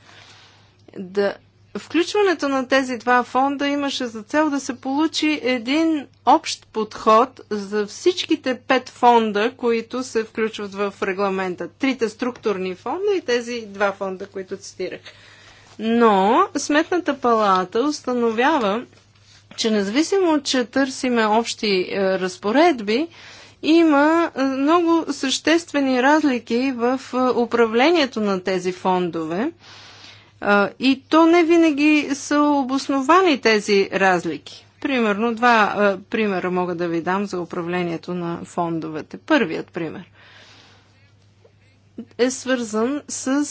Да, Включването на тези два фонда имаше за цел да се получи един общ подход за всичките пет фонда, които се включват в регламента. Трите структурни фонда и тези два фонда, които цитирах. Но Сметната палата установява, че независимо, че търсиме общи е, разпоредби, има е, много съществени разлики в е, управлението на тези фондове. И то не винаги са обосновани тези разлики. Примерно два примера мога да ви дам за управлението на фондовете. Първият пример е свързан с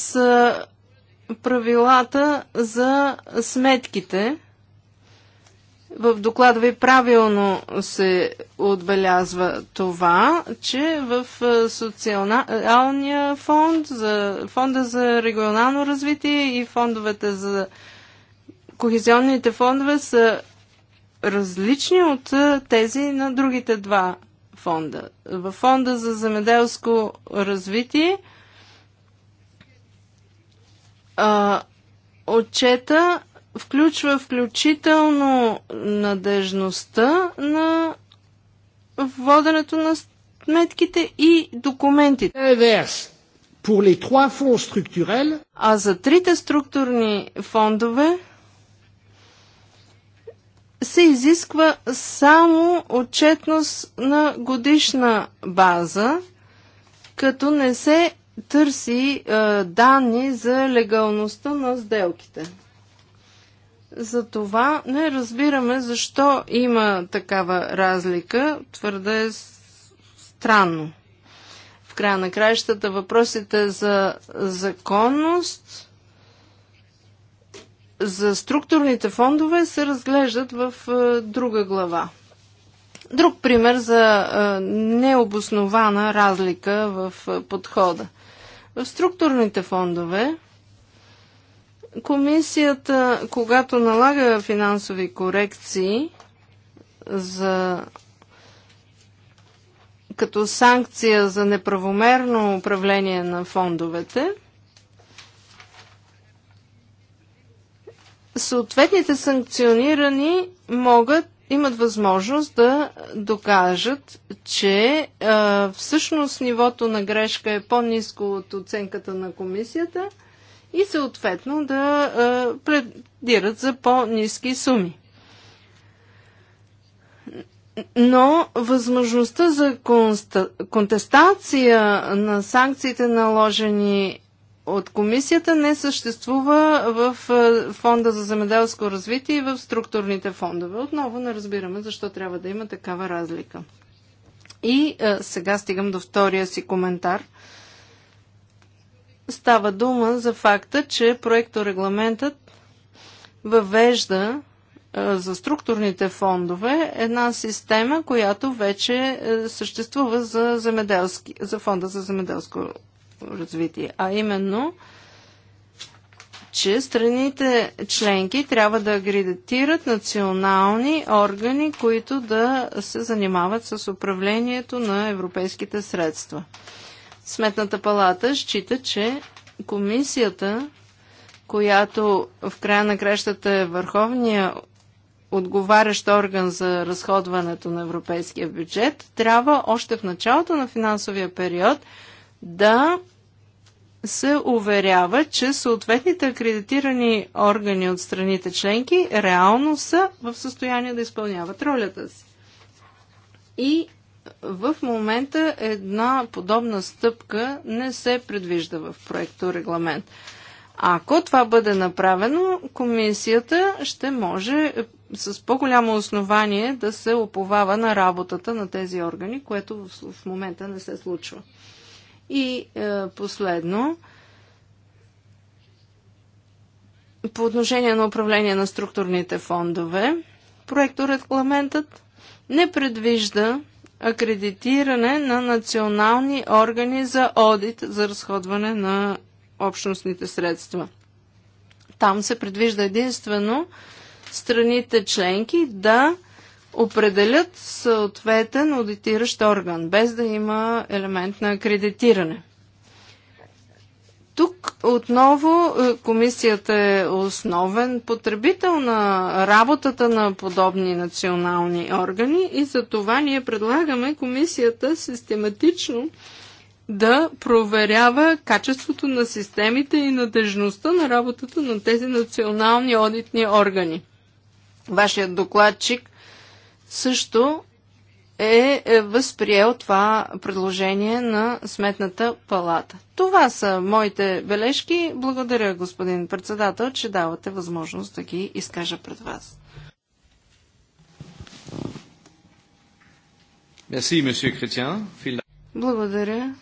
правилата за сметките в доклада ви правилно се отбелязва това, че в е, социалния фонд, за, фонда за регионално развитие и фондовете за кохезионните фондове са различни от е, тези на другите два фонда. В фонда за земеделско развитие а, отчета включва включително надежността на воденето на сметките и документите. Е, а за трите структурни фондове се изисква само отчетност на годишна база, като не се търси е, данни за легалността на сделките. За това не разбираме защо има такава разлика. Твърде е странно. В края на краищата въпросите за законност, за структурните фондове се разглеждат в е, друга глава. Друг пример за е, необоснована разлика в е, подхода. В структурните фондове Комисията, когато налага финансови корекции за като санкция за неправомерно управление на фондовете, съответните санкционирани могат, имат възможност да докажат, че а, всъщност нивото на грешка е по-низко от оценката на комисията – и съответно да а, предират за по-низки суми. Но възможността за контестация на санкциите наложени от комисията не съществува в Фонда за земеделско развитие и в структурните фондове. Отново не разбираме защо трябва да има такава разлика. И а, сега стигам до втория си коментар. Става дума за факта, че проекторегламентът въвежда е, за структурните фондове една система, която вече е, съществува за, земеделски, за фонда за земеделско развитие. А именно, че страните членки трябва да агредитират национални органи, които да се занимават с управлението на европейските средства. Сметната палата счита, че комисията, която в края на кращата е върховния отговарящ орган за разходването на европейския бюджет, трябва още в началото на финансовия период да се уверява, че съответните акредитирани органи от страните членки реално са в състояние да изпълняват ролята си. И в момента една подобна стъпка не се предвижда в проекто регламент. Ако това бъде направено, комисията ще може е, с по-голямо основание да се оповава на работата на тези органи, което в момента не се случва. И е, последно, по отношение на управление на структурните фондове, проекторегламентът не предвижда акредитиране на национални органи за одит за разходване на общностните средства. Там се предвижда единствено страните членки да определят съответен аудитиращ орган, без да има елемент на акредитиране. Тук отново е, комисията е основен потребител на работата на подобни национални органи и за това ние предлагаме комисията систематично да проверява качеството на системите и надежността на работата на тези национални одитни органи. Вашият докладчик също е, е възприел това предложение на Сметната палата. Това са моите бележки. Благодаря, господин председател, че давате възможност да ги изкажа пред вас. Merci, monsieur Chrétien. Благодаря.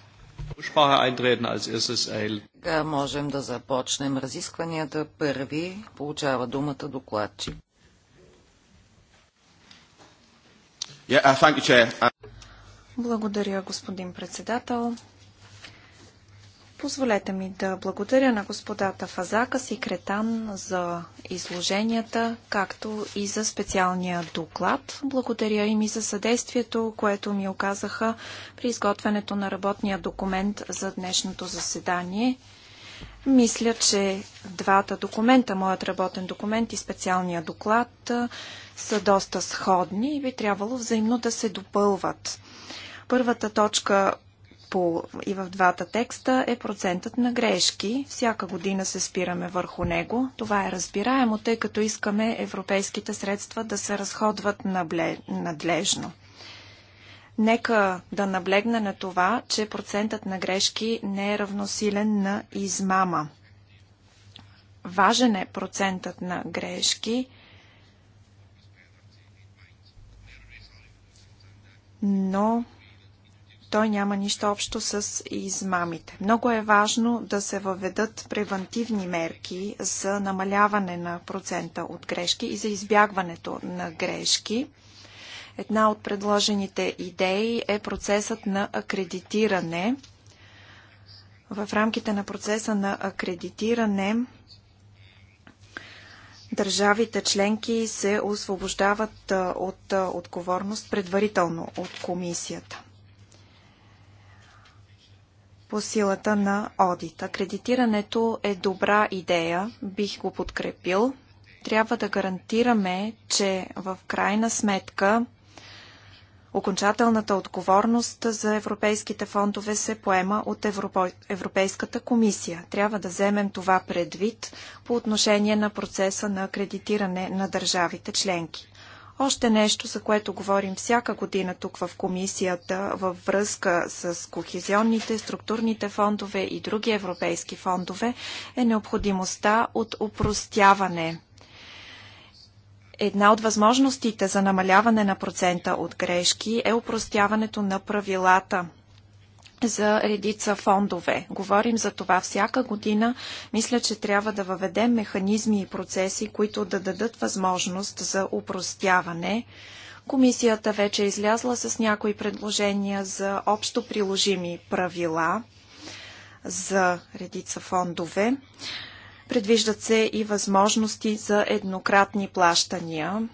Сега можем да започнем разискванията. Първи получава думата докладчик. Yeah, uh, thank you, Chair. Uh, благодаря, господин председател. Позволете ми да благодаря на господата Фазака и Кретан за изложенията, както и за специалния доклад. Благодаря им и за съдействието, което ми оказаха при изготвянето на работния документ за днешното заседание. Мисля, че двата документа, моят работен документ и специалния доклад, са доста сходни и би трябвало взаимно да се допълват. Първата точка по, и в двата текста е процентът на грешки. Всяка година се спираме върху него. Това е разбираемо, тъй като искаме европейските средства да се разходват набле... надлежно. Нека да наблегна на това, че процентът на грешки не е равносилен на измама. Важен е процентът на грешки – но той няма нищо общо с измамите. Много е важно да се въведат превентивни мерки за намаляване на процента от грешки и за избягването на грешки. Една от предложените идеи е процесът на акредитиране. В рамките на процеса на акредитиране държавите членки се освобождават от отговорност предварително от комисията по силата на Одит, акредитирането е добра идея, бих го подкрепил. Трябва да гарантираме, че в крайна сметка Окончателната отговорност за европейските фондове се поема от Европейската комисия. Трябва да вземем това предвид по отношение на процеса на акредитиране на държавите членки. Още нещо, за което говорим всяка година тук в комисията във връзка с кохезионните, структурните фондове и други европейски фондове, е необходимостта от упростяване Една от възможностите за намаляване на процента от грешки е упростяването на правилата за редица фондове. Говорим за това всяка година. Мисля, че трябва да въведем механизми и процеси, които да дадат възможност за упростяване. Комисията вече е излязла с някои предложения за общо приложими правила за редица фондове. Предвиждат се и възможности за еднократни плащания,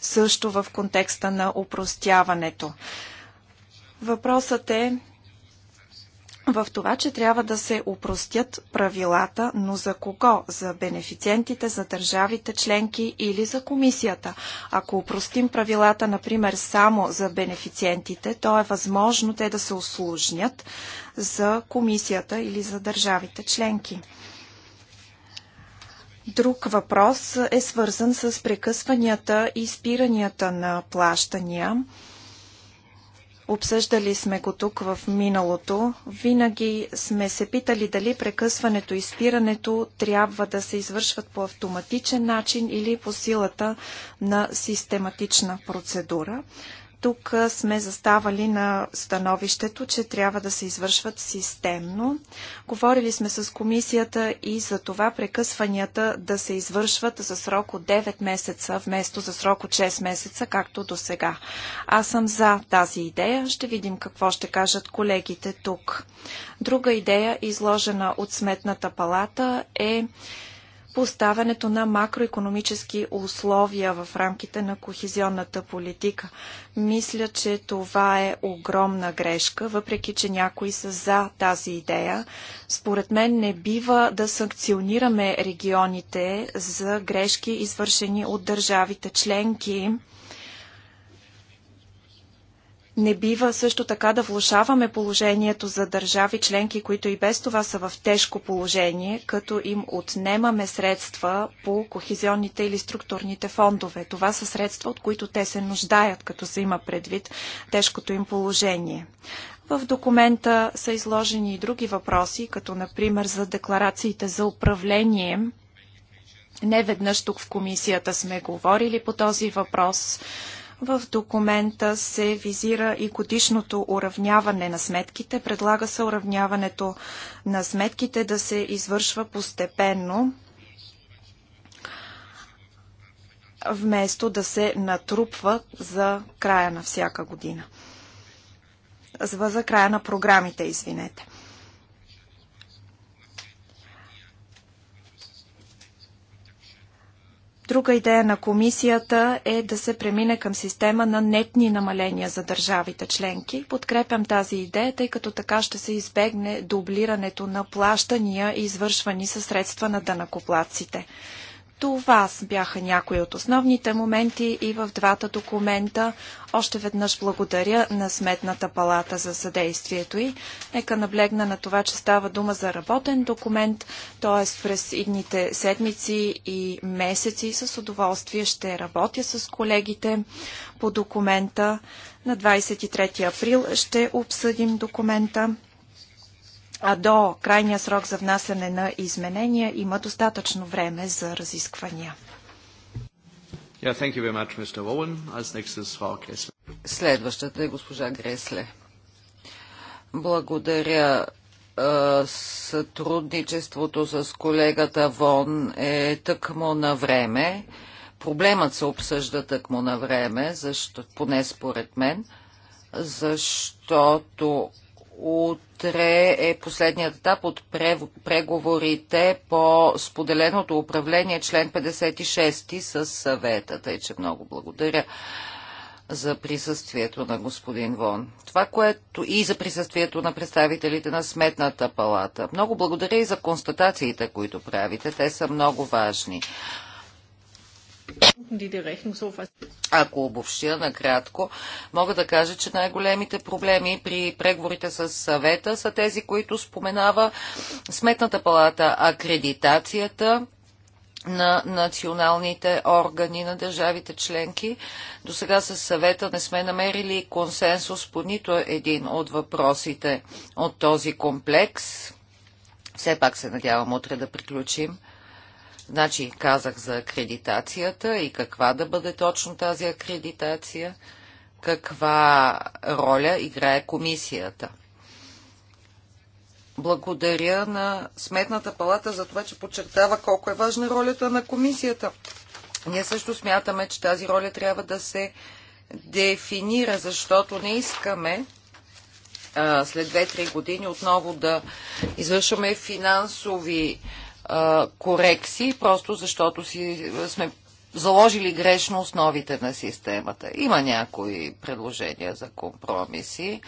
също в контекста на упростяването. Въпросът е в това, че трябва да се упростят правилата, но за кого? За бенефициентите, за държавите членки или за комисията? Ако упростим правилата, например, само за бенефициентите, то е възможно те да се услужнят за комисията или за държавите членки. Друг въпрос е свързан с прекъсванията и спиранията на плащания. Обсъждали сме го тук в миналото. Винаги сме се питали дали прекъсването и спирането трябва да се извършват по автоматичен начин или по силата на систематична процедура. Тук сме заставали на становището, че трябва да се извършват системно. Говорили сме с комисията и за това прекъсванията да се извършват за срок от 9 месеца, вместо за срок от 6 месеца, както до сега. Аз съм за тази идея. Ще видим какво ще кажат колегите тук. Друга идея, изложена от Сметната палата, е поставянето на макроекономически условия в рамките на кохезионната политика. Мисля, че това е огромна грешка, въпреки че някои са за тази идея. Според мен не бива да санкционираме регионите за грешки, извършени от държавите членки не бива също така да влушаваме положението за държави членки, които и без това са в тежко положение, като им отнемаме средства по кохизионните или структурните фондове. Това са средства, от които те се нуждаят, като се има предвид тежкото им положение. В документа са изложени и други въпроси, като например за декларациите за управление. Не веднъж тук в комисията сме говорили по този въпрос. В документа се визира и годишното уравняване на сметките. Предлага се уравняването на сметките да се извършва постепенно, вместо да се натрупва за края на всяка година. За края на програмите, извинете. Друга идея на комисията е да се премине към система на нетни намаления за държавите членки. Подкрепям тази идея, тъй като така ще се избегне дублирането на плащания, извършвани със средства на дънакоплаците. Това бяха някои от основните моменти и в двата документа. Още веднъж благодаря на Сметната палата за съдействието й. Нека наблегна на това, че става дума за работен документ, т.е. през идните седмици и месеци с удоволствие ще работя с колегите по документа. На 23 април ще обсъдим документа а до крайния срок за внасяне на изменения има достатъчно време за разисквания. Yeah, much, Следващата е госпожа Гресле. Благодаря. Сътрудничеството с колегата Вон е тъкмо на време. Проблемът се обсъжда тъкмо на време, защото поне според мен, защото Утре е последният етап от преговорите по споделеното управление член 56 с съвета. Тъй, че много благодаря за присъствието на господин Вон. Това, което и за присъствието на представителите на Сметната палата. Много благодаря и за констатациите, които правите. Те са много важни. Ако обобщя накратко, мога да кажа, че най-големите проблеми при преговорите с съвета са тези, които споменава Сметната палата, акредитацията на националните органи на държавите членки. До сега с съвета не сме намерили консенсус по нито един от въпросите от този комплекс. Все пак се надявам утре да приключим Значи казах за акредитацията и каква да бъде точно тази акредитация, каква роля играе комисията. Благодаря на Сметната палата за това, че подчертава колко е важна ролята на комисията. Ние също смятаме, че тази роля трябва да се дефинира, защото не искаме а, след 2-3 години отново да извършваме финансови а, корекции, просто защото си, сме заложили грешно основите на системата. Има някои предложения за компромиси.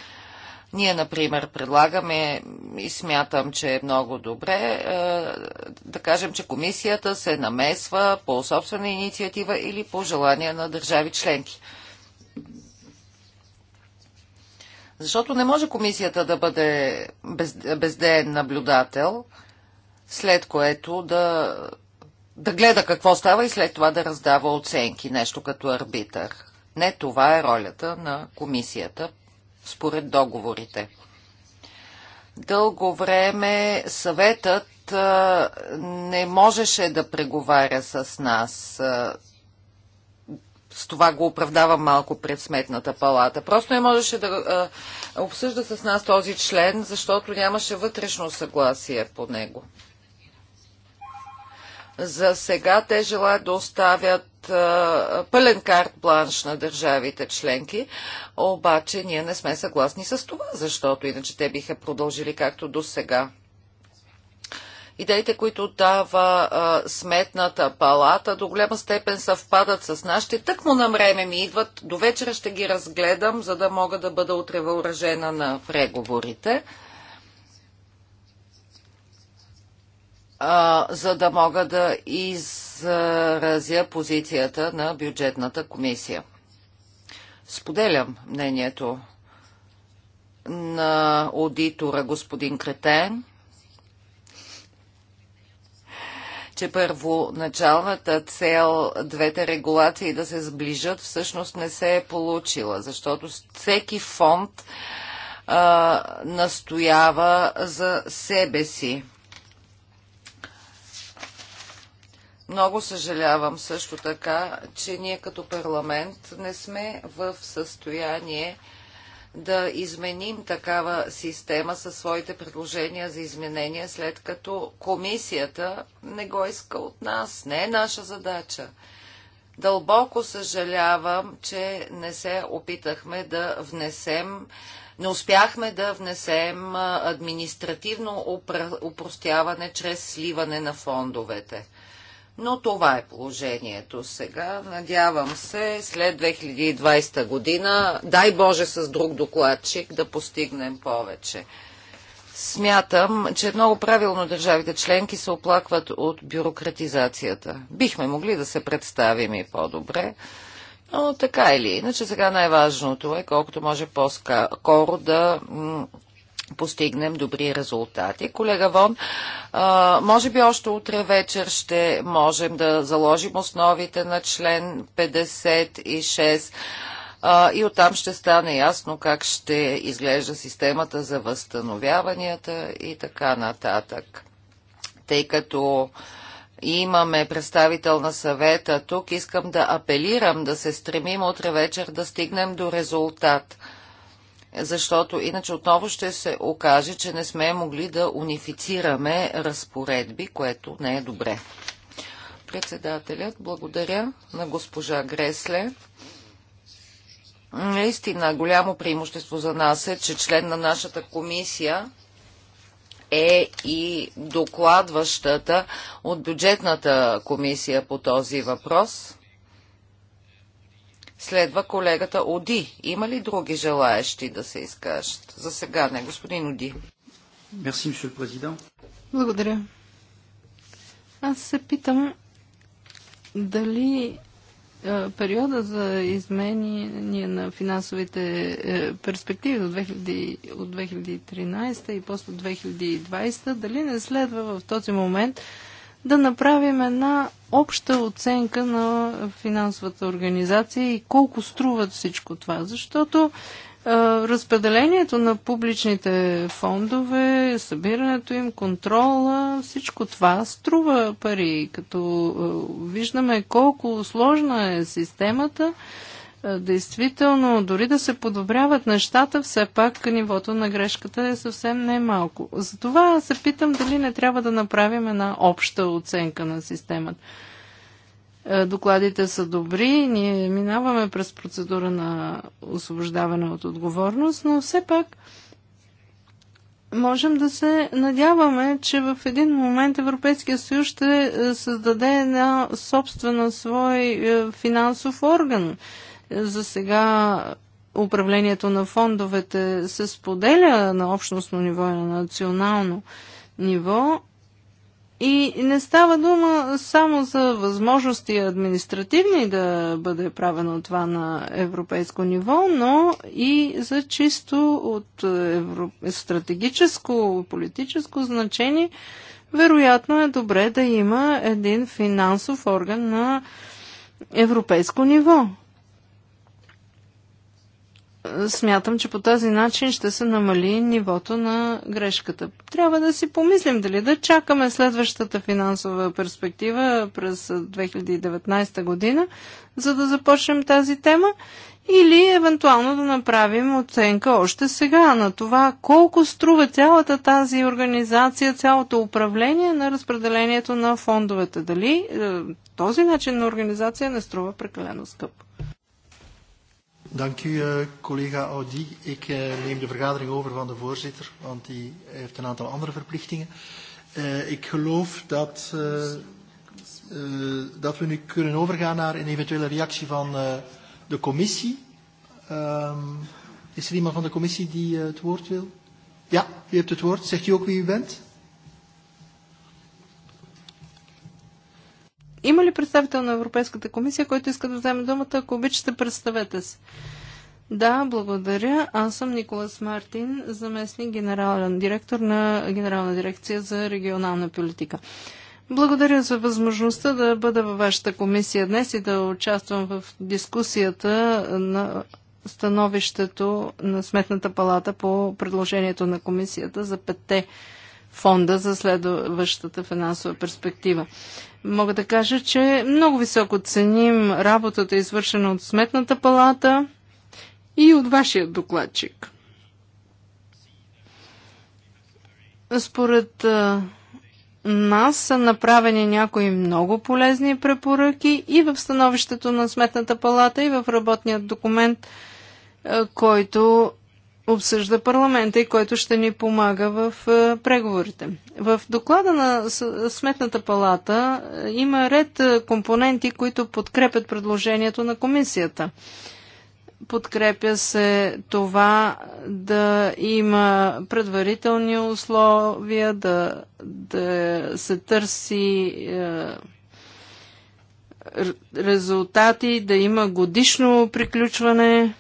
Ние, например, предлагаме и смятам, че е много добре да кажем, че комисията се намесва по собствена инициатива или по желание на държави членки. Защото не може комисията да бъде безден наблюдател – след което да, да гледа какво става и след това да раздава оценки, нещо като арбитър. Не това е ролята на комисията според договорите. Дълго време съветът не можеше да преговаря с нас. С това го оправдавам малко пред сметната палата. Просто не можеше да обсъжда с нас този член, защото нямаше вътрешно съгласие по него. За сега те желаят да оставят пълен карт бланш на държавите членки, обаче ние не сме съгласни с това, защото иначе те биха продължили както до сега. Идеите, които дава а, сметната палата, до голяма степен съвпадат с нашите. Тъкмо на време ми идват. До вечера ще ги разгледам, за да мога да бъда утре въоръжена на преговорите. за да мога да изразя позицията на бюджетната комисия. Споделям мнението на аудитора господин Кретен, че първоначалната цел двете регулации да се сближат всъщност не се е получила, защото всеки фонд а, настоява за себе си. Много съжалявам също така, че ние като парламент не сме в състояние да изменим такава система със своите предложения за изменения, след като комисията не го иска от нас. Не е наша задача. Дълбоко съжалявам, че не се опитахме да внесем, не успяхме да внесем административно упростяване чрез сливане на фондовете. Но това е положението сега. Надявам се след 2020 година, дай Боже с друг докладчик, да постигнем повече. Смятам, че много правилно държавите членки се оплакват от бюрократизацията. Бихме могли да се представим и по-добре. Но така или иначе, сега най-важното е колкото може по-скоро да постигнем добри резултати. Колега Вон, може би още утре вечер ще можем да заложим основите на член 56 и оттам ще стане ясно как ще изглежда системата за възстановяванията и така нататък. Тъй като имаме представител на съвета тук, искам да апелирам да се стремим утре вечер да стигнем до резултат защото иначе отново ще се окаже, че не сме могли да унифицираме разпоредби, което не е добре. Председателят, благодаря на госпожа Гресле. Наистина, голямо преимущество за нас е, че член на нашата комисия е и докладващата от бюджетната комисия по този въпрос. Следва колегата Оди. Има ли други желаящи да се изкажат? За сега не. Господин Оди. Мерси, президент. Благодаря. Аз се питам дали е, периода за изменение на финансовите е, перспективи от, 2000, от 2013 и после 2020, дали не следва в този момент да направим една обща оценка на финансовата организация и колко струва всичко това. Защото е, разпределението на публичните фондове, събирането им, контрола, всичко това струва пари. Като е, виждаме колко сложна е системата, е, действително, дори да се подобряват нещата, все пак нивото на грешката е съвсем немалко. малко. Затова се питам дали не трябва да направим една обща оценка на системата. Е, докладите са добри, ние минаваме през процедура на освобождаване от отговорност, но все пак можем да се надяваме, че в един момент Европейския съюз ще е, създаде една собствена свой финансов орган за сега управлението на фондовете се споделя на общностно ниво и на национално ниво. И не става дума само за възможности административни да бъде правено това на европейско ниво, но и за чисто от евро... стратегическо, политическо значение. Вероятно е добре да има един финансов орган на европейско ниво смятам, че по този начин ще се намали нивото на грешката. Трябва да си помислим дали да чакаме следващата финансова перспектива през 2019 година, за да започнем тази тема или евентуално да направим оценка още сега на това колко струва цялата тази организация, цялото управление на разпределението на фондовете. Дали е, този начин на организация не струва прекалено скъпо. Dank u, collega Audi. Ik neem de vergadering over van de voorzitter, want die heeft een aantal andere verplichtingen. ik geloof dat, dat we nu kunnen overgaan naar een eventuele reactie van de commissie. is er iemand van de commissie die het woord wil? Ja, u hebt het woord. Zegt u ook wie u bent? Има ли представител на Европейската комисия, който иска да вземе думата? Ако обичате, представете се. Да, благодаря. Аз съм Николас Мартин, заместник генерален директор на Генерална дирекция за регионална политика. Благодаря за възможността да бъда във вашата комисия днес и да участвам в дискусията на становището на Сметната палата по предложението на комисията за петте фонда за следващата финансова перспектива. Мога да кажа, че много високо ценим работата, извършена от Сметната палата и от вашия докладчик. Според нас са направени някои много полезни препоръки и в становището на Сметната палата, и в работният документ, който обсъжда парламента и който ще ни помага в е, преговорите. В доклада на Сметната палата е, има ред е, компоненти, които подкрепят предложението на комисията. Подкрепя се това да има предварителни условия, да, да се търси е, резултати, да има годишно приключване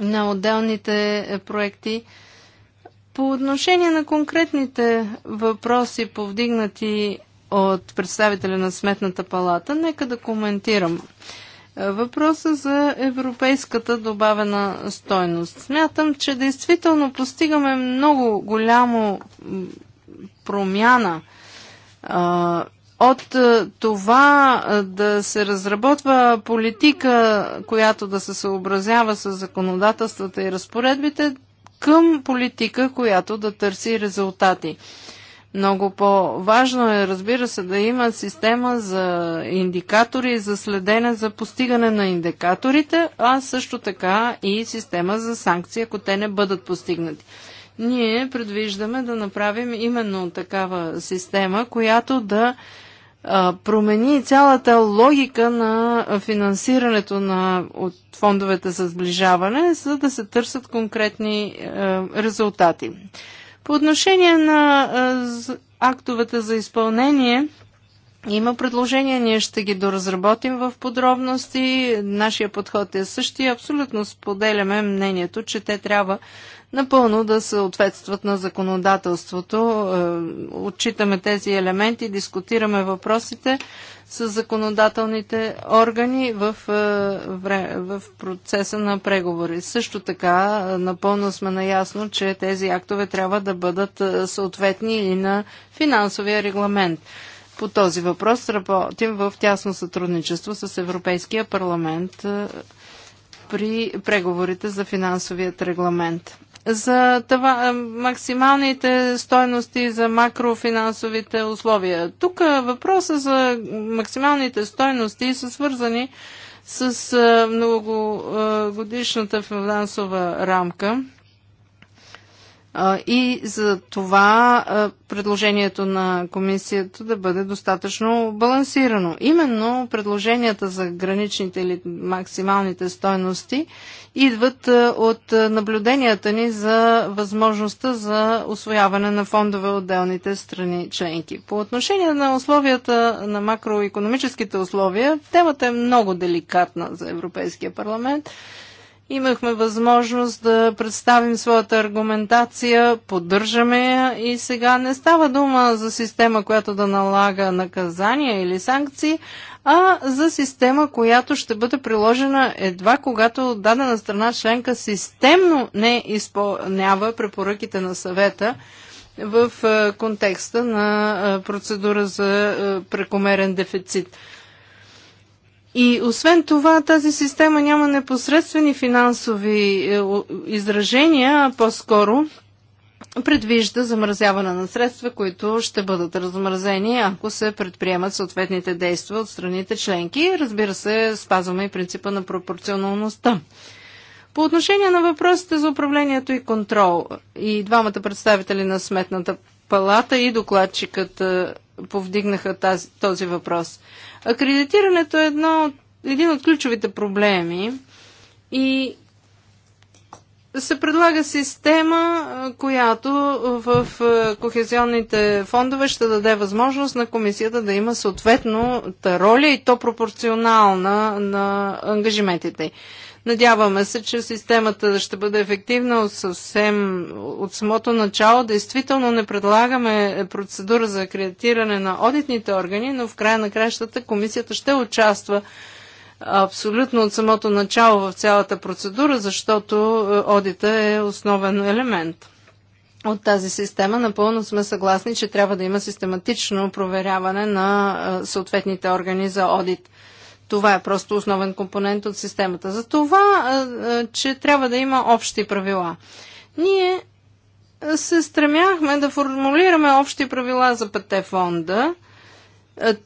на отделните е, проекти. По отношение на конкретните въпроси, повдигнати от представителя на Сметната палата, нека да коментирам. Е, въпроса за европейската добавена стойност. Смятам, че действително постигаме много голямо промяна от е, това е, да се разработва политика, която да се съобразява с законодателствата и разпоредбите, към политика, която да търси резултати. Много по-важно е, разбира се, да има система за индикатори, за следене, за постигане на индикаторите, а също така и система за санкции, ако те не бъдат постигнати. Ние предвиждаме да направим именно такава система, която да промени цялата логика на финансирането на, от фондовете за сближаване, за да се търсят конкретни е, резултати. По отношение на е, актовете за изпълнение, има предложения, ние ще ги доразработим в подробности. Нашия подход е същия. Абсолютно споделяме мнението, че те трябва напълно да съответстват на законодателството. Е, отчитаме тези елементи, дискутираме въпросите с законодателните органи в, е, в процеса на преговори. Също така, е, напълно сме наясно, че тези актове трябва да бъдат съответни и на финансовия регламент. По този въпрос работим в тясно сътрудничество с Европейския парламент при преговорите за финансовият регламент за това, е, максималните стойности за макрофинансовите условия. Тук въпроса за максималните стойности са свързани с е, многогодишната финансова рамка. И за това предложението на комисията да бъде достатъчно балансирано. Именно предложенията за граничните или максималните стойности идват от наблюденията ни за възможността за освояване на фондове отделните страни членки. По отношение на условията, на макроекономическите условия, темата е много деликатна за Европейския парламент Имахме възможност да представим своята аргументация, поддържаме я и сега не става дума за система, която да налага наказания или санкции, а за система, която ще бъде приложена едва когато дадена страна членка системно не изпълнява препоръките на съвета в е, контекста на е, процедура за е, прекомерен дефицит. И освен това, тази система няма непосредствени финансови е, изражения, а по-скоро предвижда замразяване на средства, които ще бъдат размразени, ако се предприемат съответните действия от страните членки. Разбира се, спазваме и принципа на пропорционалността. По отношение на въпросите за управлението и контрол, и двамата представители на Сметната палата и докладчикът е, повдигнаха тази, този въпрос. Акредитирането е едно от, един от ключовите проблеми и се предлага система, която в кохезионните фондове ще даде възможност на комисията да има съответната роля и то пропорционална на ангажиментите. Надяваме се, че системата ще бъде ефективна от съвсем от самото начало. Действително не предлагаме процедура за акредитиране на одитните органи, но в края на кращата комисията ще участва абсолютно от самото начало в цялата процедура, защото е, одита е основен елемент от тази система. Напълно сме съгласни, че трябва да има систематично проверяване на е, съответните органи за одит. Това е просто основен компонент от системата. За това, че трябва да има общи правила. Ние се стремяхме да формулираме общи правила за пете фонда.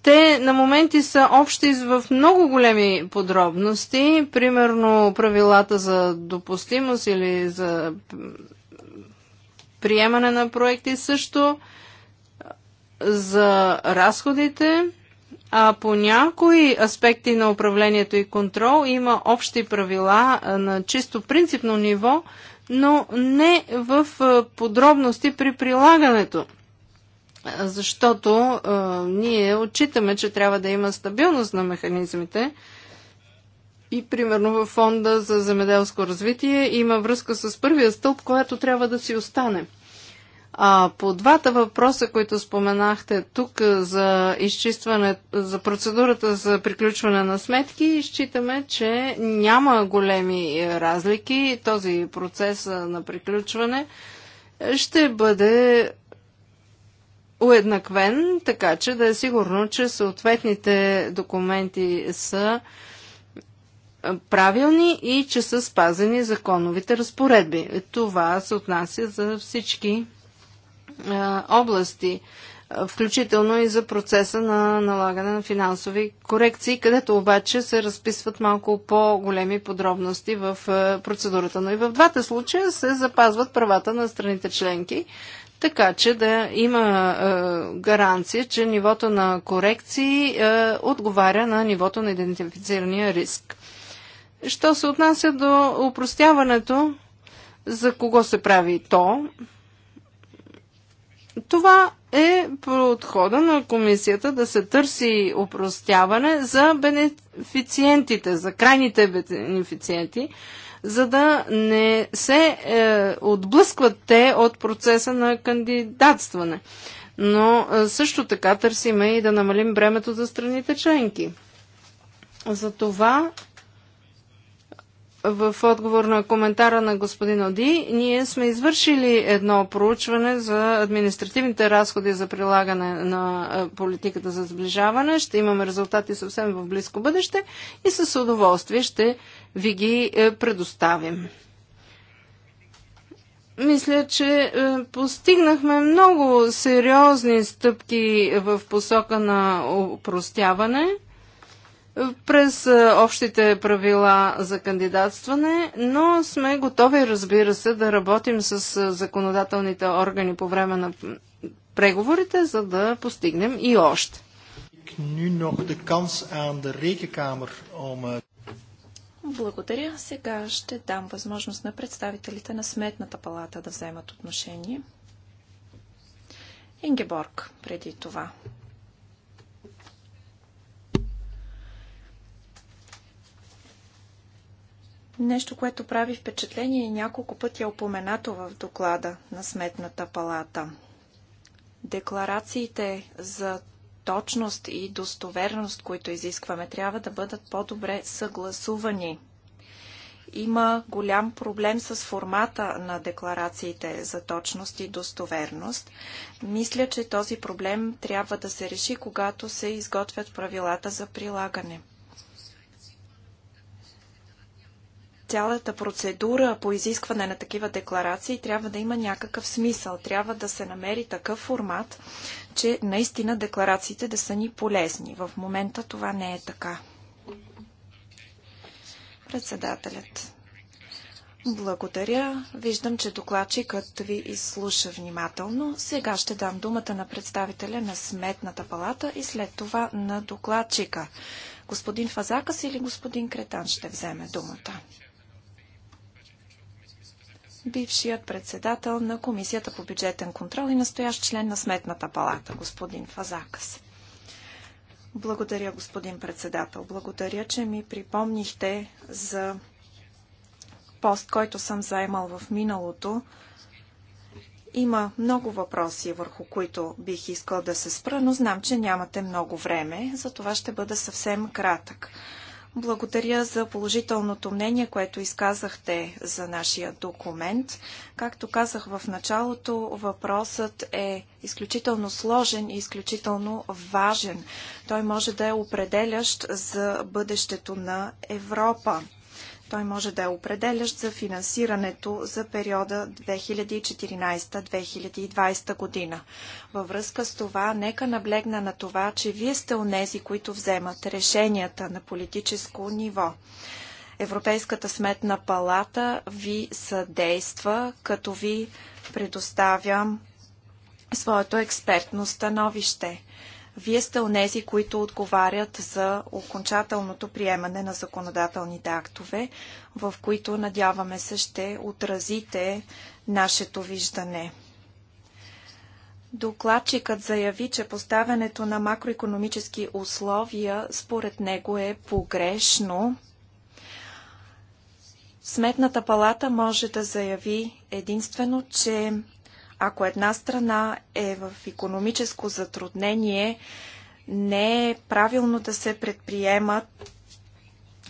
Те на моменти са общи в много големи подробности, примерно правилата за допустимост или за приемане на проекти също, за разходите а по някои аспекти на управлението и контрол има общи правила на чисто принципно ниво, но не в подробности при прилагането. Защото а, ние отчитаме, че трябва да има стабилност на механизмите. И примерно във фонда за земеделско развитие има връзка с първия стълб, която трябва да си остане. А по двата въпроса, които споменахте тук за изчистване, за процедурата за приключване на сметки, считаме, че няма големи е, разлики. Този процес на приключване е, ще бъде уеднаквен, така че да е сигурно, че съответните документи са е, правилни и че са спазени законовите разпоредби. Това се отнася за всички области, включително и за процеса на налагане на финансови корекции, където обаче се разписват малко по-големи подробности в процедурата. Но и в двата случая се запазват правата на страните членки, така че да има гаранция, че нивото на корекции отговаря на нивото на идентифицирания риск. Що се отнася до упростяването, за кого се прави то? Това е подхода на комисията да се търси упростяване за бенефициентите, за крайните бенефициенти, за да не се е, отблъскват те от процеса на кандидатстване. Но е, също така търсиме и да намалим бремето за страните членки. Затова в отговор на коментара на господин Оди, ние сме извършили едно проучване за административните разходи за прилагане на е, политиката за сближаване. Ще имаме резултати съвсем в близко бъдеще и с удоволствие ще ви ги е, предоставим. Мисля, че е, постигнахме много сериозни стъпки в посока на упростяване – през е, общите правила за кандидатстване, но сме готови, разбира се, да работим с е, законодателните органи по време на преговорите, за да постигнем и още. Е, Благодаря. Сега ще дам възможност на представителите на Сметната палата да вземат отношение. Ингеборг, преди това. Нещо, което прави впечатление и няколко пъти е опоменато в доклада на Сметната палата. Декларациите за точност и достоверност, които изискваме, трябва да бъдат по-добре съгласувани. Има голям проблем с формата на декларациите за точност и достоверност. Мисля, че този проблем трябва да се реши, когато се изготвят правилата за прилагане. цялата процедура по изискване на такива декларации трябва да има някакъв смисъл. Трябва да се намери такъв формат, че наистина декларациите да са ни полезни. В момента това не е така. Председателят. Благодаря. Виждам, че докладчикът ви изслуша внимателно. Сега ще дам думата на представителя на Сметната палата и след това на докладчика. Господин Фазакас или господин Кретан ще вземе думата бившият председател на Комисията по бюджетен контрол и настоящ член на Сметната палата, господин Фазакас. Благодаря, господин председател. Благодаря, че ми припомнихте за пост, който съм заемал в миналото. Има много въпроси, върху които бих искал да се спра, но знам, че нямате много време, за това ще бъда съвсем кратък. Благодаря за положителното мнение, което изказахте за нашия документ. Както казах в началото, въпросът е изключително сложен и изключително важен. Той може да е определящ за бъдещето на Европа. Той може да е определящ за финансирането за периода 2014-2020 година. Във връзка с това, нека наблегна на това, че вие сте онези, които вземат решенията на политическо ниво. Европейската сметна палата ви съдейства, като ви предоставям своето експертно становище. Вие сте онези, които отговарят за окончателното приемане на законодателните актове, в които, надяваме се, ще отразите нашето виждане. Докладчикът заяви, че поставянето на макроекономически условия според него е погрешно. Сметната палата може да заяви единствено, че ако една страна е в економическо затруднение, не е правилно да се предприемат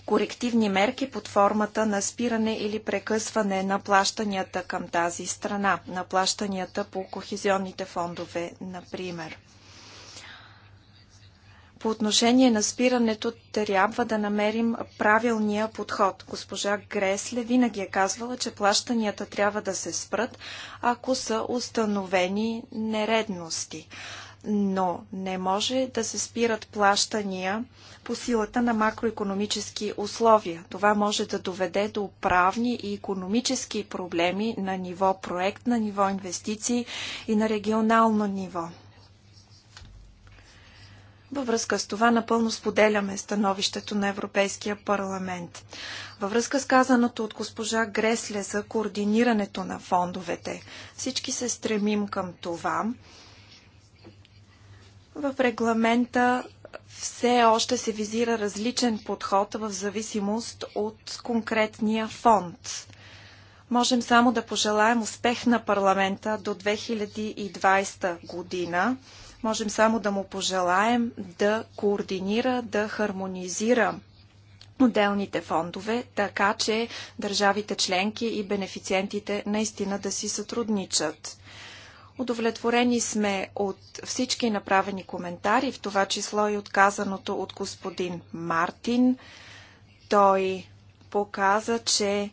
корективни мерки под формата на спиране или прекъсване на плащанията към тази страна, на плащанията по кохезионните фондове, например по отношение на спирането трябва да намерим правилния подход. Госпожа Гресле винаги е казвала, че плащанията трябва да се спрат, ако са установени нередности. Но не може да се спират плащания по силата на макроекономически условия. Това може да доведе до правни и економически проблеми на ниво проект, на ниво инвестиции и на регионално ниво. Във връзка с това напълно споделяме становището на Европейския парламент. Във връзка с казаното от госпожа Гресле за координирането на фондовете, всички се стремим към това. В регламента все още се визира различен подход в зависимост от конкретния фонд. Можем само да пожелаем успех на парламента до 2020 година. Можем само да му пожелаем да координира, да хармонизира отделните фондове, така че държавите членки и бенефициентите наистина да си сътрудничат. Удовлетворени сме от всички направени коментари, в това число и отказаното от господин Мартин. Той показа, че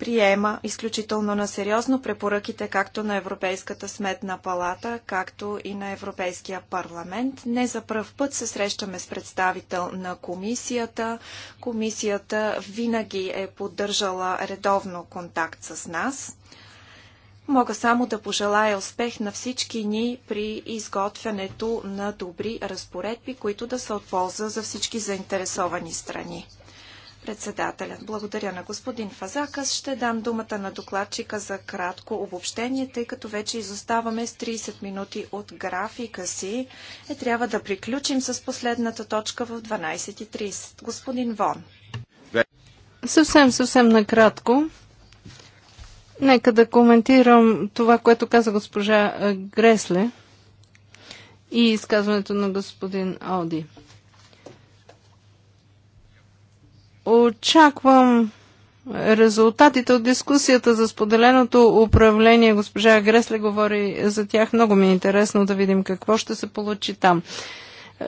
приема изключително на сериозно препоръките както на Европейската сметна палата, както и на Европейския парламент. Не за пръв път се срещаме с представител на комисията. Комисията винаги е поддържала редовно контакт с нас. Мога само да пожелая успех на всички ни при изготвянето на добри разпоредби, които да са от полза за всички заинтересовани страни председателя. благодаря на господин Фазакас. Ще дам думата на докладчика за кратко обобщение, тъй като вече изоставаме с 30 минути от графика си. Е, трябва да приключим с последната точка в 12.30. Господин Вон. Съвсем, съвсем накратко. Нека да коментирам това, което каза госпожа Гресле и изказването на господин Ауди. Очаквам резултатите от дискусията за споделеното управление. Госпожа Гресле говори за тях. Много ми е интересно да видим какво ще се получи там.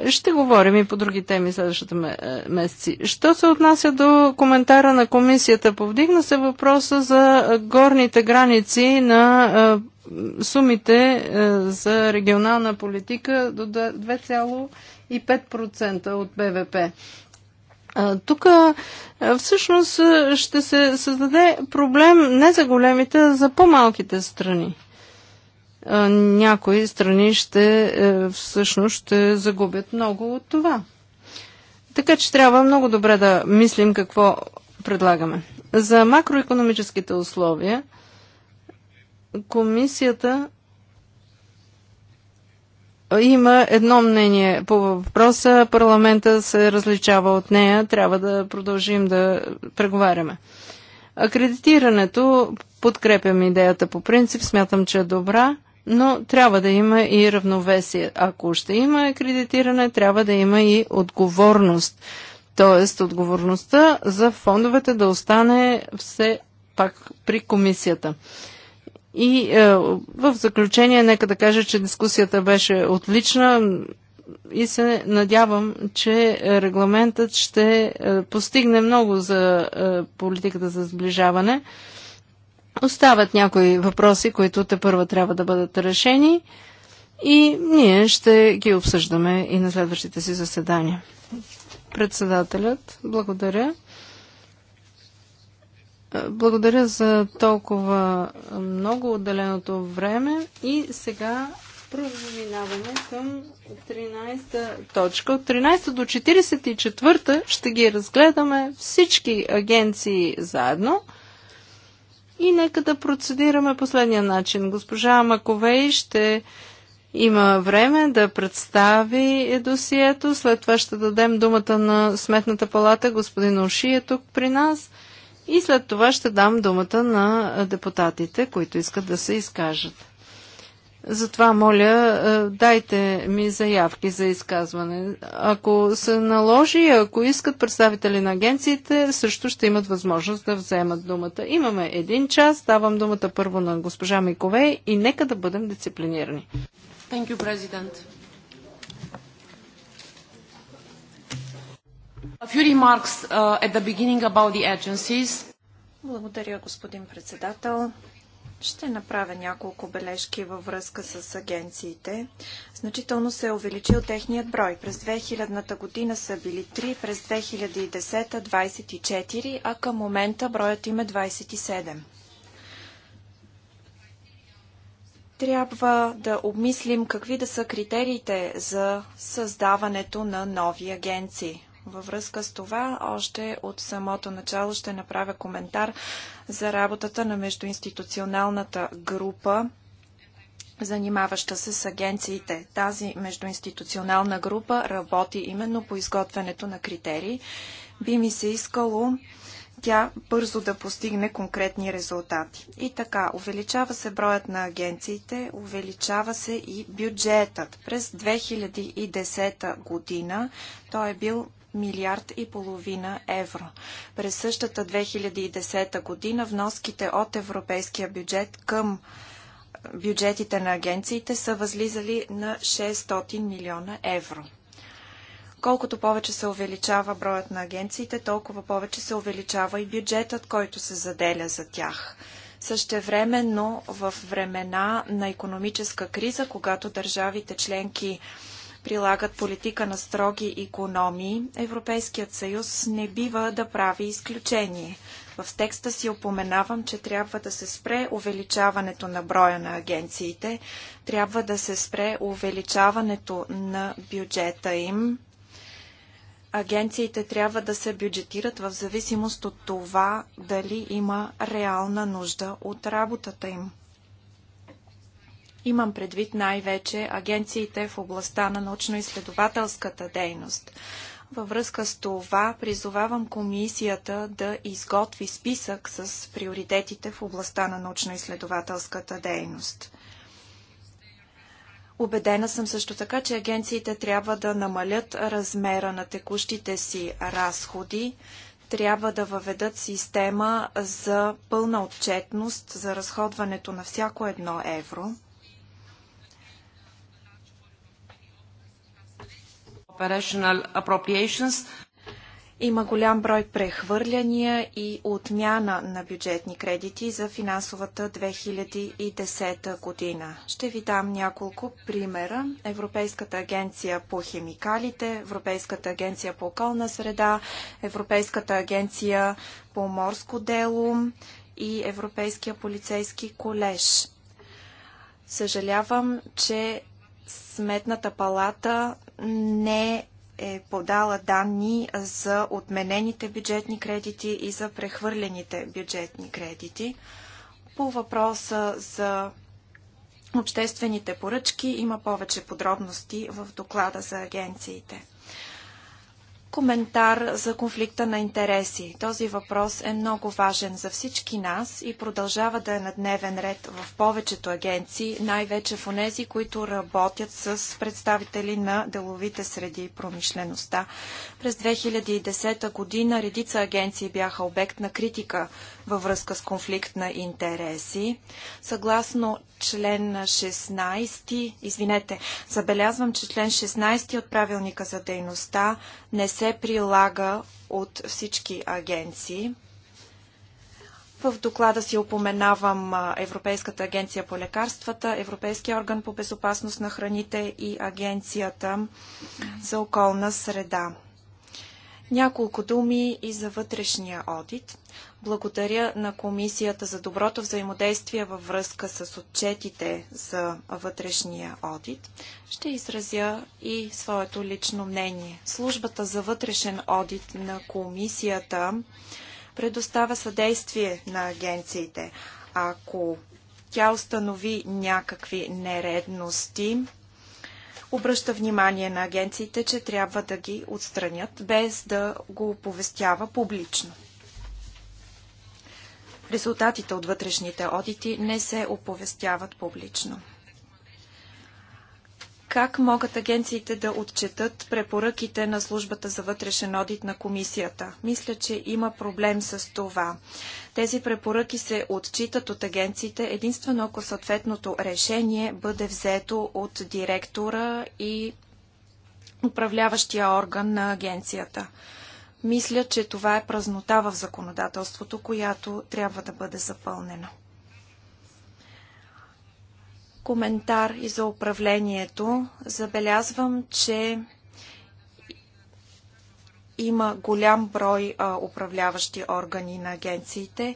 Ще говорим и по други теми следващите е, месеци. Що се отнася до коментара на комисията? Повдигна се въпроса за горните граници на е, сумите е, за регионална политика до 2,5% от БВП. Тук всъщност ще се създаде проблем не за големите, а за по-малките страни. Някои страни ще е, всъщност ще загубят много от това. Така че трябва много добре да мислим какво предлагаме. За макроекономическите условия комисията има едно мнение по въпроса, парламента се различава от нея, трябва да продължим да преговаряме. Акредитирането, подкрепям идеята по принцип, смятам, че е добра, но трябва да има и равновесие. Ако ще има акредитиране, трябва да има и отговорност. Тоест, отговорността за фондовете да остане все пак при комисията. И е, в заключение, нека да кажа, че дискусията беше отлична и се надявам, че регламентът ще е, постигне много за е, политиката за сближаване. Остават някои въпроси, които те първа трябва да бъдат решени и ние ще ги обсъждаме и на следващите си заседания. Председателят, благодаря. Е, благодаря за толкова много отделеното време и сега преминаваме към 13-та точка. От 13-та до 44-та ще ги разгледаме всички агенции заедно. И нека да процедираме последния начин. Госпожа Маковей ще има време да представи досието. След това ще дадем думата на Сметната палата. Господин Оши е тук при нас. И след това ще дам думата на депутатите, които искат да се изкажат. Затова моля, е, дайте ми заявки за изказване. Ако се наложи, ако искат представители на агенциите, също ще имат възможност да вземат думата. Имаме един час, давам думата първо на госпожа Миковей и нека да бъдем дисциплинирани. Thank you, President. Uh, Благодаря, господин председател. Ще направя няколко бележки във връзка с агенциите. Значително се е увеличил техният брой. През 2000-та година са били 3, през 2010-та 24, а към момента броят им е 27. Трябва да обмислим какви да са критериите за създаването на нови агенции. Във връзка с това, още от самото начало ще направя коментар за работата на междуинституционалната група, занимаваща се с агенциите. Тази междуинституционална група работи именно по изготвянето на критерии. Би ми се искало тя бързо да постигне конкретни резултати. И така, увеличава се броят на агенциите, увеличава се и бюджетът. През 2010 година той е бил милиард и половина евро. През същата 2010 година вноските от европейския бюджет към е, бюджетите на агенциите са възлизали на 600 милиона евро. Колкото повече се увеличава броят на агенциите, толкова повече се увеличава и бюджетът, който се заделя за тях. Същевременно в времена на економическа криза, когато държавите членки прилагат политика на строги економии, Европейският съюз не бива да прави изключение. В текста си опоменавам, че трябва да се спре увеличаването на броя на агенциите, трябва да се спре увеличаването на бюджета им. Агенциите трябва да се бюджетират в зависимост от това дали има реална нужда от работата им. Имам предвид най-вече агенциите в областта на научно-изследователската дейност. Във връзка с това призовавам комисията да изготви списък с приоритетите в областта на научно-изследователската дейност. Обедена съм също така, че агенциите трябва да намалят размера на текущите си разходи, трябва да въведат система за пълна отчетност за разходването на всяко едно евро. operational appropriations. Има голям брой прехвърляния и отмяна на бюджетни кредити за финансовата 2010 година. Ще ви дам няколко примера. Европейската агенция по химикалите, Европейската агенция по околна среда, Европейската агенция по морско дело и Европейския полицейски колеж. Съжалявам, че Сметната палата не е подала данни за отменените бюджетни кредити и за прехвърлените бюджетни кредити. По въпроса за обществените поръчки има повече подробности в доклада за агенциите коментар за конфликта на интереси. Този въпрос е много важен за всички нас и продължава да е на дневен ред в повечето агенции, най-вече в онези, които работят с представители на деловите среди и промишлеността. През 2010 година редица агенции бяха обект на критика във връзка с конфликт на интереси. Съгласно член 16, извинете, забелязвам, че член 16 от правилника за дейността не се се прилага от всички агенции. В доклада си упоменавам Европейската агенция по лекарствата, Европейския орган по безопасност на храните и Агенцията за околна среда. Няколко думи и за вътрешния одит. Благодаря на комисията за доброто взаимодействие във връзка с отчетите за вътрешния одит. Ще изразя и своето лично мнение. Службата за вътрешен одит на комисията предоставя съдействие на агенциите. Ако тя установи някакви нередности, обръща внимание на агенциите, че трябва да ги отстранят, без да го оповестява публично. Резултатите от вътрешните одити не се оповестяват публично. Как могат агенциите да отчетат препоръките на службата за вътрешен одит на комисията? Мисля, че има проблем с това. Тези препоръки се отчитат от агенциите единствено ако съответното решение бъде взето от директора и управляващия орган на агенцията. Мисля, че това е празнота в законодателството, която трябва да бъде запълнена. Коментар и за управлението. Забелязвам, че има голям брой а, управляващи органи на агенциите.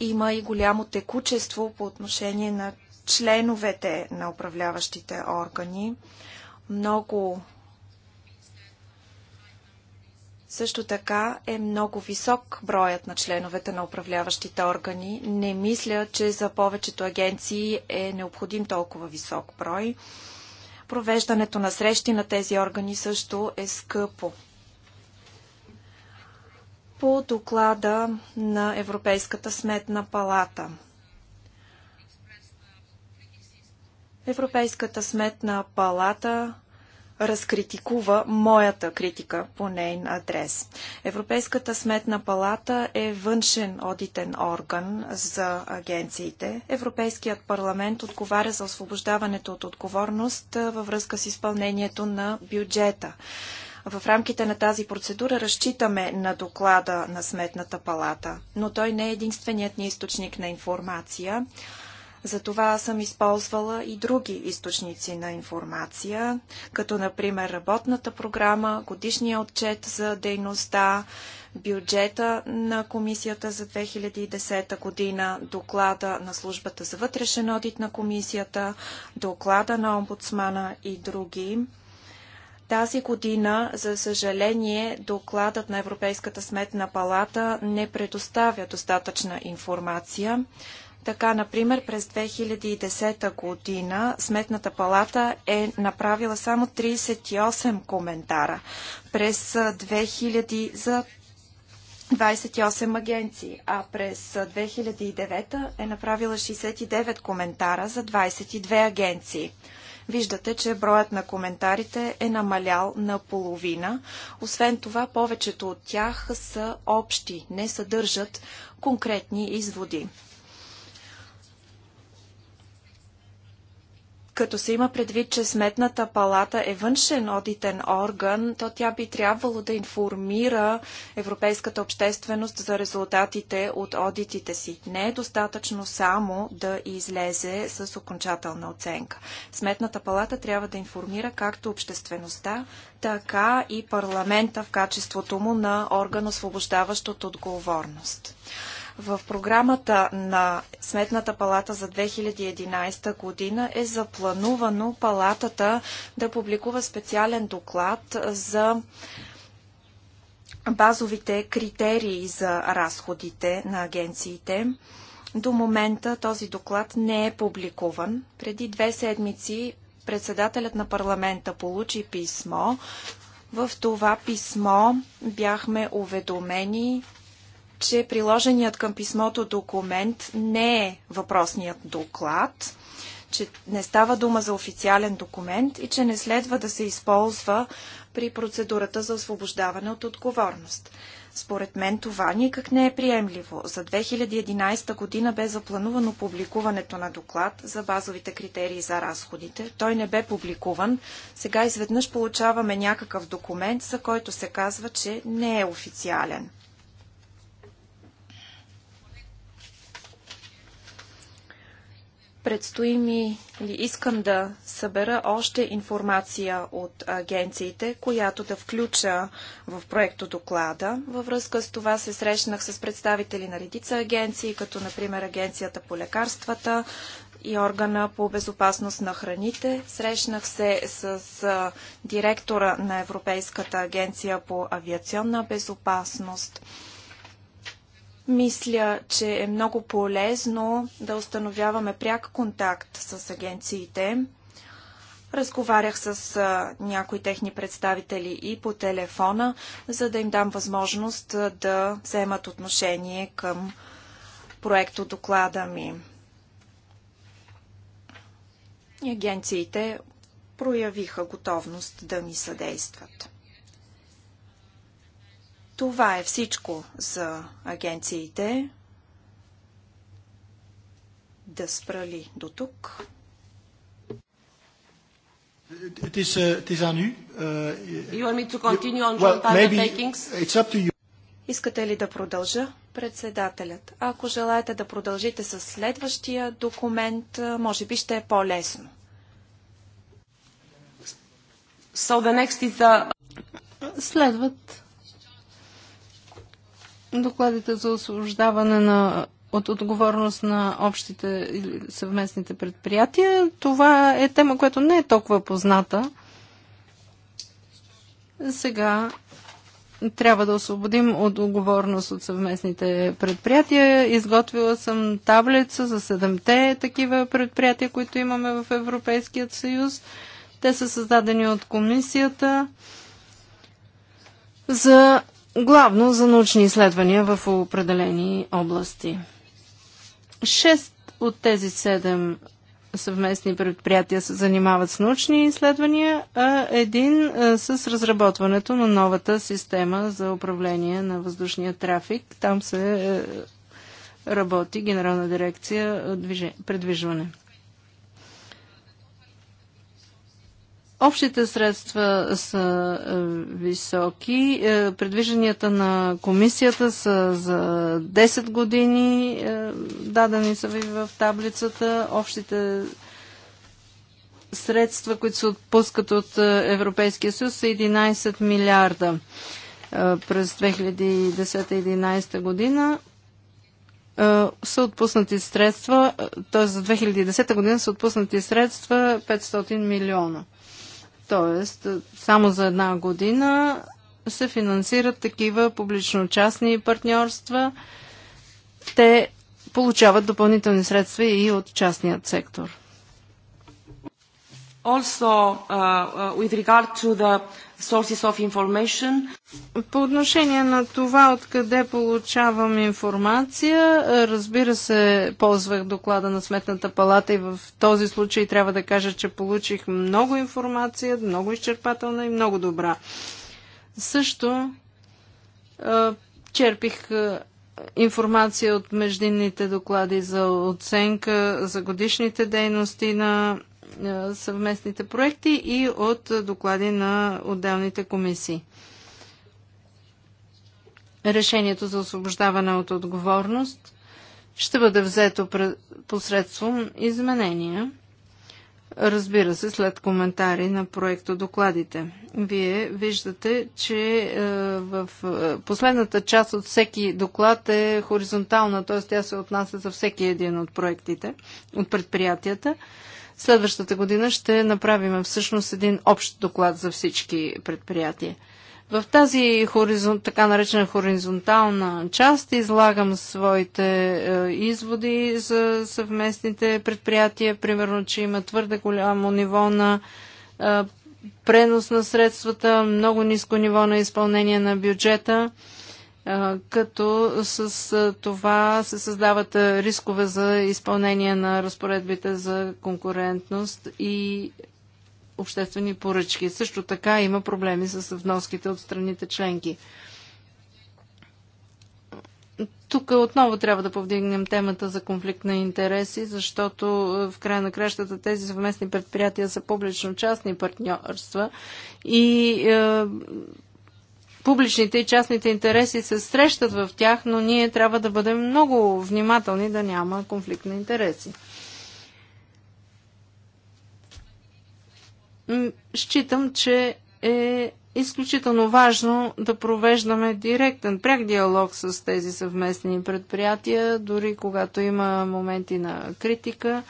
Има и голямо текучество по отношение на членовете на управляващите органи. Много също така е много висок броят на членовете на управляващите органи. Не мисля, че за повечето агенции е необходим толкова висок брой. Провеждането на срещи на тези органи също е скъпо. По доклада на Европейската сметна палата. Европейската сметна палата разкритикува моята критика по нейн адрес. Европейската сметна палата е външен одитен орган за агенциите. Европейският парламент отговаря за освобождаването от отговорност във връзка с изпълнението на бюджета. В рамките на тази процедура разчитаме на доклада на Сметната палата, но той не е единственият ни източник на информация. Затова съм използвала и други източници на информация, като например работната програма, годишния отчет за дейността, бюджета на комисията за 2010 година, доклада на службата за вътрешен одит на комисията, доклада на омбудсмана и други. Тази година, за съжаление, докладът на Европейската сметна палата не предоставя достатъчна информация. Така, например, през 2010 година Сметната палата е направила само 38 коментара през 2000 за 28 агенции, а през 2009 е направила 69 коментара за 22 агенции. Виждате, че броят на коментарите е намалял на половина, Освен това, повечето от тях са общи, не съдържат конкретни изводи. Като се има предвид, че Сметната палата е външен одитен орган, то тя би трябвало да информира европейската общественост за резултатите от одитите си. Не е достатъчно само да излезе с окончателна оценка. Сметната палата трябва да информира както обществеността, така и парламента в качеството му на орган освобождаващ от отговорност. В програмата на Сметната палата за 2011 година е запланувано палатата да публикува специален доклад за базовите критерии за разходите на агенциите. До момента този доклад не е публикуван. Преди две седмици председателят на парламента получи писмо. В това писмо бяхме уведомени че приложеният към писмото документ не е въпросният доклад, че не става дума за официален документ и че не следва да се използва при процедурата за освобождаване от отговорност. Според мен това никак не е приемливо. За 2011 година бе запланувано публикуването на доклад за базовите критерии за разходите. Той не бе публикуван. Сега изведнъж получаваме някакъв документ, за който се казва, че не е официален. Предстои ми или искам да събера още информация от агенциите, която да включа в проекто доклада. Във връзка с това се срещнах с представители на редица агенции, като например Агенцията по лекарствата и органа по безопасност на храните. Срещнах се с директора на Европейската агенция по авиационна безопасност мисля, че е много полезно да установяваме пряк контакт с агенциите. Разговарях с някои техни представители и по телефона, за да им дам възможност да вземат отношение към проекто доклада ми. Агенциите проявиха готовност да ми съдействат. Това е всичко за агенциите. Да спрали до тук. is, uh, is Uh, you want me to continue on well, maybe takings? It's up to you. Искате ли да продължа? Председателят. Ако желаете да продължите с следващия документ, може би ще е по-лесно. So the next is the... Следват докладите за освобождаване на, от отговорност на общите или съвместните предприятия. Това е тема, която не е толкова позната. Сега трябва да освободим от отговорност от съвместните предприятия. Изготвила съм таблица за седемте такива предприятия, които имаме в Европейският съюз. Те са създадени от комисията за главно за научни изследвания в определени области. Шест от тези седем съвместни предприятия се занимават с научни изследвания, а един с разработването на новата система за управление на въздушния трафик. Там се е, работи Генерална дирекция е, предвижване. Общите средства са е, високи. Е, предвижданията на комисията са за 10 години. Е, дадени са ви в таблицата. Общите средства, които се отпускат от Европейския съюз, са 11 милиарда през 2010-2011 година са отпуснати средства, т.е. за 2010 година са отпуснати средства 500 милиона. Тоест, само за една година се финансират такива публично-частни партньорства. Те получават допълнителни средства и от частният сектор. Also, uh, uh with regard to the sources of information. По отношение на това откъде получавам информация, разбира се, ползвах доклада на Сметната палата и в този случай трябва да кажа, че получих много информация, много изчерпателна и много добра. Също черпих информация от междинните доклади за оценка, за годишните дейности на е, съвместните проекти и от доклади на отделните комисии. Решението за освобождаване от отговорност ще бъде взето посредством изменения. Разбира се, след коментари на проекто докладите. Вие виждате, че е, в е, последната част от всеки доклад е хоризонтална, т.е. тя се отнася за всеки един от проектите, от предприятията. Следващата година ще направим всъщност един общ доклад за всички предприятия. В тази хоризон, така наречена хоризонтална част излагам своите е, изводи за съвместните предприятия, примерно, че има твърде голямо ниво на е, пренос на средствата, много ниско ниво на изпълнение на бюджета като с това се създават рискове за изпълнение на разпоредбите за конкурентност и обществени поръчки. Също така има проблеми с вноските от страните членки. Тук отново трябва да повдигнем темата за конфликт на интереси, защото в края на кращата тези съвместни предприятия са публично-частни партньорства и е, публичните и частните интереси се срещат в тях, но ние трябва да бъдем много внимателни да няма конфликт на интереси. Считам, че е изключително важно да провеждаме директен, пряк диалог с тези съвместни предприятия, дори когато има моменти на критика.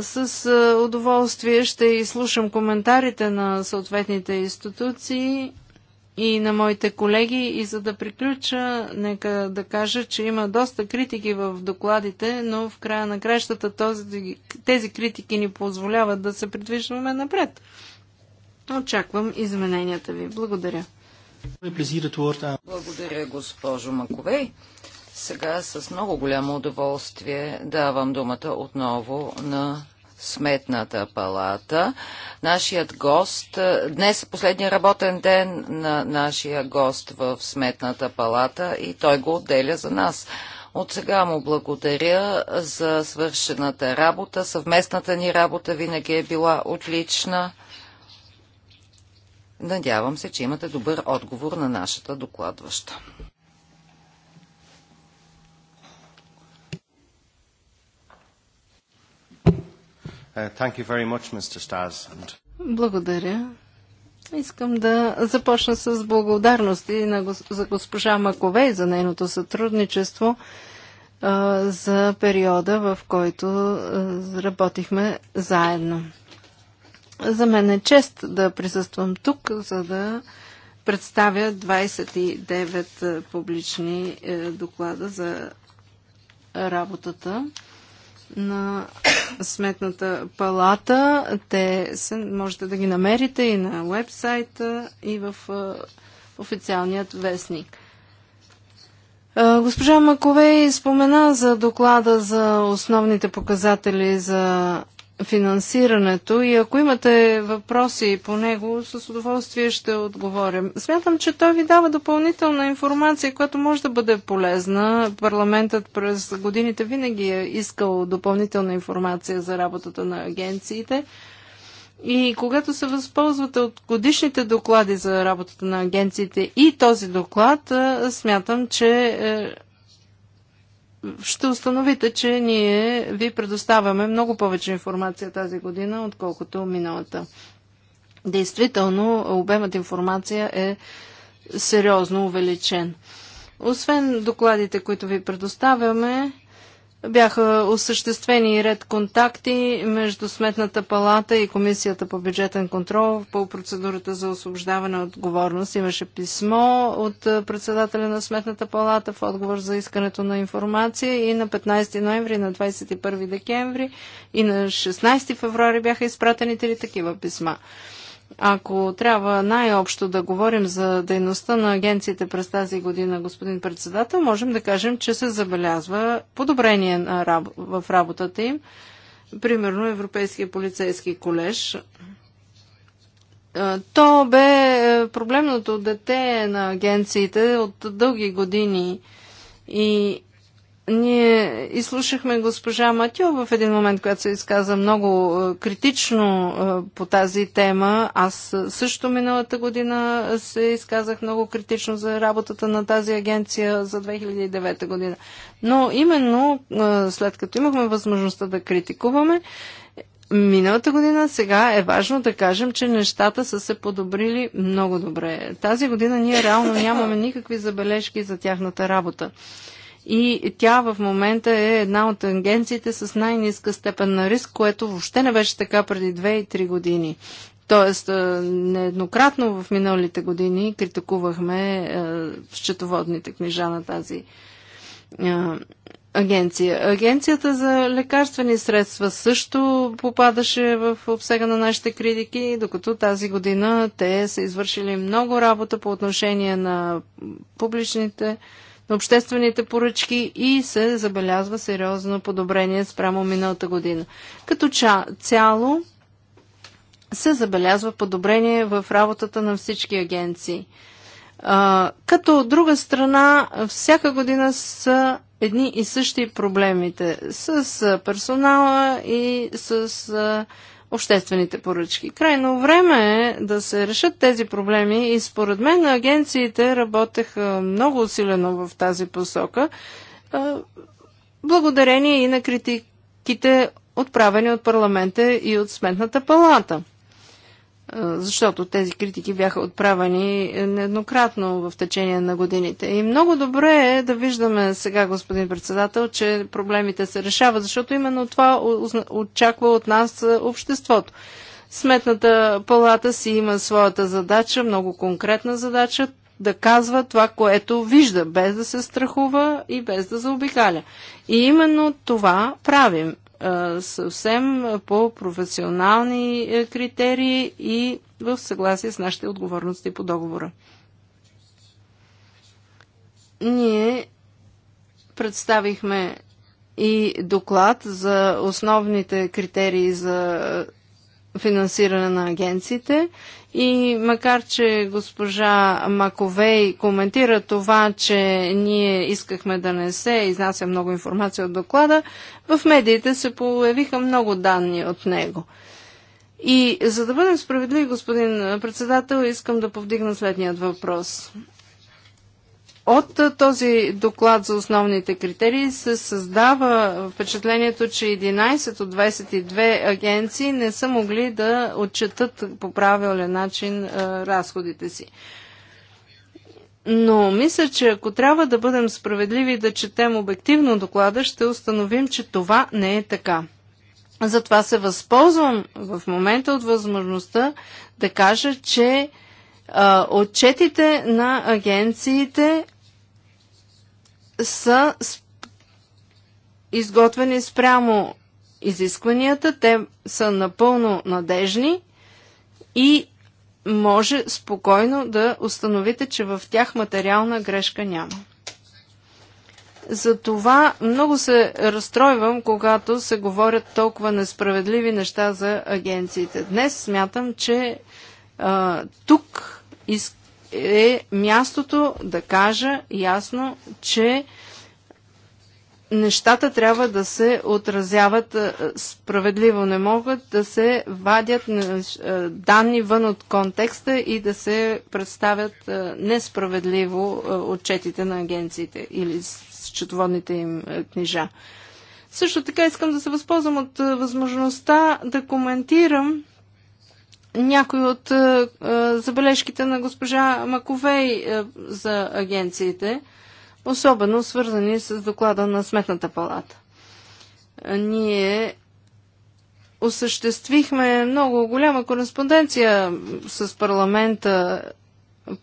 С удоволствие ще изслушам коментарите на съответните институции и на моите колеги. И за да приключа, нека да кажа, че има доста критики в докладите, но в края на кращата този, тези критики ни позволяват да се придвижваме напред. Очаквам измененията ви. Благодаря. Е Благодаря, госпожо Маковей. Сега с много голямо удоволствие давам думата отново на Сметната палата. Нашият гост, е, днес е последния работен ден на нашия гост в Сметната палата и той го отделя за нас. От сега му благодаря за свършената работа. Съвместната ни работа винаги е била отлична. Надявам се, че имате добър отговор на нашата докладваща. Uh, much, Благодаря. Искам да започна с благодарности на, за госпожа Маковей за нейното сътрудничество а, за периода, в който а, работихме заедно. За мен е чест да присъствам тук, за да представя 29 публични е, доклада за работата на Сметната палата. Те се, можете да ги намерите и на вебсайта, и в официалният вестник. Госпожа Маковей спомена за доклада за основните показатели за финансирането и ако имате въпроси по него, с удоволствие ще отговорим. Смятам, че той ви дава допълнителна информация, която може да бъде полезна. Парламентът през годините винаги е искал допълнителна информация за работата на агенциите. И когато се възползвате от годишните доклади за работата на агенциите и този доклад, смятам, че е, ще установите, че ние ви предоставяме много повече информация тази година, отколкото миналата. Действително, обемът информация е сериозно увеличен. Освен докладите, които ви предоставяме, бяха осъществени ред контакти между Сметната палата и Комисията по бюджетен контрол по процедурата за освобождаване от отговорност. Имаше писмо от председателя на Сметната палата в отговор за искането на информация и на 15 ноември, на 21 декември и на 16 февруари бяха изпратени три такива писма. Ако трябва най-общо да говорим за дейността на агенциите през тази година, господин председател, можем да кажем, че се забелязва подобрение в работата им. Примерно Европейския полицейски колеж. То бе е, проблемното дете на агенциите от дълги години и ние изслушахме госпожа Матио в един момент, която се изказа много е, критично е, по тази тема. Аз е, също миналата година се изказах много критично за работата на тази агенция за 2009 година. Но именно след като имахме възможността да критикуваме, миналата година, сега е важно да кажем, че нещата са се подобрили много добре. Тази година ние реално нямаме никакви забележки за тяхната работа и тя в момента е една от агенциите с най-низка степен на риск, което въобще не беше така преди 2 и 3 години. Тоест, нееднократно в миналите години критикувахме счетоводните книжа на тази агенция. Агенцията за лекарствени средства също попадаше в обсега на нашите критики, докато тази година те са извършили много работа по отношение на публичните обществените поръчки и се забелязва сериозно подобрение спрямо миналата година. Като цяло се забелязва подобрение в работата на всички агенции. А, като от друга страна, всяка година са едни и същи проблемите с персонала и с обществените поръчки. Крайно време е да се решат тези проблеми и според мен агенциите работеха много усилено в тази посока, благодарение и на критиките отправени от парламента и от Сметната палата – защото тези критики бяха отправени е, нееднократно в течение на годините. И много добре е да виждаме сега, господин председател, че проблемите се решават, защото именно това очаква от нас е, обществото. Сметната палата си има своята задача, много конкретна задача, да казва това, което вижда, без да се страхува и без да заобикаля. И именно това правим съвсем по професионални е, критерии и в съгласие с нашите отговорности по договора. Ние представихме и доклад за основните критерии за финансиране на агенциите и макар, че госпожа Маковей коментира това, че ние искахме да не се изнася много информация от доклада, в медиите се появиха много данни от него. И за да бъдем справедливи, господин председател, искам да повдигна следният въпрос. От този доклад за основните критерии се създава впечатлението, че 11 от 22 агенции не са могли да отчетат по правилен начин разходите си. Но мисля, че ако трябва да бъдем справедливи и да четем обективно доклада, ще установим, че това не е така. Затова се възползвам в момента от възможността да кажа, че а, отчетите на агенциите са изготвени спрямо изискванията, те са напълно надежни и може спокойно да установите, че в тях материална грешка няма. Затова много се разстройвам, когато се говорят толкова несправедливи неща за агенциите. Днес смятам, че а, тук из, е мястото да кажа ясно, че нещата трябва да се отразяват справедливо. Не могат да се вадят данни вън от контекста и да се представят несправедливо отчетите на агенциите или счетоводните им книжа. Също така искам да се възползвам от възможността да коментирам някои от е, е, забележките на госпожа Маковей е, за агенциите, особено свързани с доклада на Сметната палата. Ние осъществихме много голяма кореспонденция с парламента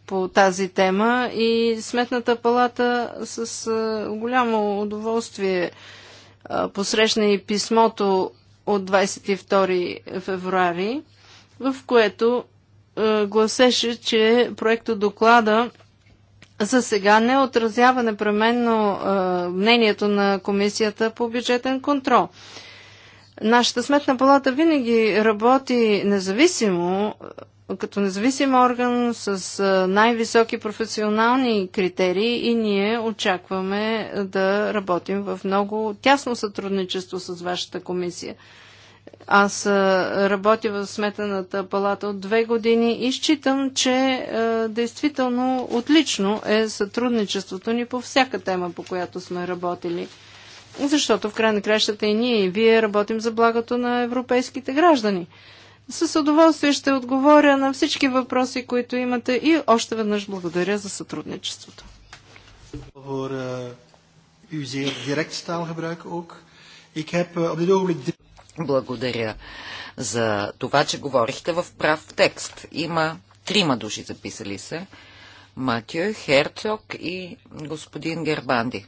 по тази тема и Сметната палата с голямо удоволствие посрещна и писмото от 22 февруари в което е, гласеше, че проекто доклада за сега не отразява непременно е, мнението на Комисията по бюджетен контрол. Нашата сметна палата винаги работи независимо, е, като независим орган с е, най-високи професионални критерии и ние очакваме да работим в много тясно сътрудничество с вашата комисия. Аз работя в сметаната палата от две години и считам, че е, действително отлично е сътрудничеството ни по всяка тема, по която сме работили. Защото в край на кращата и ние и вие работим за благото на европейските граждани. С удоволствие ще отговоря на всички въпроси, които имате и още веднъж благодаря за сътрудничеството. Благодаря. ook. Ik heb uh, op dit ogenblik благодаря за това, че говорихте в прав текст. Има трима души записали се. Матю, Херцог и господин Гербанди.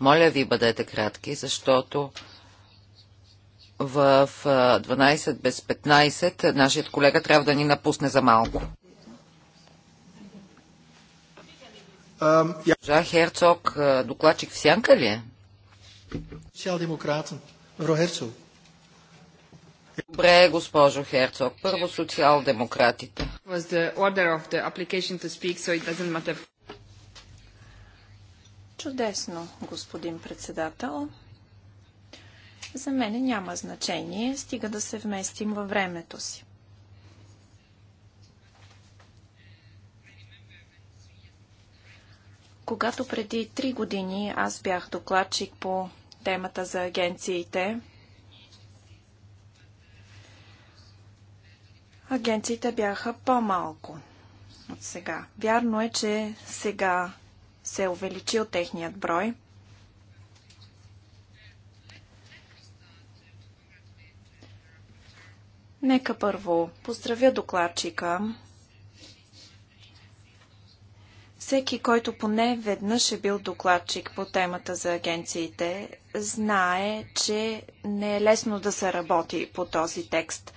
Моля ви, бъдете кратки, защото в 12 без 15 нашият колега трябва да ни напусне за малко. Жа Херцог, докладчик в сянка ли е? Социал-демократен. Frau Херцог. Добре, госпожо Херцог. Първо социал-демократите. Чудесно, господин председател. За мен няма значение, стига да се вместим във времето си. Когато преди три години аз бях докладчик по темата за агенциите. Агенциите бяха по-малко от сега. Вярно е, че сега се е увеличил техният брой. Нека първо поздравя докладчика. Всеки, който поне веднъж е бил докладчик по темата за агенциите, знае, че не е лесно да се работи по този текст,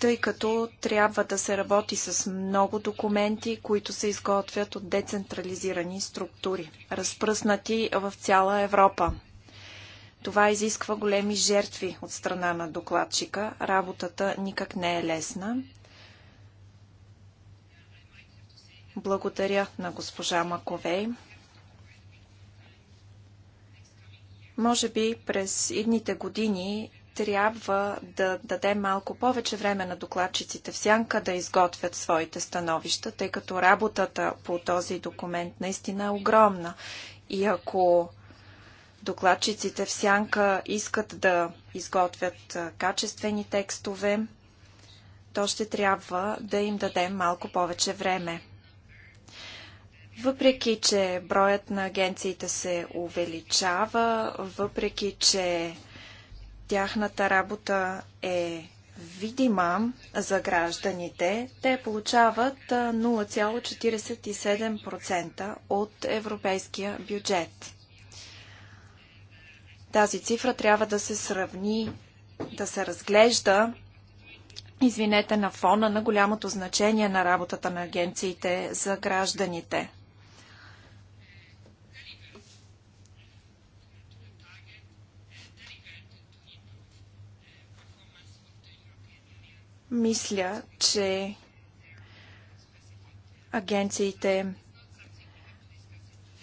тъй като трябва да се работи с много документи, които се изготвят от децентрализирани структури, разпръснати в цяла Европа. Това изисква големи жертви от страна на докладчика. Работата никак не е лесна. Благодаря на госпожа Маковей. Може би през идните години трябва да дадем малко повече време на докладчиците в сянка да изготвят своите становища, тъй като работата по този документ наистина е огромна. И ако докладчиците в сянка искат да изготвят качествени текстове, то ще трябва да им дадем малко повече време. Въпреки, че броят на агенциите се увеличава, въпреки, че тяхната работа е видима за гражданите, те получават 0,47% от европейския бюджет. Тази цифра трябва да се сравни, да се разглежда, извинете, на фона на голямото значение на работата на агенциите за гражданите. Мисля, че агенциите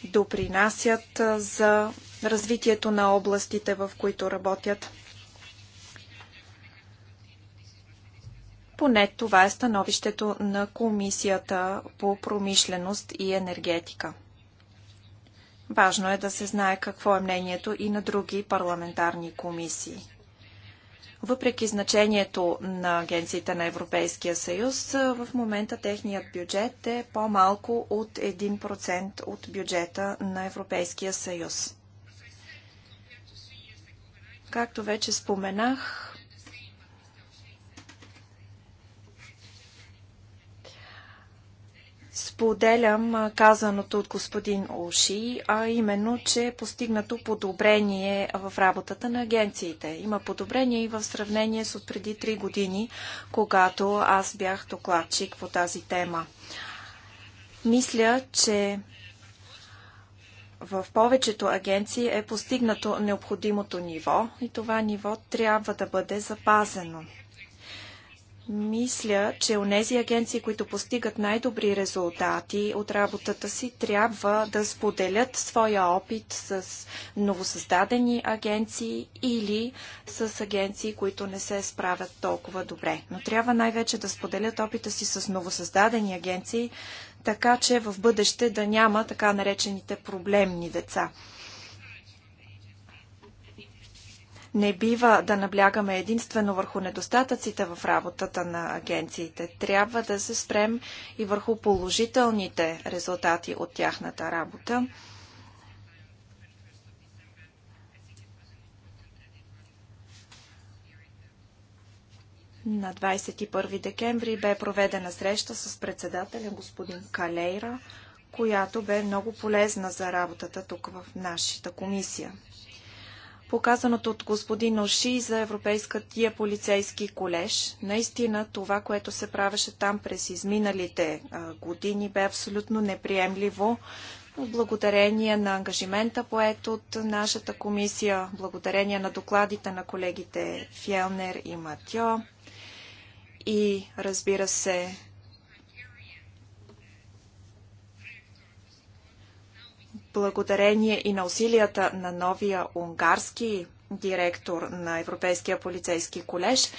допринасят за развитието на областите, в които работят. Поне това е становището на Комисията по промишленост и енергетика. Важно е да се знае какво е мнението и на други парламентарни комисии. Въпреки значението на агенциите на Европейския съюз, в момента техният бюджет е по-малко от 1% от бюджета на Европейския съюз. Както вече споменах, Споделям казаното от господин Уши, а именно, че е постигнато подобрение в работата на агенциите. Има подобрение и в сравнение с от преди три години, когато аз бях докладчик по тази тема. Мисля, че в повечето агенции е постигнато необходимото ниво и това ниво трябва да бъде запазено. Мисля, че онези агенции, които постигат най-добри резултати от работата си, трябва да споделят своя опит с новосъздадени агенции или с агенции, които не се справят толкова добре. Но трябва най-вече да споделят опита си с новосъздадени агенции, така че в бъдеще да няма така наречените проблемни деца. Не бива да наблягаме единствено върху недостатъците в работата на агенциите. Трябва да се спрем и върху положителните резултати от тяхната работа. На 21 декември бе проведена среща с председателя господин Калейра, която бе много полезна за работата тук в нашата комисия показаното от господин Оши за Европейския полицейски колеж. Наистина това, което се правеше там през изминалите години, бе абсолютно неприемливо. Благодарение на ангажимента поет от нашата комисия, благодарение на докладите на колегите Фелнер и Матьо и разбира се благодарение и на усилията на новия унгарски директор на Европейския полицейски колеж,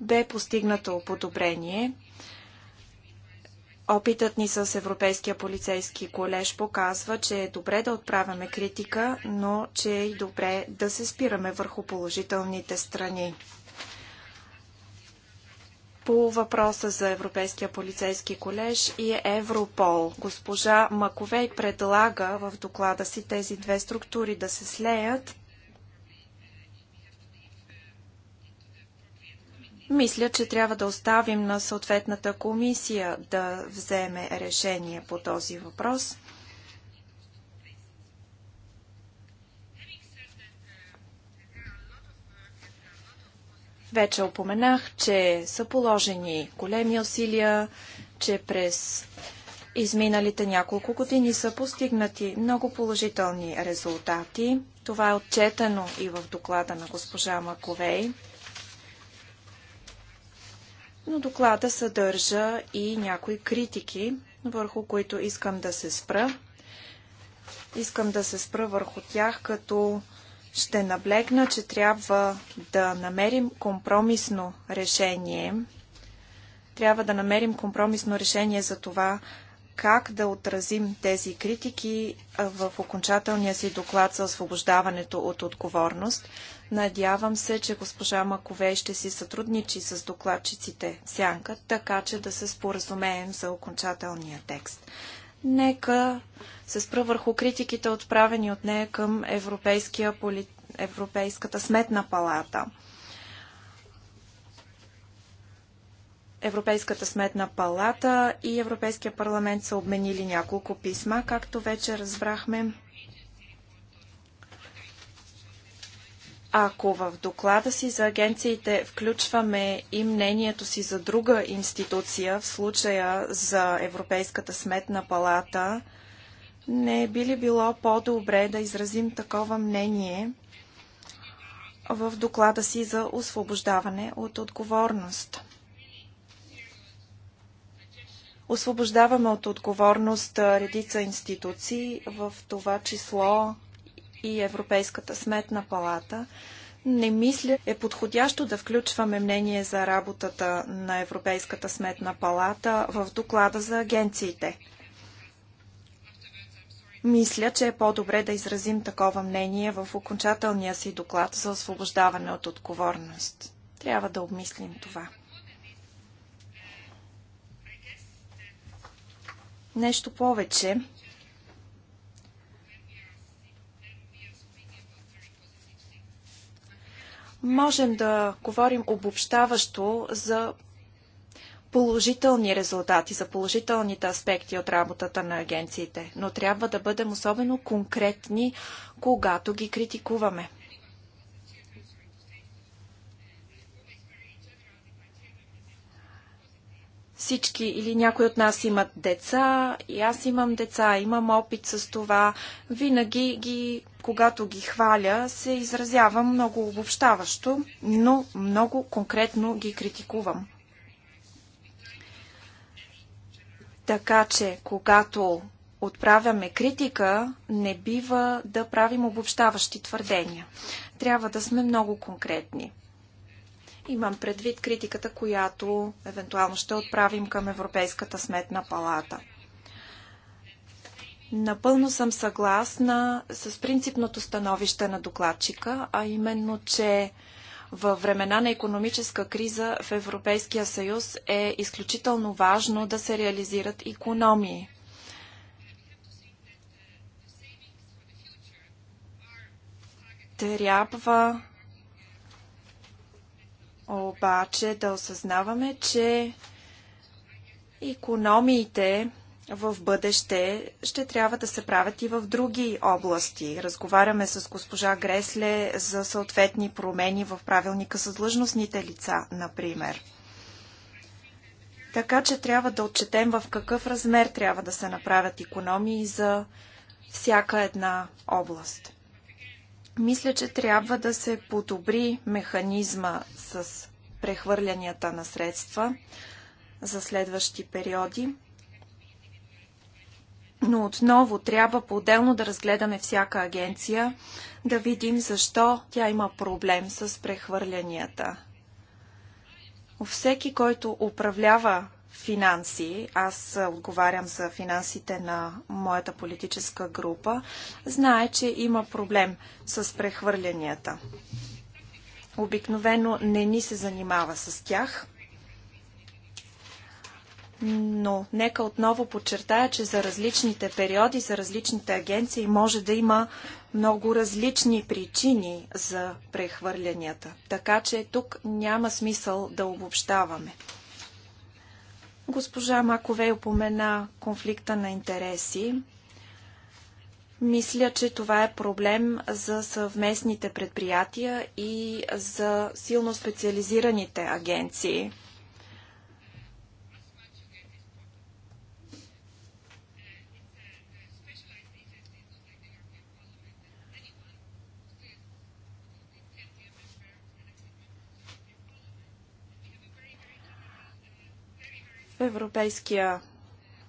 бе постигнато подобрение. Опитът ни с Европейския полицейски колеж показва, че е добре да отправяме критика, но че е и добре да се спираме върху положителните страни по въпроса за Европейския полицейски колеж и Европол. Госпожа Маковей предлага в доклада си тези две структури да се слеят. Мисля, че трябва да оставим на съответната комисия да вземе решение по този въпрос. Вече опоменах, че са положени големи усилия, че през изминалите няколко години са постигнати много положителни резултати. Това е отчетено и в доклада на госпожа Маковей. Но доклада съдържа и някои критики, върху които искам да се спра. Искам да се спра върху тях като ще наблегна, че трябва да намерим компромисно решение. Трябва да намерим компромисно решение за това как да отразим тези критики в окончателния си доклад за освобождаването от отговорност. Надявам се, че госпожа Маковей ще си сътрудничи с докладчиците в сянка, така че да се споразумеем за окончателния текст. Нека се спра върху критиките, отправени от нея към поли... Европейската сметна палата. Европейската сметна палата и Европейския парламент са обменили няколко писма. Както вече разбрахме, Ако в доклада си за агенциите включваме и мнението си за друга институция, в случая за Европейската сметна палата, не би ли било по-добре да изразим такова мнение в доклада си за освобождаване от отговорност? Освобождаваме от отговорност редица институции, в това число и Европейската сметна палата, не мисля е подходящо да включваме мнение за работата на Европейската сметна палата в доклада за агенциите. Мисля, че е по-добре да изразим такова мнение в окончателния си доклад за освобождаване от отговорност. Трябва да обмислим това. Нещо повече. Можем да говорим обобщаващо за положителни резултати, за положителните аспекти от работата на агенциите, но трябва да бъдем особено конкретни, когато ги критикуваме. всички или някои от нас имат деца, и аз имам деца, имам опит с това, винаги ги когато ги хваля, се изразявам много обобщаващо, но много конкретно ги критикувам. Така че, когато отправяме критика, не бива да правим обобщаващи твърдения. Трябва да сме много конкретни. Имам предвид критиката, която евентуално ще отправим към Европейската сметна палата – Напълно съм съгласна с принципното становище на докладчика, а именно, че във времена на економическа криза в Европейския съюз е изключително важно да се реализират економии. Трябва обаче да осъзнаваме, че економиите в бъдеще ще трябва да се правят и в други области. Разговаряме с госпожа Гресле за съответни промени в правилника с длъжностните лица, например. Така че трябва да отчетем в какъв размер трябва да се направят економии за всяка една област. Мисля, че трябва да се подобри механизма с прехвърлянията на средства за следващи периоди. Но отново трябва по-отделно да разгледаме всяка агенция, да видим защо тя има проблем с прехвърлянията. Всеки, който управлява финанси, аз отговарям за финансите на моята политическа група, знае, че има проблем с прехвърлянията. Обикновено не ни се занимава с тях но нека отново подчертая, че за различните периоди, за различните агенции може да има много различни причини за прехвърлянията. Така че тук няма смисъл да обобщаваме. Госпожа Макове упомена конфликта на интереси. Мисля, че това е проблем за съвместните предприятия и за силно специализираните агенции – В Европейския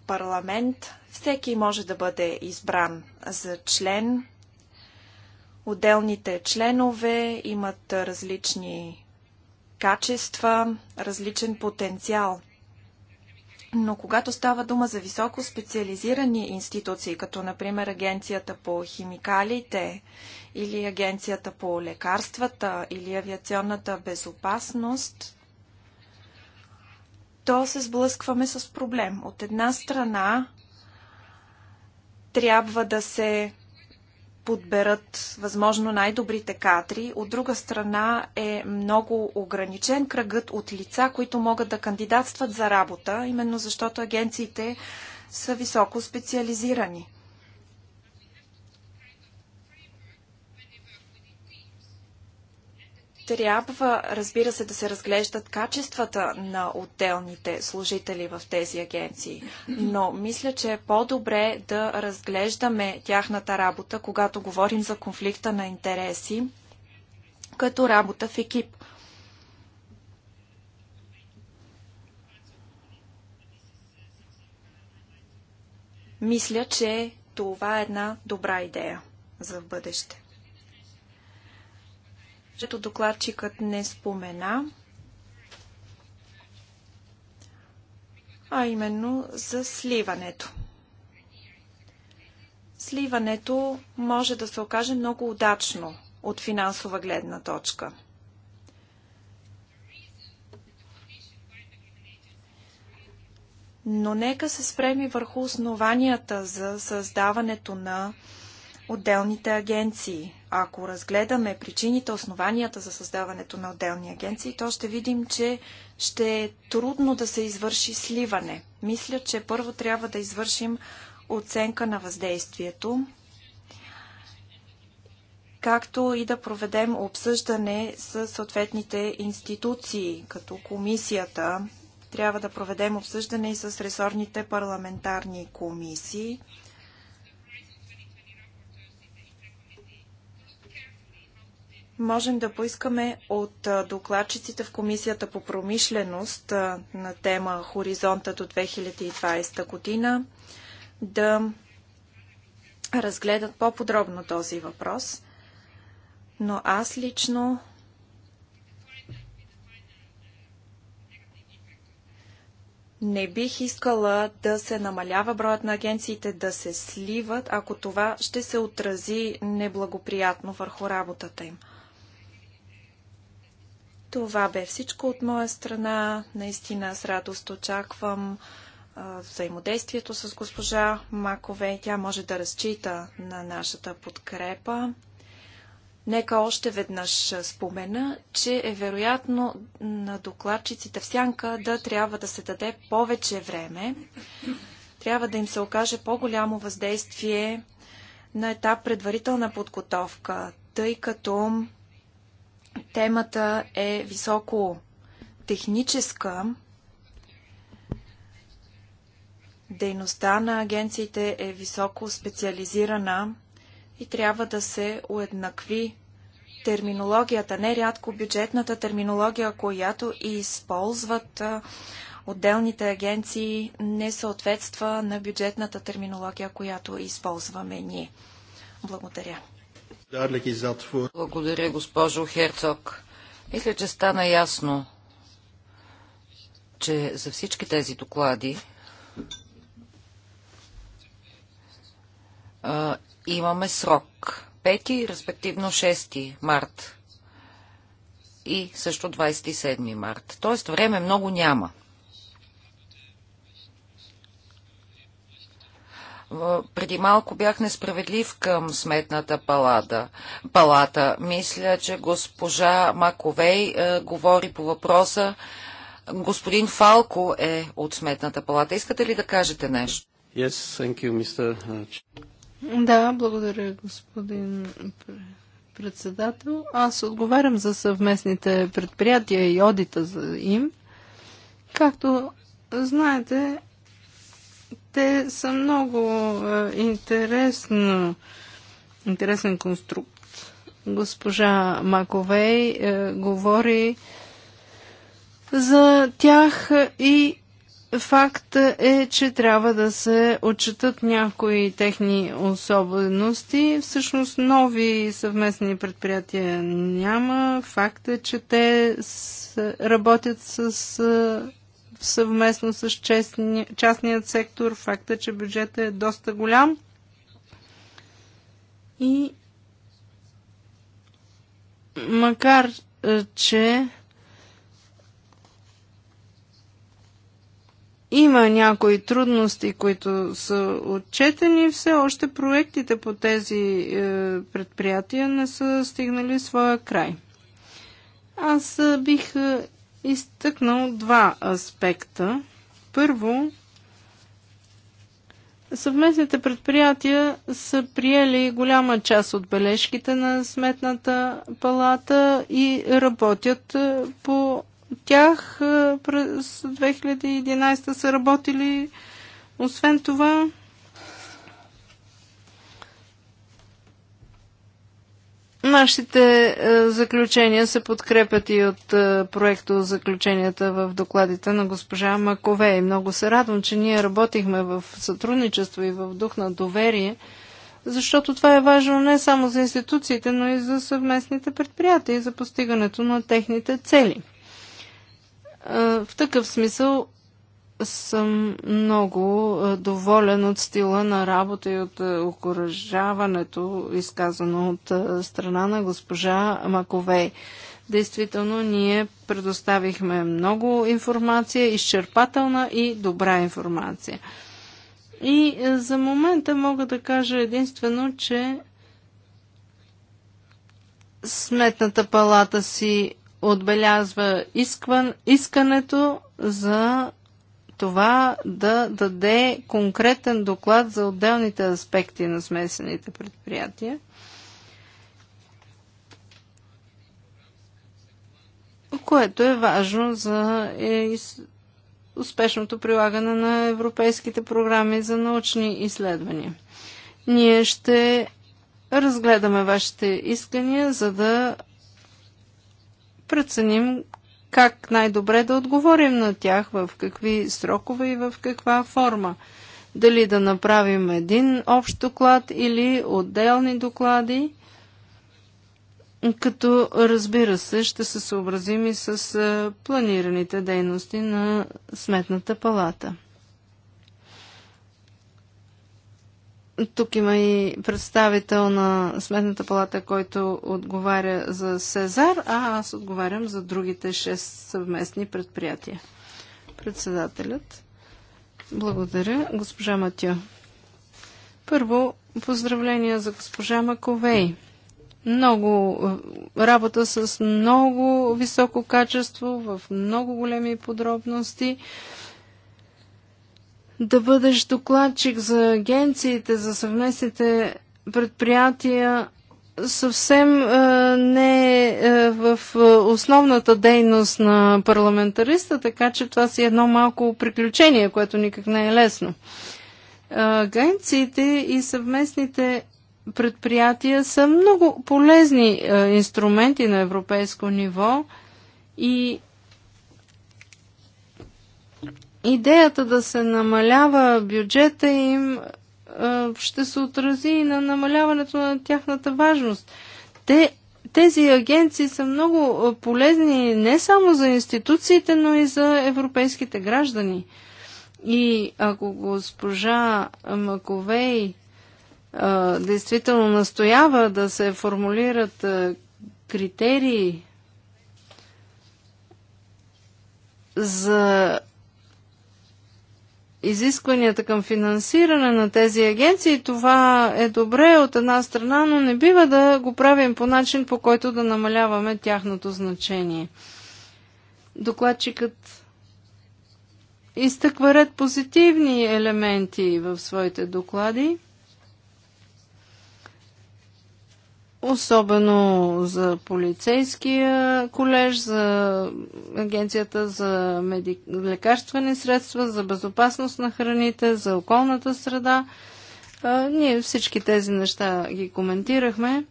парламент всеки може да бъде избран за член. Отделните членове имат различни качества, различен потенциал. Но когато става дума за високо специализирани институции, като например Агенцията по химикалите или Агенцията по лекарствата или авиационната безопасност, то се сблъскваме с проблем. От една страна трябва да се подберат възможно най-добрите кадри. От друга страна е много ограничен кръгът от лица, които могат да кандидатстват за работа, именно защото агенциите са високо специализирани. Трябва, разбира се, да се разглеждат качествата на отделните служители в тези агенции, но мисля, че е по-добре да разглеждаме тяхната работа, когато говорим за конфликта на интереси, като работа в екип. Мисля, че това е една добра идея за в бъдеще чето докладчикът не спомена, а именно за сливането. Сливането може да се окаже много удачно от финансова гледна точка. Но нека се спреми върху основанията за създаването на отделните агенции. Ако разгледаме причините, основанията за създаването на отделни агенции, то ще видим, че ще е трудно да се извърши сливане. Мисля, че първо трябва да извършим оценка на въздействието, както и да проведем обсъждане с съответните институции, като комисията. Трябва да проведем обсъждане и с ресорните парламентарни комисии. можем да поискаме от докладчиците в Комисията по промишленост на тема Хоризонта до 2020 година да разгледат по-подробно този въпрос. Но аз лично не бих искала да се намалява броят на агенциите, да се сливат, ако това ще се отрази неблагоприятно върху работата им. Това бе всичко от моя страна. Наистина с радост очаквам взаимодействието с госпожа Макове. Тя може да разчита на нашата подкрепа. Нека още веднъж спомена, че е вероятно на докладчиците в сянка да трябва да се даде повече време. Трябва да им се окаже по-голямо въздействие на етап предварителна подготовка, тъй като Темата е високо техническа. Дейността на агенциите е високо специализирана и трябва да се уеднакви терминологията, нерядко бюджетната терминология, която и използват отделните агенции, не съответства на бюджетната терминология, която използваме ние. Благодаря. Благодаря, госпожо Херцог. Мисля, че стана ясно, че за всички тези доклади а, имаме срок 5, респективно 6 март и също 27 март. Тоест време много няма. Е, преди малко бях несправедлив към сметната палата. палата. Мисля, че госпожа Маковей е, говори по въпроса. Господин Фалко е от сметната палата. Искате ли да кажете нещо? Yes, thank you, Mr. Е, да, благодаря, господин председател. Аз отговарям за съвместните предприятия и одита за им. Както знаете, те са много е, интересно, интересен конструкт. Госпожа Маковей е, говори за тях и факт е, че трябва да се отчитат някои техни особености. Всъщност нови съвместни предприятия няма. Факт е, че те с, работят с съвместно с честни, частният сектор. Факта, е, че бюджетът е доста голям. И макар, е, че Има някои трудности, които са отчетени. Все още проектите по тези е, предприятия не са стигнали своя край. Аз бих изтъкнал два аспекта. Първо, съвместните предприятия са приели голяма част от бележките на Сметната палата и работят е, по тях. Е, през 2011 са работили. Освен това, Нашите е, заключения се подкрепят и от е, проекто заключенията в докладите на госпожа Макове. И много се радвам, че ние работихме в сътрудничество и в дух на доверие, защото това е важно не само за институциите, но и за съвместните предприятия и за постигането на техните цели. Е, в такъв смисъл съм много доволен от стила на работа и от окоръжаването, изказано от страна на госпожа Маковей. Действително, ние предоставихме много информация, изчерпателна и добра информация. И за момента мога да кажа единствено, че Сметната палата си отбелязва искан, искането за това да даде конкретен доклад за отделните аспекти на смесените предприятия. което е важно за е, успешното прилагане на европейските програми за научни изследвания. Ние ще разгледаме вашите искания, за да преценим как най-добре да отговорим на тях, в какви срокове и в каква форма. Дали да направим един общ доклад или отделни доклади, като разбира се ще се съобразим и с планираните дейности на Сметната палата. Тук има и представител на Сметната палата, който отговаря за Сезар, а аз отговарям за другите 6 съвместни предприятия. Председателят. Благодаря. Госпожа Матю. Първо, поздравления за госпожа Маковей. Много е, работа с много високо качество, в много големи подробности да бъдеш докладчик за агенциите, за съвместните предприятия, съвсем е, не е в е, основната дейност на парламентариста, така че това си едно малко приключение, което никак не е лесно. Е, агенциите и съвместните предприятия са много полезни е, инструменти на европейско ниво и идеята да се намалява бюджета им е, ще се отрази и на намаляването на тяхната важност. Те, тези агенции са много е, полезни не само за институциите, но и за европейските граждани. И ако госпожа Маковей а, е, действително настоява да се формулират а, критерии за изискванията към финансиране на тези агенции. Това е добре от една страна, но не бива да го правим по начин, по който да намаляваме тяхното значение. Докладчикът изтъква ред позитивни елементи в своите доклади. особено за полицейския колеж, за агенцията за медик... лекарствени средства, за безопасност на храните, за околната среда. А, ние всички тези неща ги коментирахме.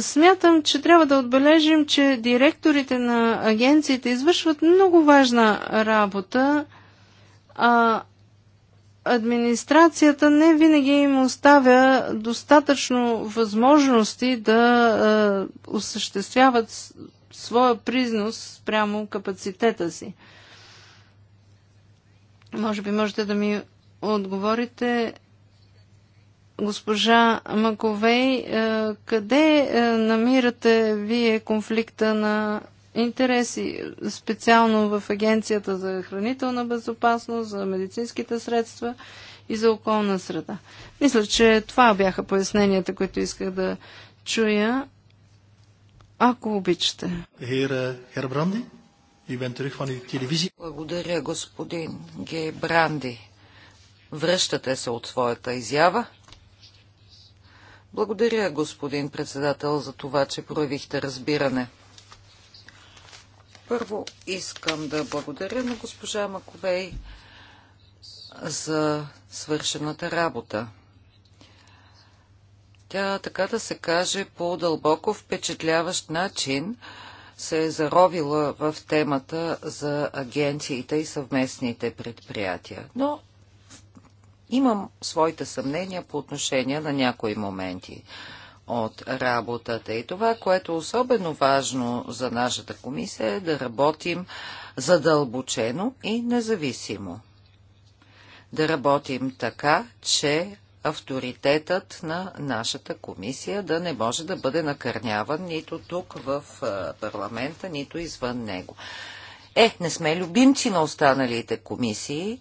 Смятам, че трябва да отбележим, че директорите на агенциите извършват много важна работа, а администрацията не винаги им оставя достатъчно възможности да е, осъществяват своя признос спрямо капацитета си. Може би можете да ми отговорите, госпожа Маковей, е, къде е, намирате вие конфликта на интереси, специално в Агенцията за хранителна безопасност, за медицинските средства и за околна среда. Мисля, че това бяха поясненията, които исках да чуя. Ако обичате. Eh, Благодаря, господин Гей Бранди. Връщате се от своята изява. Благодаря, господин председател, за това, че проявихте разбиране. Първо искам да благодаря на госпожа Маковей за свършената работа. Тя, така да се каже, по дълбоко впечатляващ начин се е заровила в темата за агенциите и съвместните предприятия. Но имам своите съмнения по отношение на някои моменти от работата. И това, което е особено важно за нашата комисия е да работим задълбочено и независимо. Да работим така, че авторитетът на нашата комисия да не може да бъде накърняван нито тук в парламента, нито извън него. Е, не сме любимци на останалите комисии,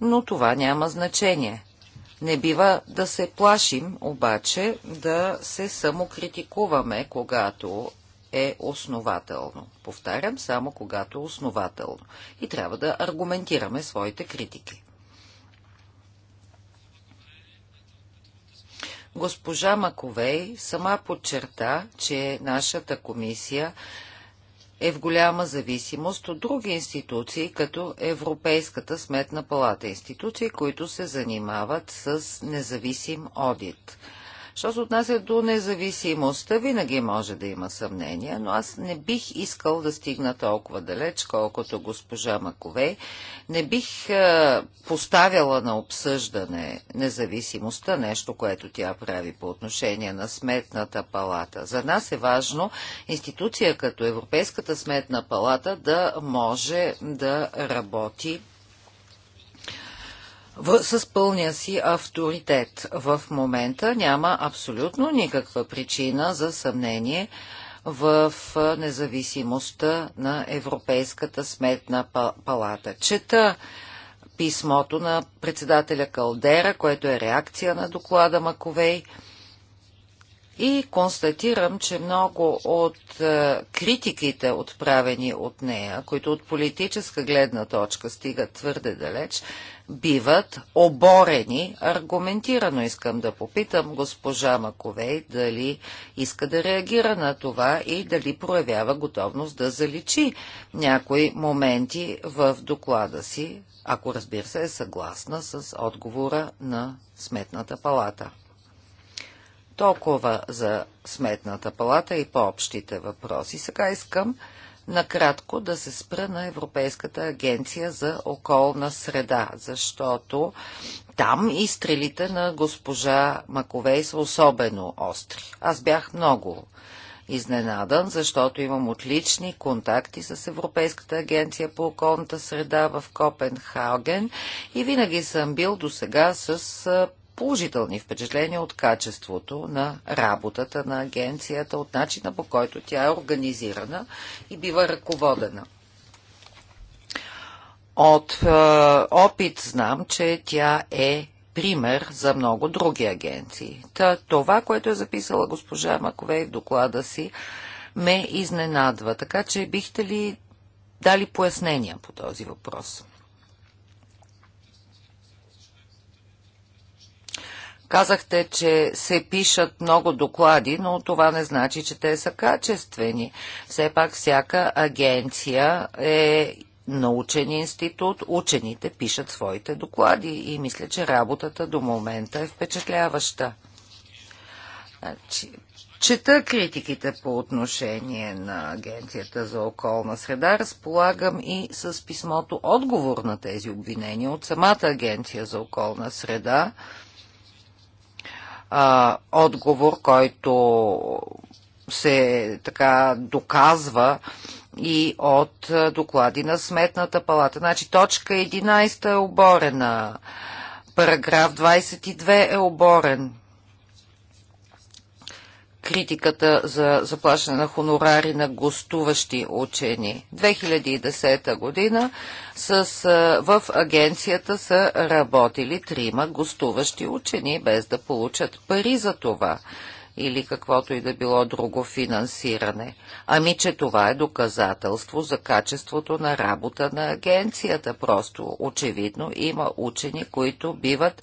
но това няма значение. Не бива да се плашим, обаче, да се самокритикуваме, когато е основателно. Повтарям, само когато е основателно. И трябва да аргументираме своите критики. Госпожа Маковей сама подчерта, че нашата комисия е в голяма зависимост от други институции, като Европейската сметна палата. Институции, които се занимават с независим одит. Що се отнася до независимостта, винаги може да има съмнение, но аз не бих искал да стигна толкова далеч, колкото госпожа Маковей. Не бих е, поставяла на обсъждане независимостта, нещо, което тя прави по отношение на сметната палата. За нас е важно институция като Европейската сметна палата да може да работи в, с пълния си авторитет. В момента няма абсолютно никаква причина за съмнение в независимостта на Европейската сметна палата. Чета писмото на председателя Калдера, което е реакция на доклада Маковей. И констатирам, че много от критиките, отправени от нея, които от политическа гледна точка стигат твърде далеч, биват оборени аргументирано. Искам да попитам госпожа Маковей дали иска да реагира на това и дали проявява готовност да заличи някои моменти в доклада си, ако разбира се е съгласна с отговора на Сметната палата. Толкова за Сметната палата и по-общите въпроси. Сега искам накратко да се спра на Европейската агенция за околна среда, защото там и стрелите на госпожа Маковей са особено остри. Аз бях много изненадан, защото имам отлични контакти с Европейската агенция по околната среда в Копенхаген и винаги съм бил до сега с положителни впечатления от качеството на работата на агенцията, от начина по който тя е организирана и бива ръководена. От е, опит знам, че тя е пример за много други агенции. Та, това, което е записала госпожа Маковей в доклада си, ме изненадва. Така че бихте ли дали пояснения по този въпрос? Казахте, че се пишат много доклади, но това не значи, че те са качествени. Все пак всяка агенция е научен институт, учените пишат своите доклади и мисля, че работата до момента е впечатляваща. Значи, чета критиките по отношение на Агенцията за околна среда. Разполагам и с писмото отговор на тези обвинения от самата Агенция за околна среда а, отговор, който се така доказва и от доклади на Сметната палата. Значи точка 11 е оборена, параграф 22 е оборен критиката за заплащане на хонорари на гостуващи учени. 2010 година с, в агенцията са работили трима гостуващи учени, без да получат пари за това или каквото и да било друго финансиране. Ами, че това е доказателство за качеството на работа на агенцията. Просто очевидно има учени, които биват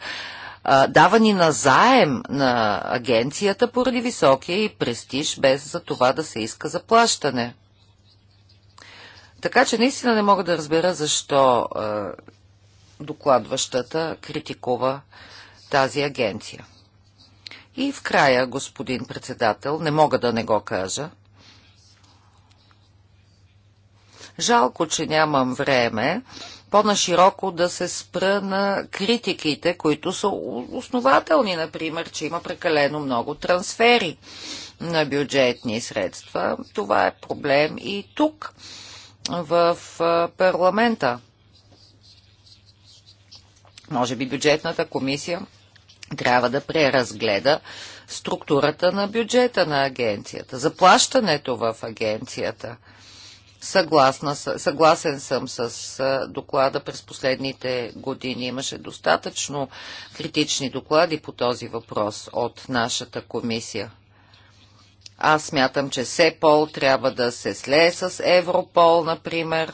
давани на заем на агенцията поради високия и престиж, без за това да се иска заплащане. Така че наистина не мога да разбера защо а, докладващата критикува тази агенция. И в края, господин председател, не мога да не го кажа. Жалко, че нямам време по-нашироко да се спра на критиките, които са основателни, например, че има прекалено много трансфери на бюджетни средства. Това е проблем и тук, в парламента. Може би бюджетната комисия трябва да преразгледа структурата на бюджета на агенцията, заплащането в агенцията – Съгласна, съгласен съм с доклада през последните години. Имаше достатъчно критични доклади по този въпрос от нашата комисия. Аз смятам, че СЕПОЛ трябва да се слее с Европол, например,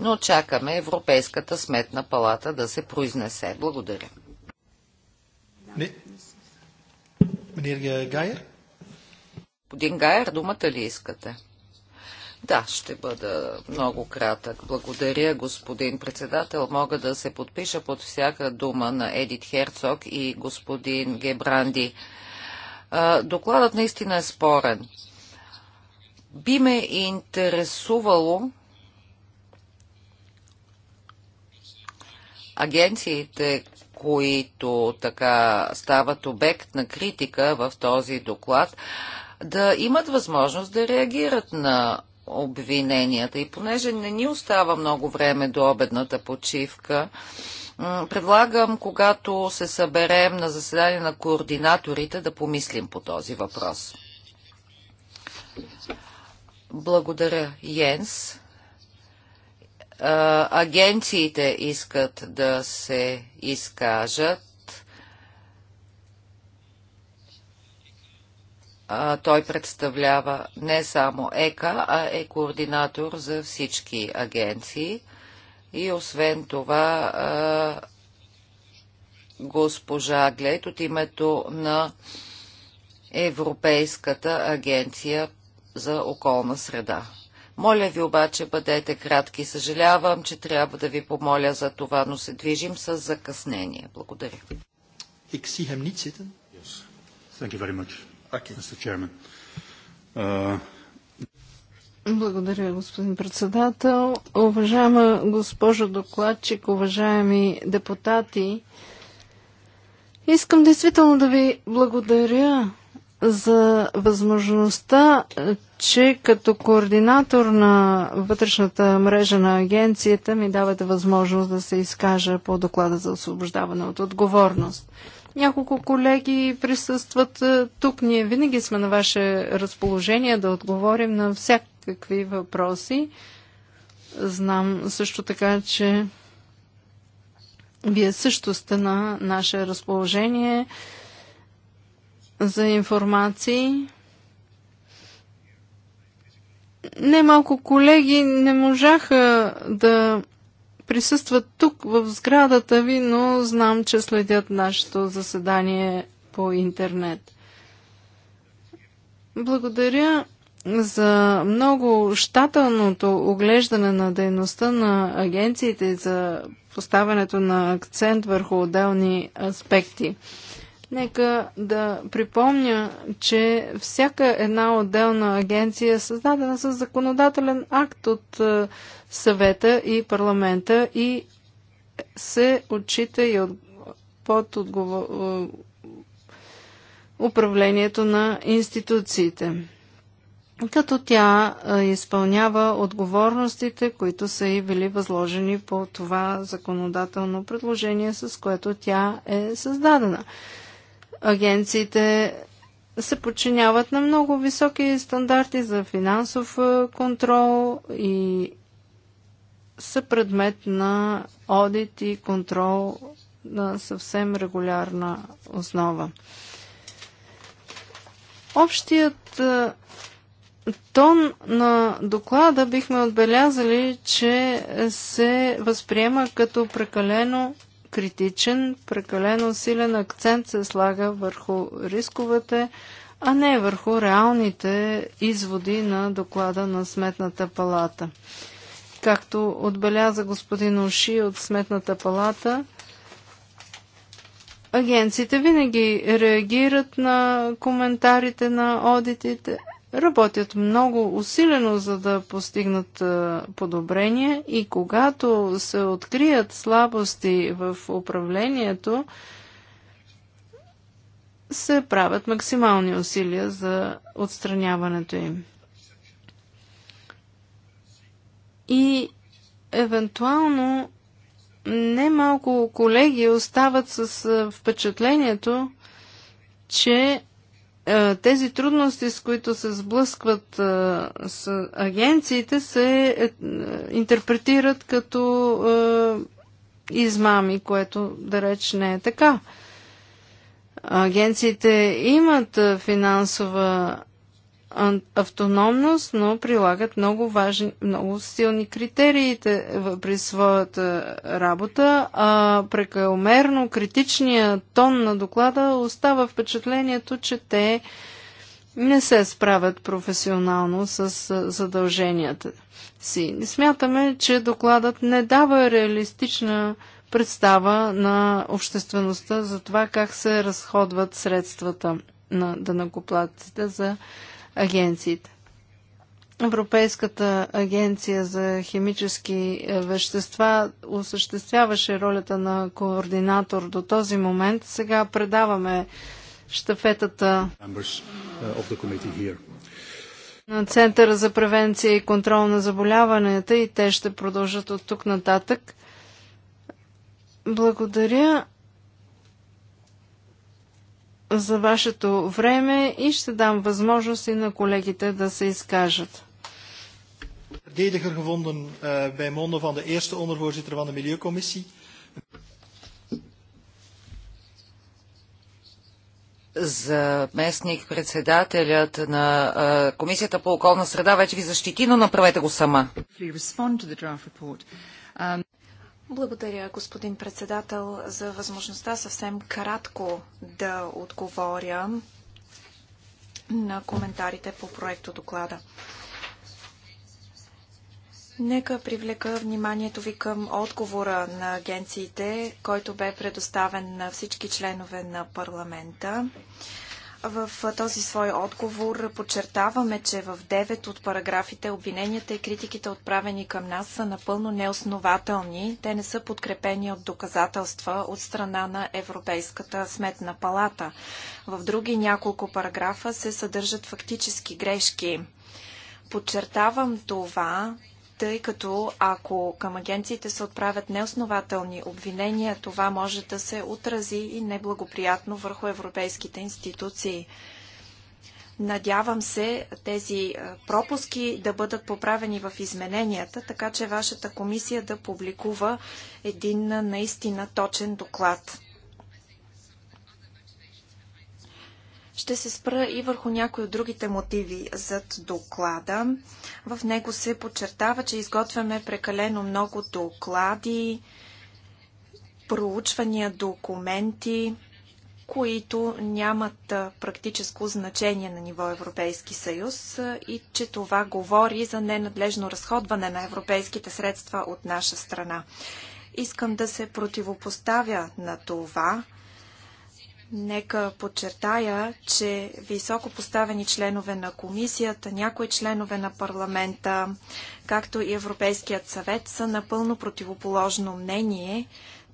но чакаме Европейската сметна палата да се произнесе. Благодаря. Господин Гайер, думата ли искате? Да, ще бъда много кратък. Благодаря, господин председател. Мога да се подпиша под всяка дума на Едит Херцог и господин Гебранди. Докладът наистина е спорен. Би ме интересувало агенциите, които така стават обект на критика в този доклад, да имат възможност да реагират на обвиненията. И понеже не ни остава много време до обедната почивка, предлагам, когато се съберем на заседание на координаторите, да помислим по този въпрос. Благодаря, Йенс. Агенциите искат да се изкажат. А, той представлява не само ЕКА, а е координатор за всички агенции. И освен това, а, госпожа Глед от името на Европейската агенция за околна среда. Моля ви обаче, бъдете кратки. Съжалявам, че трябва да ви помоля за това, но се движим с закъснение. Благодаря. Ik zie hem niet zitten. Yes. Thank you very much. Okay. Mr. Chairman. Uh... Благодаря, господин председател. Уважаема госпожо докладчик, уважаеми депутати, искам действително да ви благодаря за възможността, че като координатор на вътрешната мрежа на агенцията ми давате възможност да се изкажа по доклада за освобождаване от отговорност. Няколко колеги присъстват е, тук. Ние винаги сме на ваше разположение да отговорим на всякакви въпроси. Знам също така, че вие също сте на наше разположение за информации. Немалко колеги не можаха да присъстват тук в сградата ви, но знам, че следят нашето заседание по интернет. Благодаря за много щателното оглеждане на дейността на агенциите и за поставянето на акцент върху отделни аспекти. Нека да припомня, че всяка една отделна агенция е създадена с законодателен акт от е, съвета и парламента и се отчита и от, под отговор, управлението на институциите като тя изпълнява отговорностите, които са и били възложени по това законодателно предложение, с което тя е създадена. Агенциите се подчиняват на много високи стандарти за финансов контрол и са предмет на одит и контрол на съвсем регулярна основа. Общият е, тон на доклада бихме отбелязали, че се възприема като прекалено критичен, прекалено силен акцент се слага върху рисковете, а не върху реалните изводи на доклада на Сметната палата. Както отбеляза господин Уши от Сметната палата, агенциите винаги реагират на коментарите на одитите, работят много усилено, за да постигнат подобрения и когато се открият слабости в управлението, се правят максимални усилия за отстраняването им. и евентуално немалко колеги остават с впечатлението, че тези трудности, с които се сблъскват с агенциите, се е, е, интерпретират като измами, което да реч не е така. Агенциите имат финансова автономност, но прилагат много важни, много силни критериите при своята работа, а прекалмерно критичният тон на доклада остава впечатлението, че те не се справят професионално с задълженията си. Смятаме, че докладът не дава реалистична представа на обществеността за това как се разходват средствата на данакоплатците за агенциите. Европейската агенция за химически е, вещества осъществяваше ролята на координатор до този момент. Сега предаваме щафетата uh, на Центъра за превенция и контрол на заболяванията и те ще продължат от тук нататък. Благодаря за вашето време и ще дам възможност и на колегите да се изкажат. Verdediger gevonden eh, bij monden van de eerste ondervoorzitter van de Milieucommissie. Заместник председателят на uh, Комисията по околна среда вече ви защити, но направете го сама. Um... Благодаря, господин председател, за възможността съвсем кратко да отговоря на коментарите по проекто доклада. Нека привлека вниманието ви към отговора на агенциите, който бе предоставен на всички членове на парламента. В този свой отговор подчертаваме, че в 9 от параграфите обвиненията и критиките отправени към нас са напълно неоснователни. Те не са подкрепени от доказателства от страна на Европейската сметна палата. В други няколко параграфа се съдържат фактически грешки. Подчертавам това, тъй като ако към агенциите се отправят неоснователни обвинения, това може да се отрази и неблагоприятно върху европейските институции. Надявам се тези е, пропуски да бъдат поправени в измененията, така че вашата комисия да публикува един е, наистина точен доклад. Ще се спра и върху някои от другите мотиви зад доклада. В него се подчертава, че изготвяме прекалено много доклади, проучвания, документи, които нямат практическо значение на ниво Европейски съюз и че това говори за ненадлежно разходване на европейските средства от наша страна. Искам да се противопоставя на това. Нека подчертая, че високо поставени членове на комисията, някои членове на парламента, както и Европейският съвет са напълно противоположно мнение.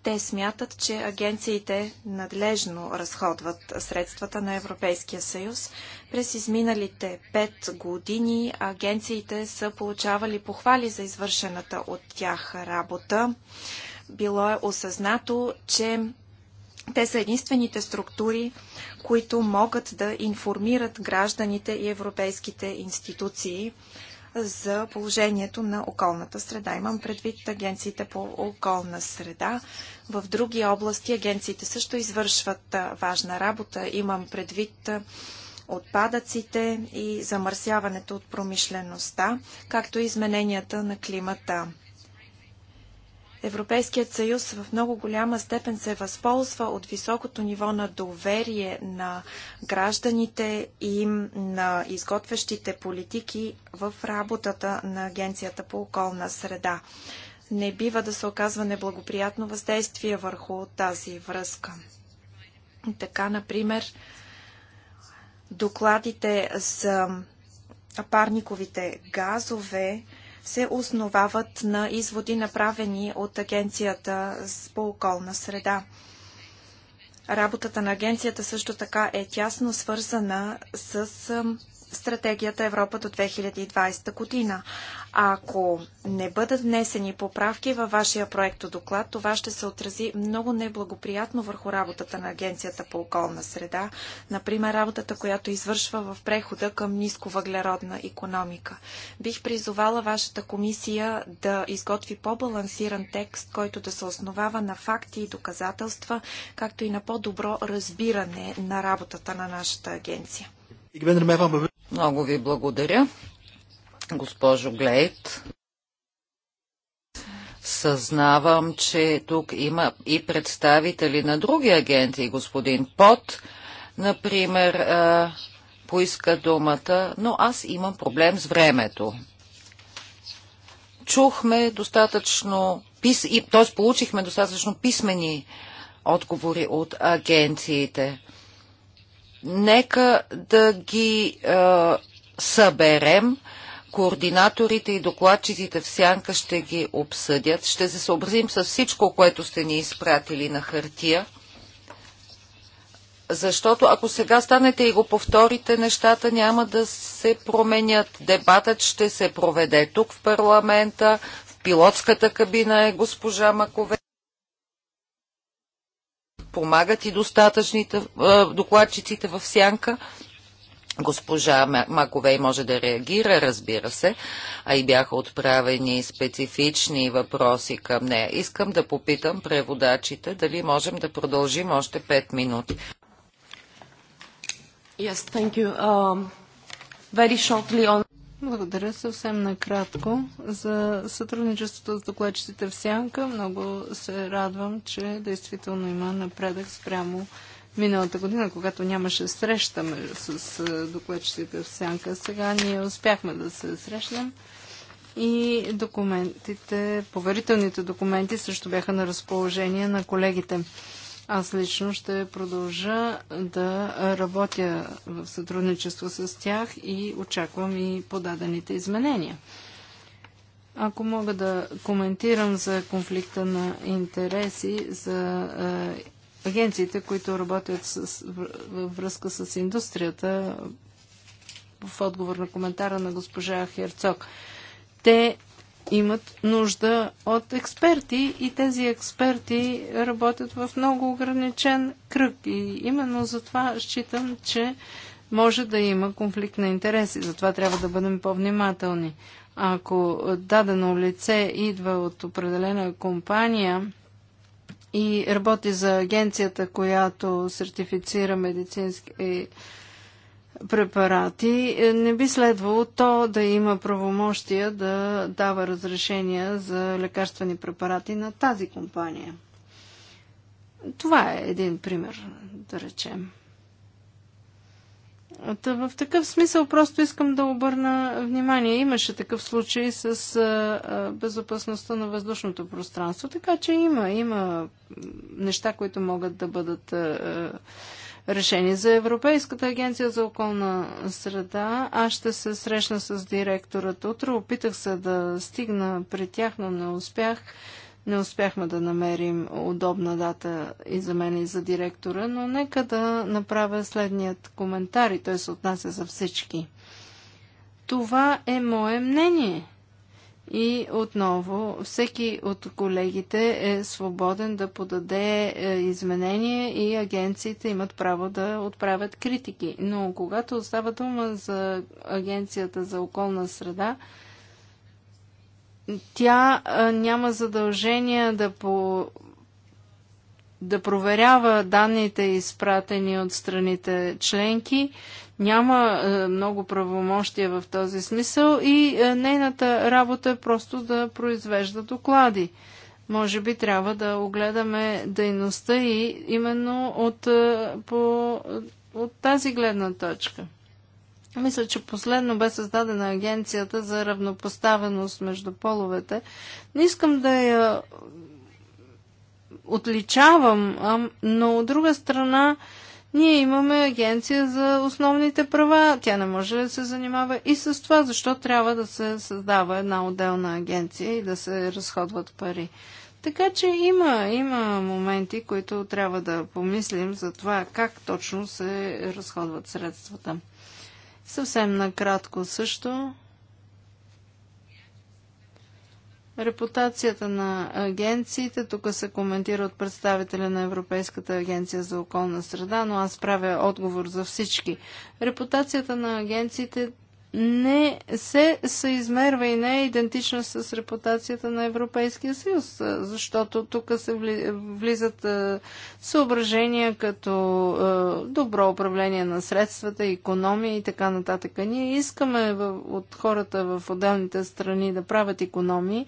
Те смятат, че агенциите надлежно разходват средствата на Европейския съюз. През изминалите пет години агенциите са получавали похвали за извършената от тях работа. Било е осъзнато, че те са единствените структури, които могат да информират гражданите и европейските институции за положението на околната среда. Имам предвид агенциите по околна среда. В други области агенциите също извършват важна работа. Имам предвид отпадъците и замърсяването от промишлеността, както и измененията на климата. Европейският съюз в много голяма степен се възползва от високото ниво на доверие на гражданите и на изготвящите политики в работата на Агенцията по околна среда. Не бива да се оказва неблагоприятно въздействие върху тази връзка. Така, например, докладите за парниковите газове се основават на изводи, направени от Агенцията по околна среда. Работата на агенцията също така е тясно свързана с стратегията Европа до 2020 година. Ако не бъдат внесени поправки във вашия проекто доклад, това ще се отрази много неблагоприятно върху работата на Агенцията по околна среда, например работата, която извършва в прехода към нисковъглеродна економика. Бих призовала вашата комисия да изготви по-балансиран текст, който да се основава на факти и доказателства, както и на по-добро разбиране на работата на нашата агенция. Много ви благодаря госпожо Глейт. Съзнавам, че тук има и представители на други агенти, господин Пот, например, а, поиска думата, но аз имам проблем с времето. Чухме достатъчно, пис... т.е. получихме достатъчно писмени отговори от агенциите. Нека да ги а, съберем, координаторите и докладчиците в сянка ще ги обсъдят. Ще се съобразим с всичко, което сте ни изпратили на хартия. Защото ако сега станете и го повторите, нещата няма да се променят. Дебатът ще се проведе тук в парламента, в пилотската кабина е госпожа Макове. Помагат и достатъчните е, докладчиците в сянка госпожа Маковей може да реагира, разбира се, а и бяха отправени специфични въпроси към нея. Искам да попитам преводачите дали можем да продължим още 5 минути. Yes, thank you. Um, very shortly on... Благодаря съвсем накратко за сътрудничеството с докладчиците в Сянка. Много се радвам, че действително има напредък спрямо миналата година, когато нямаше среща с докладчиците в Сянка. Сега ние успяхме да се срещнем и документите, поверителните документи също бяха на разположение на колегите. Аз лично ще продължа да работя в сътрудничество с тях и очаквам и подадените изменения. Ако мога да коментирам за конфликта на интереси, за е, агенциите, които работят с, във връзка с индустрията, в отговор на коментара на госпожа Херцог. Те имат нужда от експерти и тези експерти работят в много ограничен кръг. И именно за това считам, че може да има конфликт на интереси. Затова трябва да бъдем по-внимателни. Ако дадено лице идва от определена компания, и работи за агенцията, която сертифицира медицински е, препарати, е, не би следвало то да има правомощия да дава разрешения за лекарствени препарати на тази компания. Това е един пример, да речем. Та в такъв смисъл просто искам да обърна внимание. Имаше такъв случай с безопасността на въздушното пространство, така че има, има неща, които могат да бъдат решени. За Европейската агенция за околна среда аз ще се срещна с директорът утре. Опитах се да стигна при тях, но не успях. Не успяхме да намерим удобна дата и за мен и за директора, но нека да направя следният коментар и той се отнася за всички. Това е мое мнение. И отново, всеки от колегите е свободен да подаде е, изменения и агенциите имат право да отправят критики. Но когато остава дума за Агенцията за околна среда, тя а, няма задължение да, по, да проверява данните, изпратени от страните членки. Няма а, много правомощия в този смисъл и а, нейната работа е просто да произвежда доклади. Може би трябва да огледаме дейността и именно от, по, от тази гледна точка. Мисля, че последно бе създадена агенцията за равнопоставеност между половете. Не искам да я отличавам, но от друга страна ние имаме агенция за основните права. Тя не може да се занимава и с това, защо трябва да се създава една отделна агенция и да се разходват пари. Така че има, има моменти, които трябва да помислим за това как точно се разходват средствата. Съвсем накратко също. Репутацията на агенциите, тук се коментира от представителя на Европейската агенция за околна среда, но аз правя отговор за всички. Репутацията на агенциите не се съизмерва и не е идентична с репутацията на Европейския съюз, защото тук се влизат съображения като добро управление на средствата, економия и така нататък. Ние искаме от хората в отделните страни да правят економии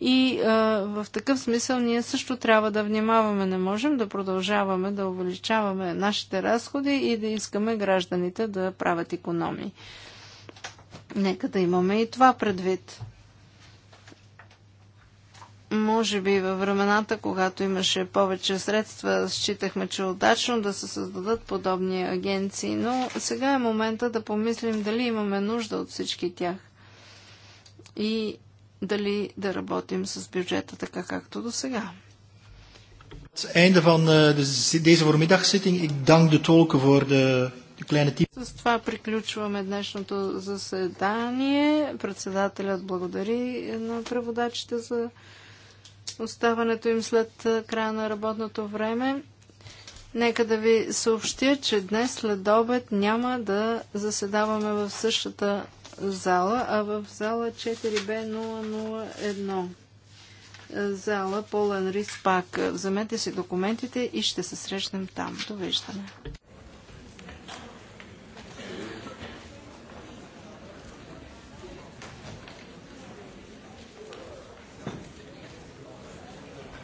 и в такъв смисъл ние също трябва да внимаваме. Не можем да продължаваме да увеличаваме нашите разходи и да искаме гражданите да правят економии. Нека да имаме и това предвид. Може би във времената, когато имаше повече средства, считахме, че е удачно да се създадат подобни агенции, но сега е момента да помислим дали имаме нужда от всички тях и дали да работим с бюджета така както до сега. Het einde van eh, deze voormiddagzitting. Ik dank de tolken voor de с това приключваме днешното заседание. Председателят благодари на преводачите за оставането им след края на работното време. Нека да ви съобщя, че днес след обед няма да заседаваме в същата зала, а в зала 4B001. Зала Полен Рис пак. Вземете си документите и ще се срещнем там. Довиждане.